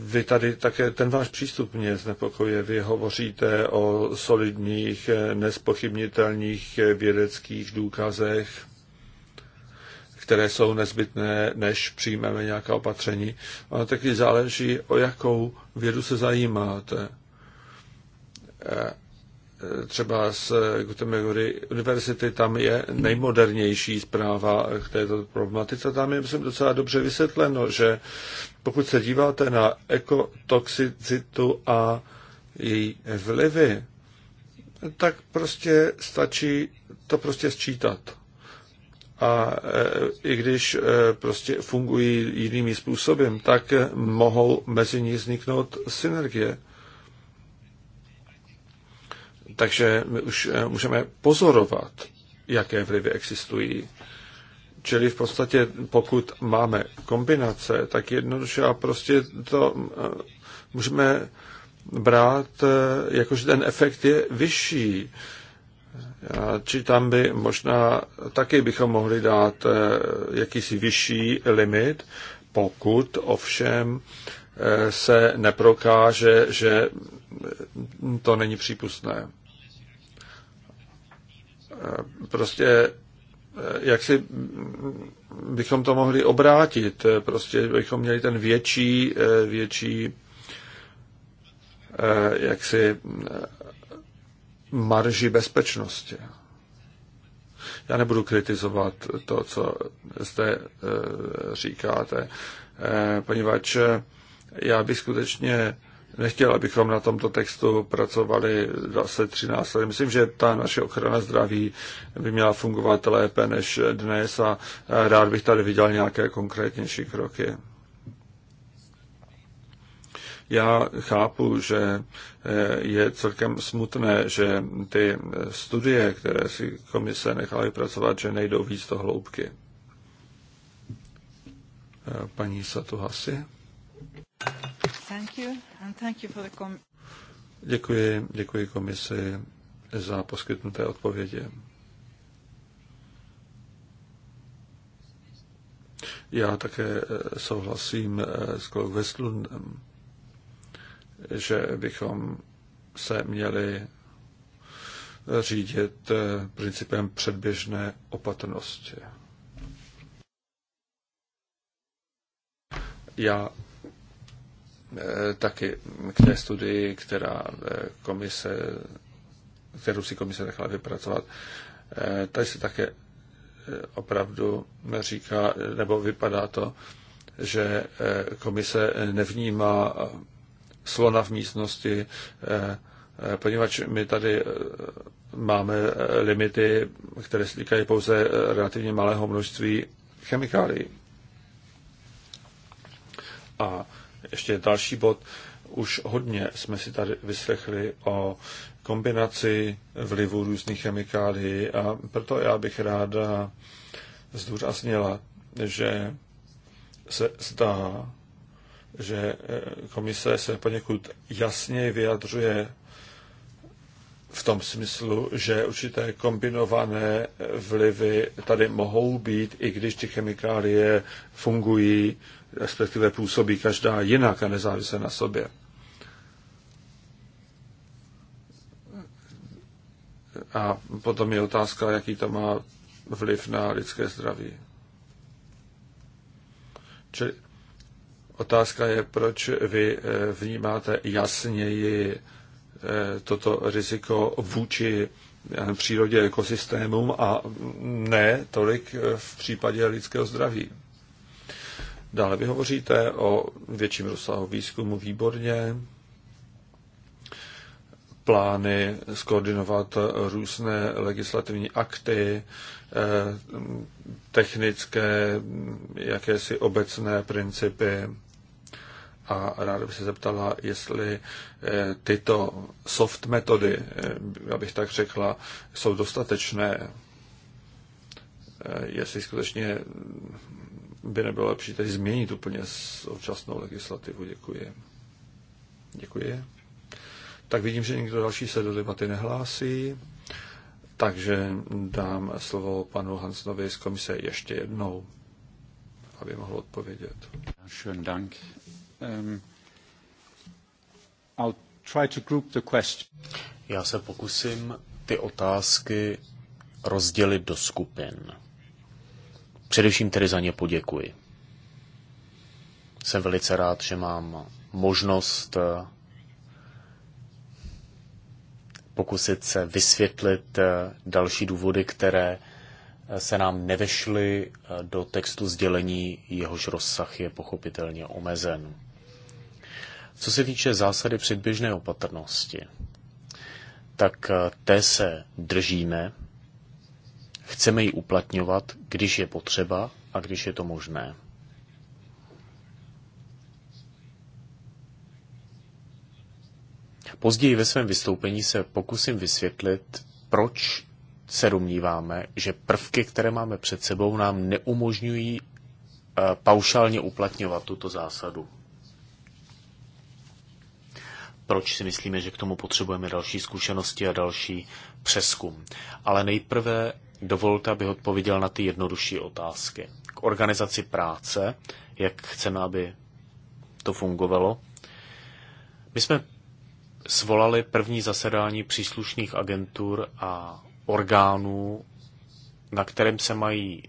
vy tady také, ten váš přístup mě znepokojuje. Vy hovoříte o solidních, nespochybnitelných vědeckých důkazech, které jsou nezbytné, než přijmeme nějaká opatření. Ono taky záleží, o jakou vědu se zajímáte eh, třeba z Gutemegory univerzity, tam je nejmodernější zpráva k této problematice. Tam je, myslím, docela dobře vysvětleno, že pokud se díváte na ekotoxicitu a její vlivy, tak prostě stačí to prostě sčítat. A e, i když e, prostě fungují jinými způsobem, tak mohou mezi ní vzniknout synergie. Takže my už eh, můžeme pozorovat, jaké vlivy existují. Čili v podstatě, pokud máme kombinace, tak jednoduše a prostě to eh, můžeme brát, eh, jakože ten efekt je vyšší. Či tam by možná taky bychom mohli dát jakýsi vyšší limit, pokud ovšem se neprokáže, že to není přípustné. Eh, prostě eh, jak si bychom to mohli obrátit, eh, prostě bychom měli ten větší, větší jaksi marži bezpečnosti. Já nebudu kritizovat to, co zde říkáte, poněvadž já bych skutečně nechtěl, abychom na tomto textu pracovali 13 let. Myslím, že ta naše ochrana zdraví by měla fungovat lépe než dnes a rád bych tady viděl nějaké konkrétnější kroky. Já chápu, že eh, je celkem smutné, že ty studie, které si komise nechala vypracovat, že nejdou víc do hloubky. Eh, paní Satuhasi. Thank you and thank you for the com- děkuji, děkuji komisi za poskytnuté odpovědi. Já také eh, souhlasím eh, s kolegou Westlundem, že bychom se měli eh, řídit principem předběžné opatrnosti. Já Eh, taky k té studii, která eh, komise, kterou si komise nechala vypracovat. Eh, tady se také opravdu říká, nebo vypadá to, že komise nevnímá slona v místnosti, poněvadž my tady máme limity, které se týkají pouze relativně malého množství chemikálií. A ještě další bod. Už hodně jsme si tady vyslechli o kombinaci vlivu různých chemikálií a proto já bych ráda zdůraznila, že se zdá, že eh, komise se poněkud jasně vyjadřuje v tom smyslu, že určité kombinované vlivy tady mohou být, i když ty chemikálie fungují respektive působí každá jinak a nezávisle na sobě. A potom je otázka, jaký to má vliv na lidské zdraví. Čili otázka je, proč vy eh, vnímáte jasněji eh, toto riziko vůči eh, přírodě ekosystémům a ne tolik v případě lidského zdraví. Dále vy hovoříte o větším rozsahu výzkumu výborně, plány skoordinovat různé legislativní akty, eh, technické, jakési obecné principy. A ráda bych se zeptala, jestli eh, tyto soft metody, eh, abych tak řekla, jsou dostatečné, jestli skutečně by nebylo lepší tedy změnit úplně současnou legislativu. Děkuji. Děkuji. Tak vidím, že někdo další se do debaty nehlásí, takže dám slovo panu Hansnovi z komise ještě jednou, aby mohl odpovědět. Schön dank. Um, I'll try to group the question. Já se pokusím ty otázky rozdělit do skupin. Především tedy za ně poděkuji. Jsem velice rád, že mám možnost eh, pokusit se vysvětlit eh, další důvody, které eh, se nám nevešly do textu sdělení, jehož rozsah je pochopitelně omezen. Co se týče zásady předběžné opatrnosti, tak té se držíme Chceme ji uplatňovat, když je potřeba a když je to možné. Později ve svém vystoupení se pokusím vysvětlit, proč se domníváme, že prvky, které máme před sebou, nám neumožňují eh, paušálně uplatňovat tuto zásadu. Proč si myslíme, že k tomu potřebujeme další zkušenosti a další přeskum. Ale nejprve Dovolte, abych odpověděl na ty jednodušší otázky. K organizaci práce, jak chceme, aby to fungovalo. My jsme svolali první zasedání příslušných agentur a orgánů, na kterém se mají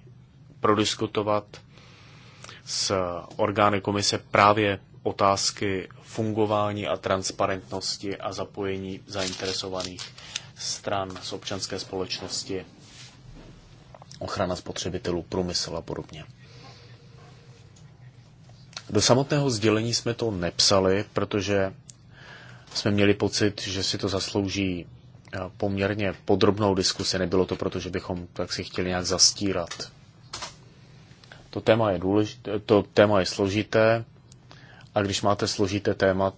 prodiskutovat s orgány komise právě otázky fungování a transparentnosti a zapojení zainteresovaných stran z občanské společnosti ochrana spotřebitelů, průmysl a podobně. Do samotného sdělení jsme to nepsali, protože jsme měli pocit, že si to zaslouží eh, poměrně podrobnou diskusi. Nebylo to proto, že bychom tak si chtěli nějak zastírat. To téma je, důležité, to téma je složité a když máte složité téma,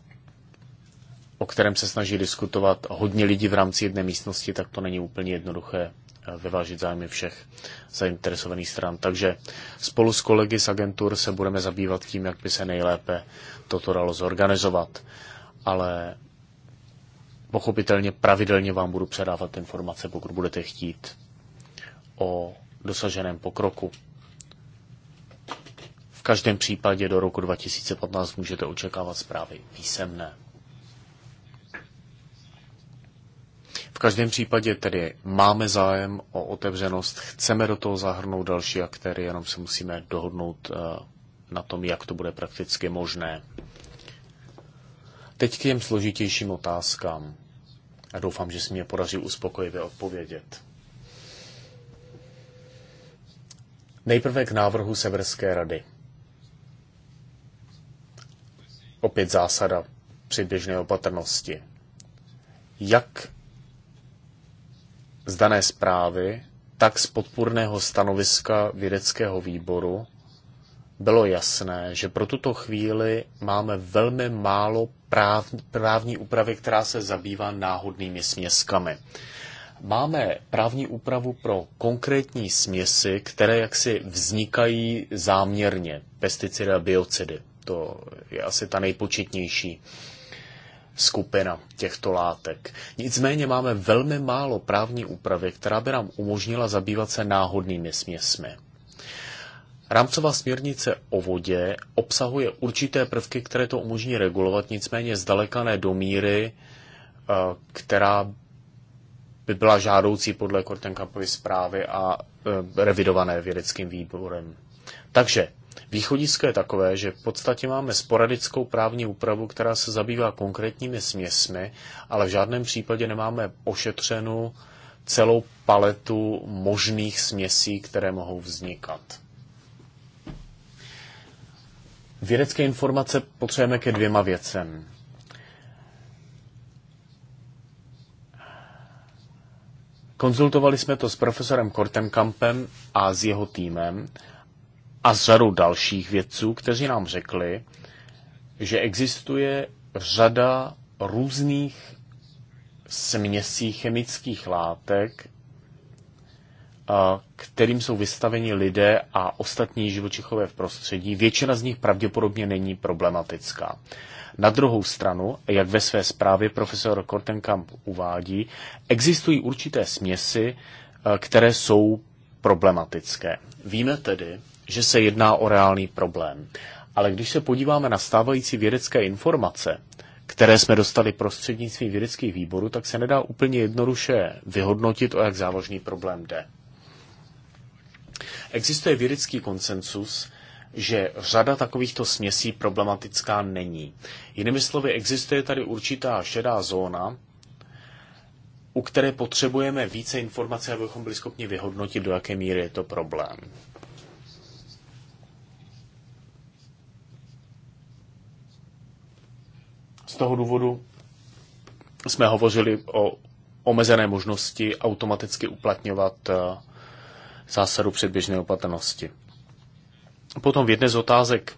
o kterém se snaží diskutovat hodně lidí v rámci jedné místnosti, tak to není úplně jednoduché vyvážit zájmy všech zainteresovaných stran. Takže spolu s kolegy z agentur se budeme zabývat tím, jak by se nejlépe toto dalo zorganizovat. Ale pochopitelně pravidelně vám budu předávat informace, pokud budete chtít, o dosaženém pokroku. V každém případě do roku 2015 můžete očekávat zprávy písemné. každém případě tedy máme zájem o otevřenost, chceme do toho zahrnout další aktéry, jenom se musíme dohodnout eh, na tom, jak to bude prakticky možné. Teď k těm složitějším otázkám. A doufám, že se mě podaří uspokojivě odpovědět. Nejprve k návrhu Severské rady. Opět zásada předběžné opatrnosti. Jak z dané zprávy, tak z podpůrného stanoviska vědeckého výboru bylo jasné, že pro tuto chvíli máme velmi málo práv, právní úpravy, která se zabývá náhodnými směskami. Máme právní úpravu pro konkrétní směsi, které jaksi vznikají záměrně, pesticidy a biocidy. To je asi ta nejpočetnější skupina těchto látek. Nicméně máme velmi málo právní úpravy, která by nám umožnila zabývat se náhodnými směsmi. Rámcová směrnice o vodě obsahuje určité prvky, které to umožní regulovat, nicméně zdaleka ne do míry, eh, která by byla žádoucí podle Kortenkampovy zprávy a eh, revidované vědeckým výborem. Takže Východisko je takové, že v podstatě máme sporadickou právní úpravu, která se zabývá konkrétními směsmi, ale v žádném případě nemáme ošetřenu celou paletu možných směsí, které mohou vznikat. Vědecké informace potřebujeme ke dvěma věcem. Konzultovali jsme to s profesorem Kortenkampem a s jeho týmem a řadu dalších vědců, kteří nám řekli, že existuje řada různých směsí chemických látek, kterým jsou vystaveni lidé a ostatní živočichové v prostředí. Většina z nich pravděpodobně není problematická. Na druhou stranu, jak ve své zprávě profesor Kortenkamp uvádí, existují určité směsi, které jsou problematické. Víme tedy, že se jedná o reálný problém. Ale když se podíváme na stávající vědecké informace, které jsme dostali prostřednictvím vědeckých výborů, tak se nedá úplně jednoduše vyhodnotit, o jak závažný problém jde. Existuje vědecký konsensus, že řada takovýchto směsí problematická není. Jinými slovy, existuje tady určitá šedá zóna, u které potřebujeme více informací, abychom byli schopni vyhodnotit, do jaké míry je to problém. Z toho důvodu jsme hovořili o omezené možnosti automaticky uplatňovat eh, zásadu předběžné opatrnosti. Potom v jedné z otázek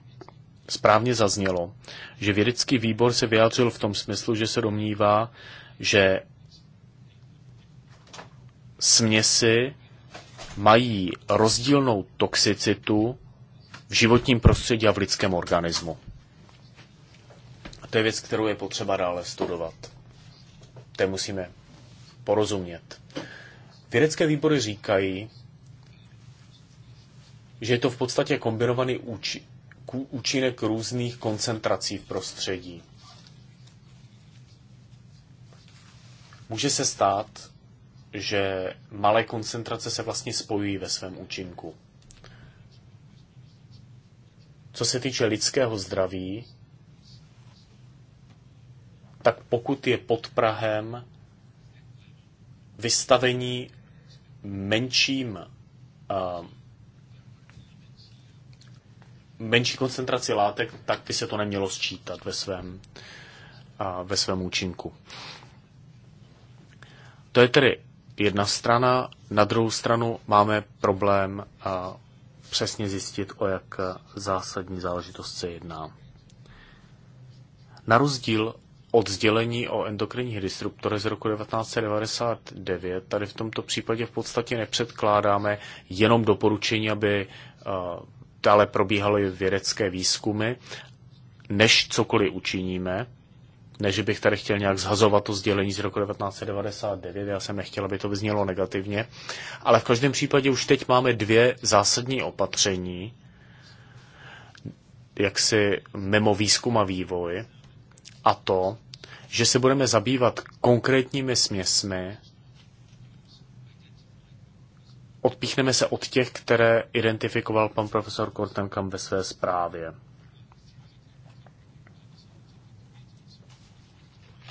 správně zaznělo, že vědecký výbor se vyjádřil v tom smyslu, že se domnívá, že směsi mají rozdílnou toxicitu v životním prostředí a v lidském organismu to je věc, kterou je potřeba dále studovat. To musíme porozumět. Vědecké výbory říkají, že je to v podstatě kombinovaný úči, účinek různých koncentrací v prostředí. Může se stát, že malé koncentrace se vlastně spojují ve svém účinku. Co se týče lidského zdraví, tak pokud je pod Prahem vystavení menším uh, menší koncentraci látek, tak by se to nemělo sčítat ve svém, uh, ve svém účinku. To je tedy jedna strana. Na druhou stranu máme problém eh, přesně zjistit, o jak zásadní záležitost se jedná. Na rozdíl od sdělení o endokrinních disruptorech z roku 1999. Tady v tomto případě v podstatě nepředkládáme jenom doporučení, aby eh, dále probíhaly vědecké výzkumy, než cokoliv učiníme, než bych tady chtěl nějak zhazovat to sdělení z roku 1999, já jsem nechtěl, aby to vyznělo negativně, ale v každém případě už teď máme dvě zásadní opatření, jaksi mimo výzkum a vývoj, a to že se budeme zabývat konkrétními směsmi, odpíchneme se od těch, které identifikoval pan profesor Kortenkamp ve své zprávě.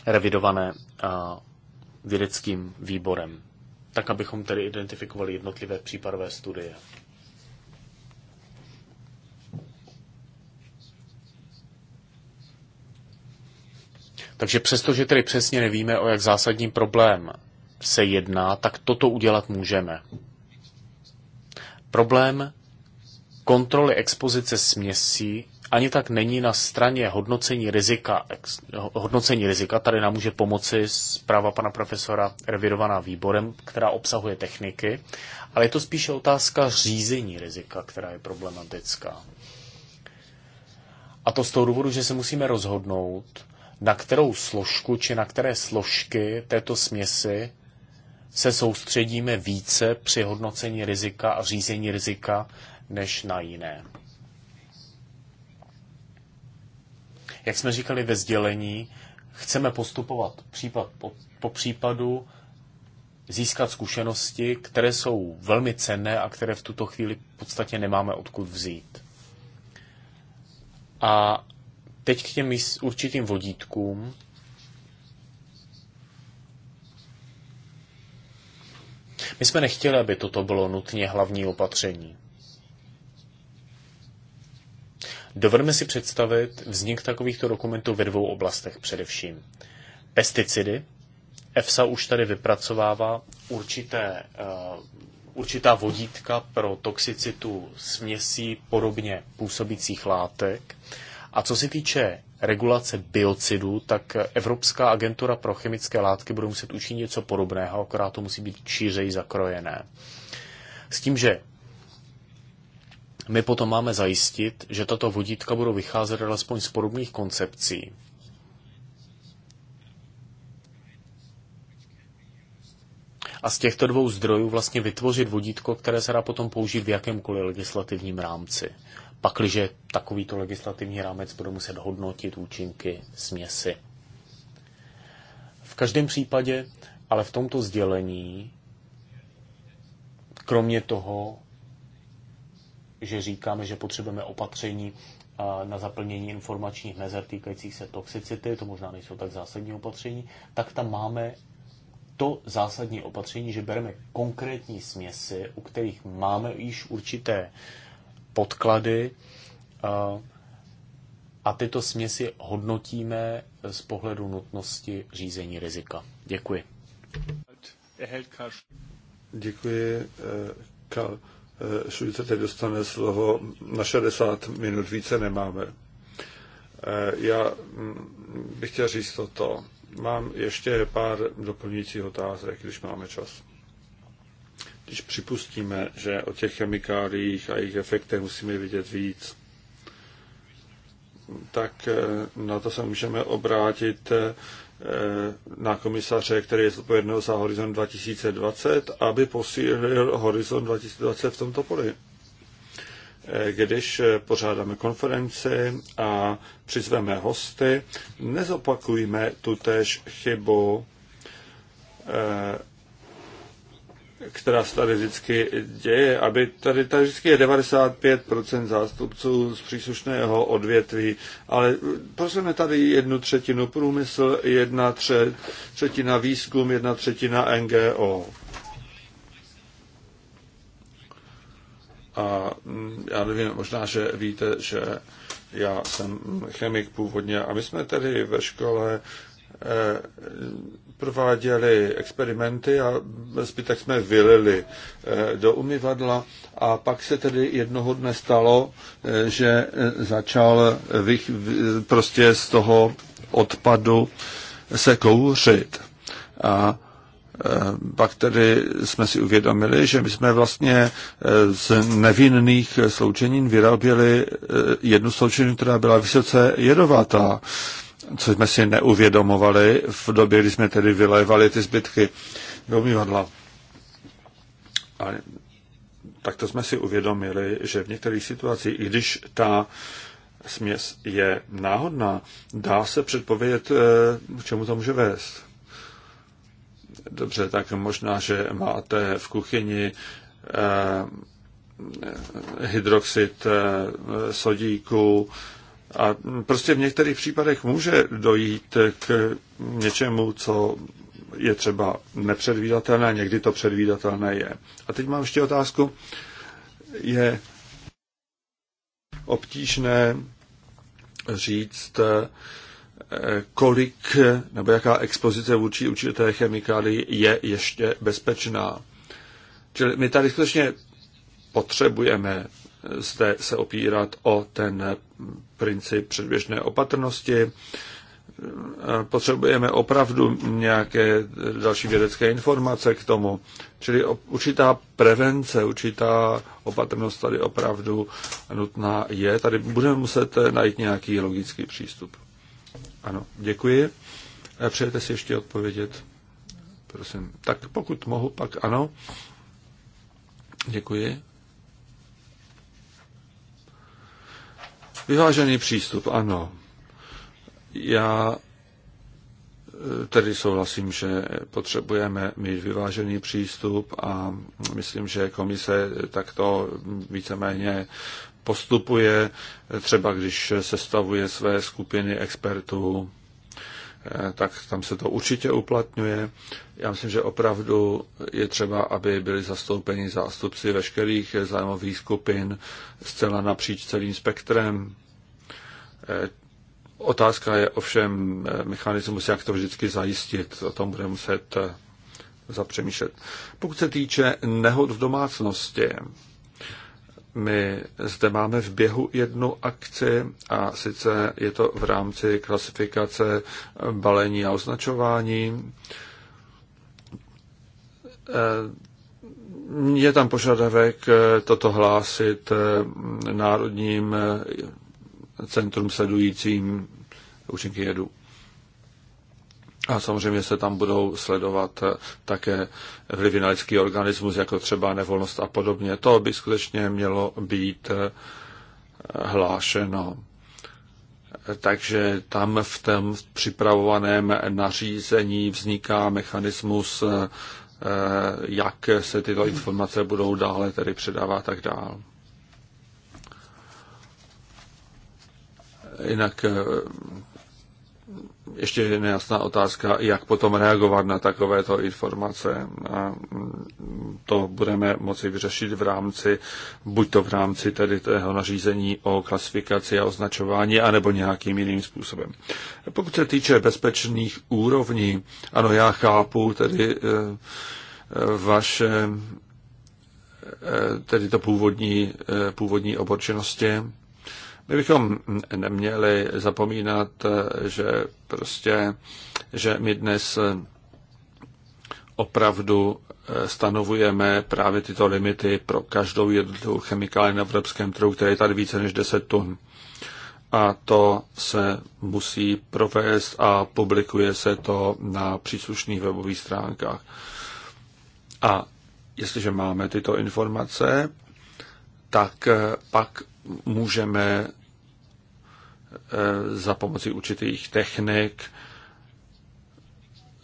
Revidované vědeckým výborem. Tak, abychom tedy identifikovali jednotlivé případové studie. Takže přesto, že tedy přesně nevíme, o jak zásadní problém se jedná, tak toto udělat můžeme. Problém kontroly expozice směsí ani tak není na straně hodnocení rizika. Hodnocení rizika tady nám může pomoci zpráva pana profesora revidovaná výborem, která obsahuje techniky, ale je to spíše otázka řízení rizika, která je problematická. A to z toho důvodu, že se musíme rozhodnout, na kterou složku či na které složky této směsi se soustředíme více při hodnocení rizika a řízení rizika než na jiné. Jak jsme říkali ve sdělení, chceme postupovat případ po, po případu, získat zkušenosti, které jsou velmi cenné a které v tuto chvíli v podstatě nemáme odkud vzít. A Teď k těm určitým vodítkům. My jsme nechtěli, aby toto bylo nutně hlavní opatření. Dovedeme si představit vznik takovýchto dokumentů ve dvou oblastech především. Pesticidy. EFSA už tady vypracovává určité, uh, určitá vodítka pro toxicitu směsí podobně působících látek. Uh, a co se týče regulace biocidů, tak Evropská agentura pro chemické látky bude muset učinit něco podobného, akorát to musí být šířej zakrojené. S tím, že my potom máme zajistit, že tato vodítka budou vycházet alespoň z podobných koncepcí. A z těchto dvou zdrojů vlastně vytvořit vodítko, které se dá potom použít v jakémkoliv legislativním rámci pakliže takovýto legislativní rámec bude muset hodnotit účinky směsi. V každém případě, ale v tomto sdělení, kromě toho, že říkáme, že potřebujeme opatření na zaplnění informačních mezer týkajících se toxicity, to možná nejsou tak zásadní opatření, tak tam máme to zásadní opatření, že bereme konkrétní směsi, u kterých máme již určité uh, podklady a tyto směsi hodnotíme z pohledu nutnosti řízení rizika. Děkuji. Děkuji, eh, Karl. Eh, Šulice teď dostane slovo. Na 60 minut více nemáme. Eh, já mm, bych chtěl říct toto. Mám ještě pár doplňujících otázek, když máme čas když připustíme, že o těch chemikáliích a jejich efektech musíme vidět víc, tak eh, na to se můžeme obrátit eh, na komisaře, který je zodpovědný za Horizon 2020, aby posílil Horizon 2020 v tomto poli. Eh, když pořádáme konferenci a přizveme hosty, nezopakujme tutéž chybu která se tady vždycky děje, aby tady, tady vždycky je 95% zástupců z příslušného odvětví, ale prosíme tady jednu třetinu průmysl, jedna tře, třetina výzkum, jedna třetina NGO. A mm, já nevím, možná, že víte, že já jsem chemik původně a my jsme tedy ve škole eh, prováděli experimenty a zbytek jsme vylili eh, do umyvadla a pak se tedy jednoho dne stalo, eh, že eh, začal vych, prostě z toho odpadu se kouřit. A pak tedy jsme si uvědomili, že my jsme vlastně z nevinných sloučenin vyráběli jednu sloučeninu, která byla vysoce jedovatá co jsme si neuvědomovali v době, kdy jsme tedy vylévali ty zbytky do umývadla. Ale tak to jsme si uvědomili, že v některých situacích, i když ta směs je náhodná, dá se předpovědět, eh, k čemu to může vést. Dobře, tak možná, že máte v kuchyni eh, hydroxid eh, sodíku, a prostě v některých případech může dojít k něčemu, co je třeba nepředvídatelné, někdy to předvídatelné je. A teď mám ještě otázku. Je obtížné říct, eh, kolik nebo jaká expozice vůči určité chemikálii je ještě bezpečná. Čili my tady skutečně potřebujeme zde se opírat o ten princip předběžné opatrnosti. Potřebujeme opravdu nějaké další vědecké informace k tomu. Čili určitá prevence, určitá opatrnost tady opravdu nutná je. Tady budeme muset najít nějaký logický přístup. Ano, děkuji. Přejete si ještě odpovědět? Prosím. Tak pokud mohu, pak ano. Děkuji. Vyvážený přístup, ano. Já eh, tedy souhlasím, že potřebujeme mít vyvážený přístup a myslím, že komise takto víceméně postupuje, eh, třeba když sestavuje své skupiny expertů Eh, tak tam se to určitě uplatňuje. Já myslím, že opravdu je třeba, aby byli zastoupeni zástupci veškerých zájmových skupin zcela napříč celým spektrem. Eh, otázka je ovšem eh, mechanismus, jak to vždycky zajistit. O tom bude muset zapřemýšlet. Pokud se týče nehod v domácnosti, my zde máme v běhu jednu akci a sice je to v rámci klasifikace balení a označování. Eh, je tam požadavek eh, toto hlásit eh, národním centrum sledujícím účinky jedu. A samozřejmě se tam budou sledovat eh, také vlivy na lidský organismus, jako třeba nevolnost a podobně. To by skutečně mělo být eh, hlášeno. Takže tam v tom připravovaném nařízení vzniká mechanismus, eh, jak se tyto informace budou dále tedy předávat a tak dál. Jinak ještě nejasná otázka, jak potom reagovat na takovéto informace. A mm, to budeme moci vyřešit v rámci, buď to v rámci tedy tého nařízení o klasifikaci a označování, anebo nějakým jiným způsobem. Pokud se týče bezpečných úrovní, ano, já chápu tedy e, vaše e, tedy to původní, e, původní oborčenosti, my bychom neměli zapomínat, že prostě, že my dnes opravdu eh, stanovujeme právě tyto limity pro každou jednotlivou chemikálii na evropském trhu, které je tady více než 10 tun. A to se musí provést a publikuje se to na příslušných webových stránkách. A jestliže máme tyto informace, tak eh, pak můžeme eh, za pomocí určitých technik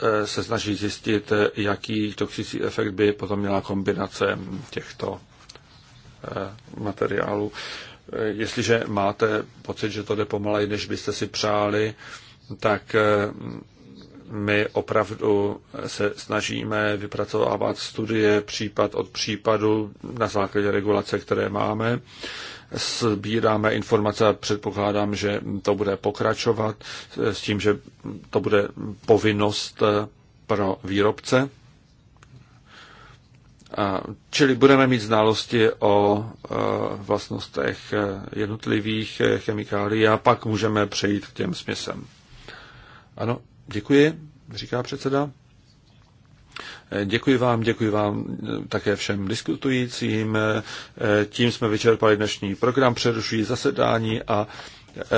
eh, se snaží zjistit, eh, jaký toxický efekt by potom měla kombinace těchto materiálů. Jestliže máte pocit, že to jde pomalej, než byste si přáli, tak my opravdu se snažíme vypracovávat studie případ od případu na základě regulace, které máme sbíráme informace a předpokládám, že to bude pokračovat s tím, že to bude povinnost eh, pro výrobce. Čili budeme mít znalosti o eh, vlastnostech eh, jednotlivých chemikálií a pak můžeme přejít k těm směsem. Ano, děkuji, říká předseda. Děkuji vám, děkuji vám také všem diskutujícím. Tím jsme vyčerpali dnešní program, přerušují zasedání a e,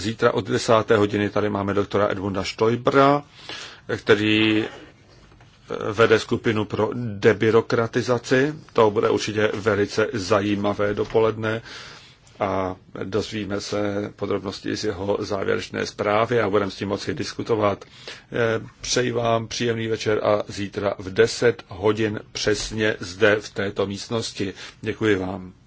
zítra od 10. hodiny tady máme doktora Edmunda Stoibra, který e, vede skupinu pro debirokratizaci. To bude určitě velice zajímavé dopoledne a dozvíme se podrobnosti z jeho závěrečné zprávy a budeme s tím moci diskutovat. Eh, přeji vám příjemný večer a zítra v 10 hodin přesně zde v této místnosti. Děkuji vám.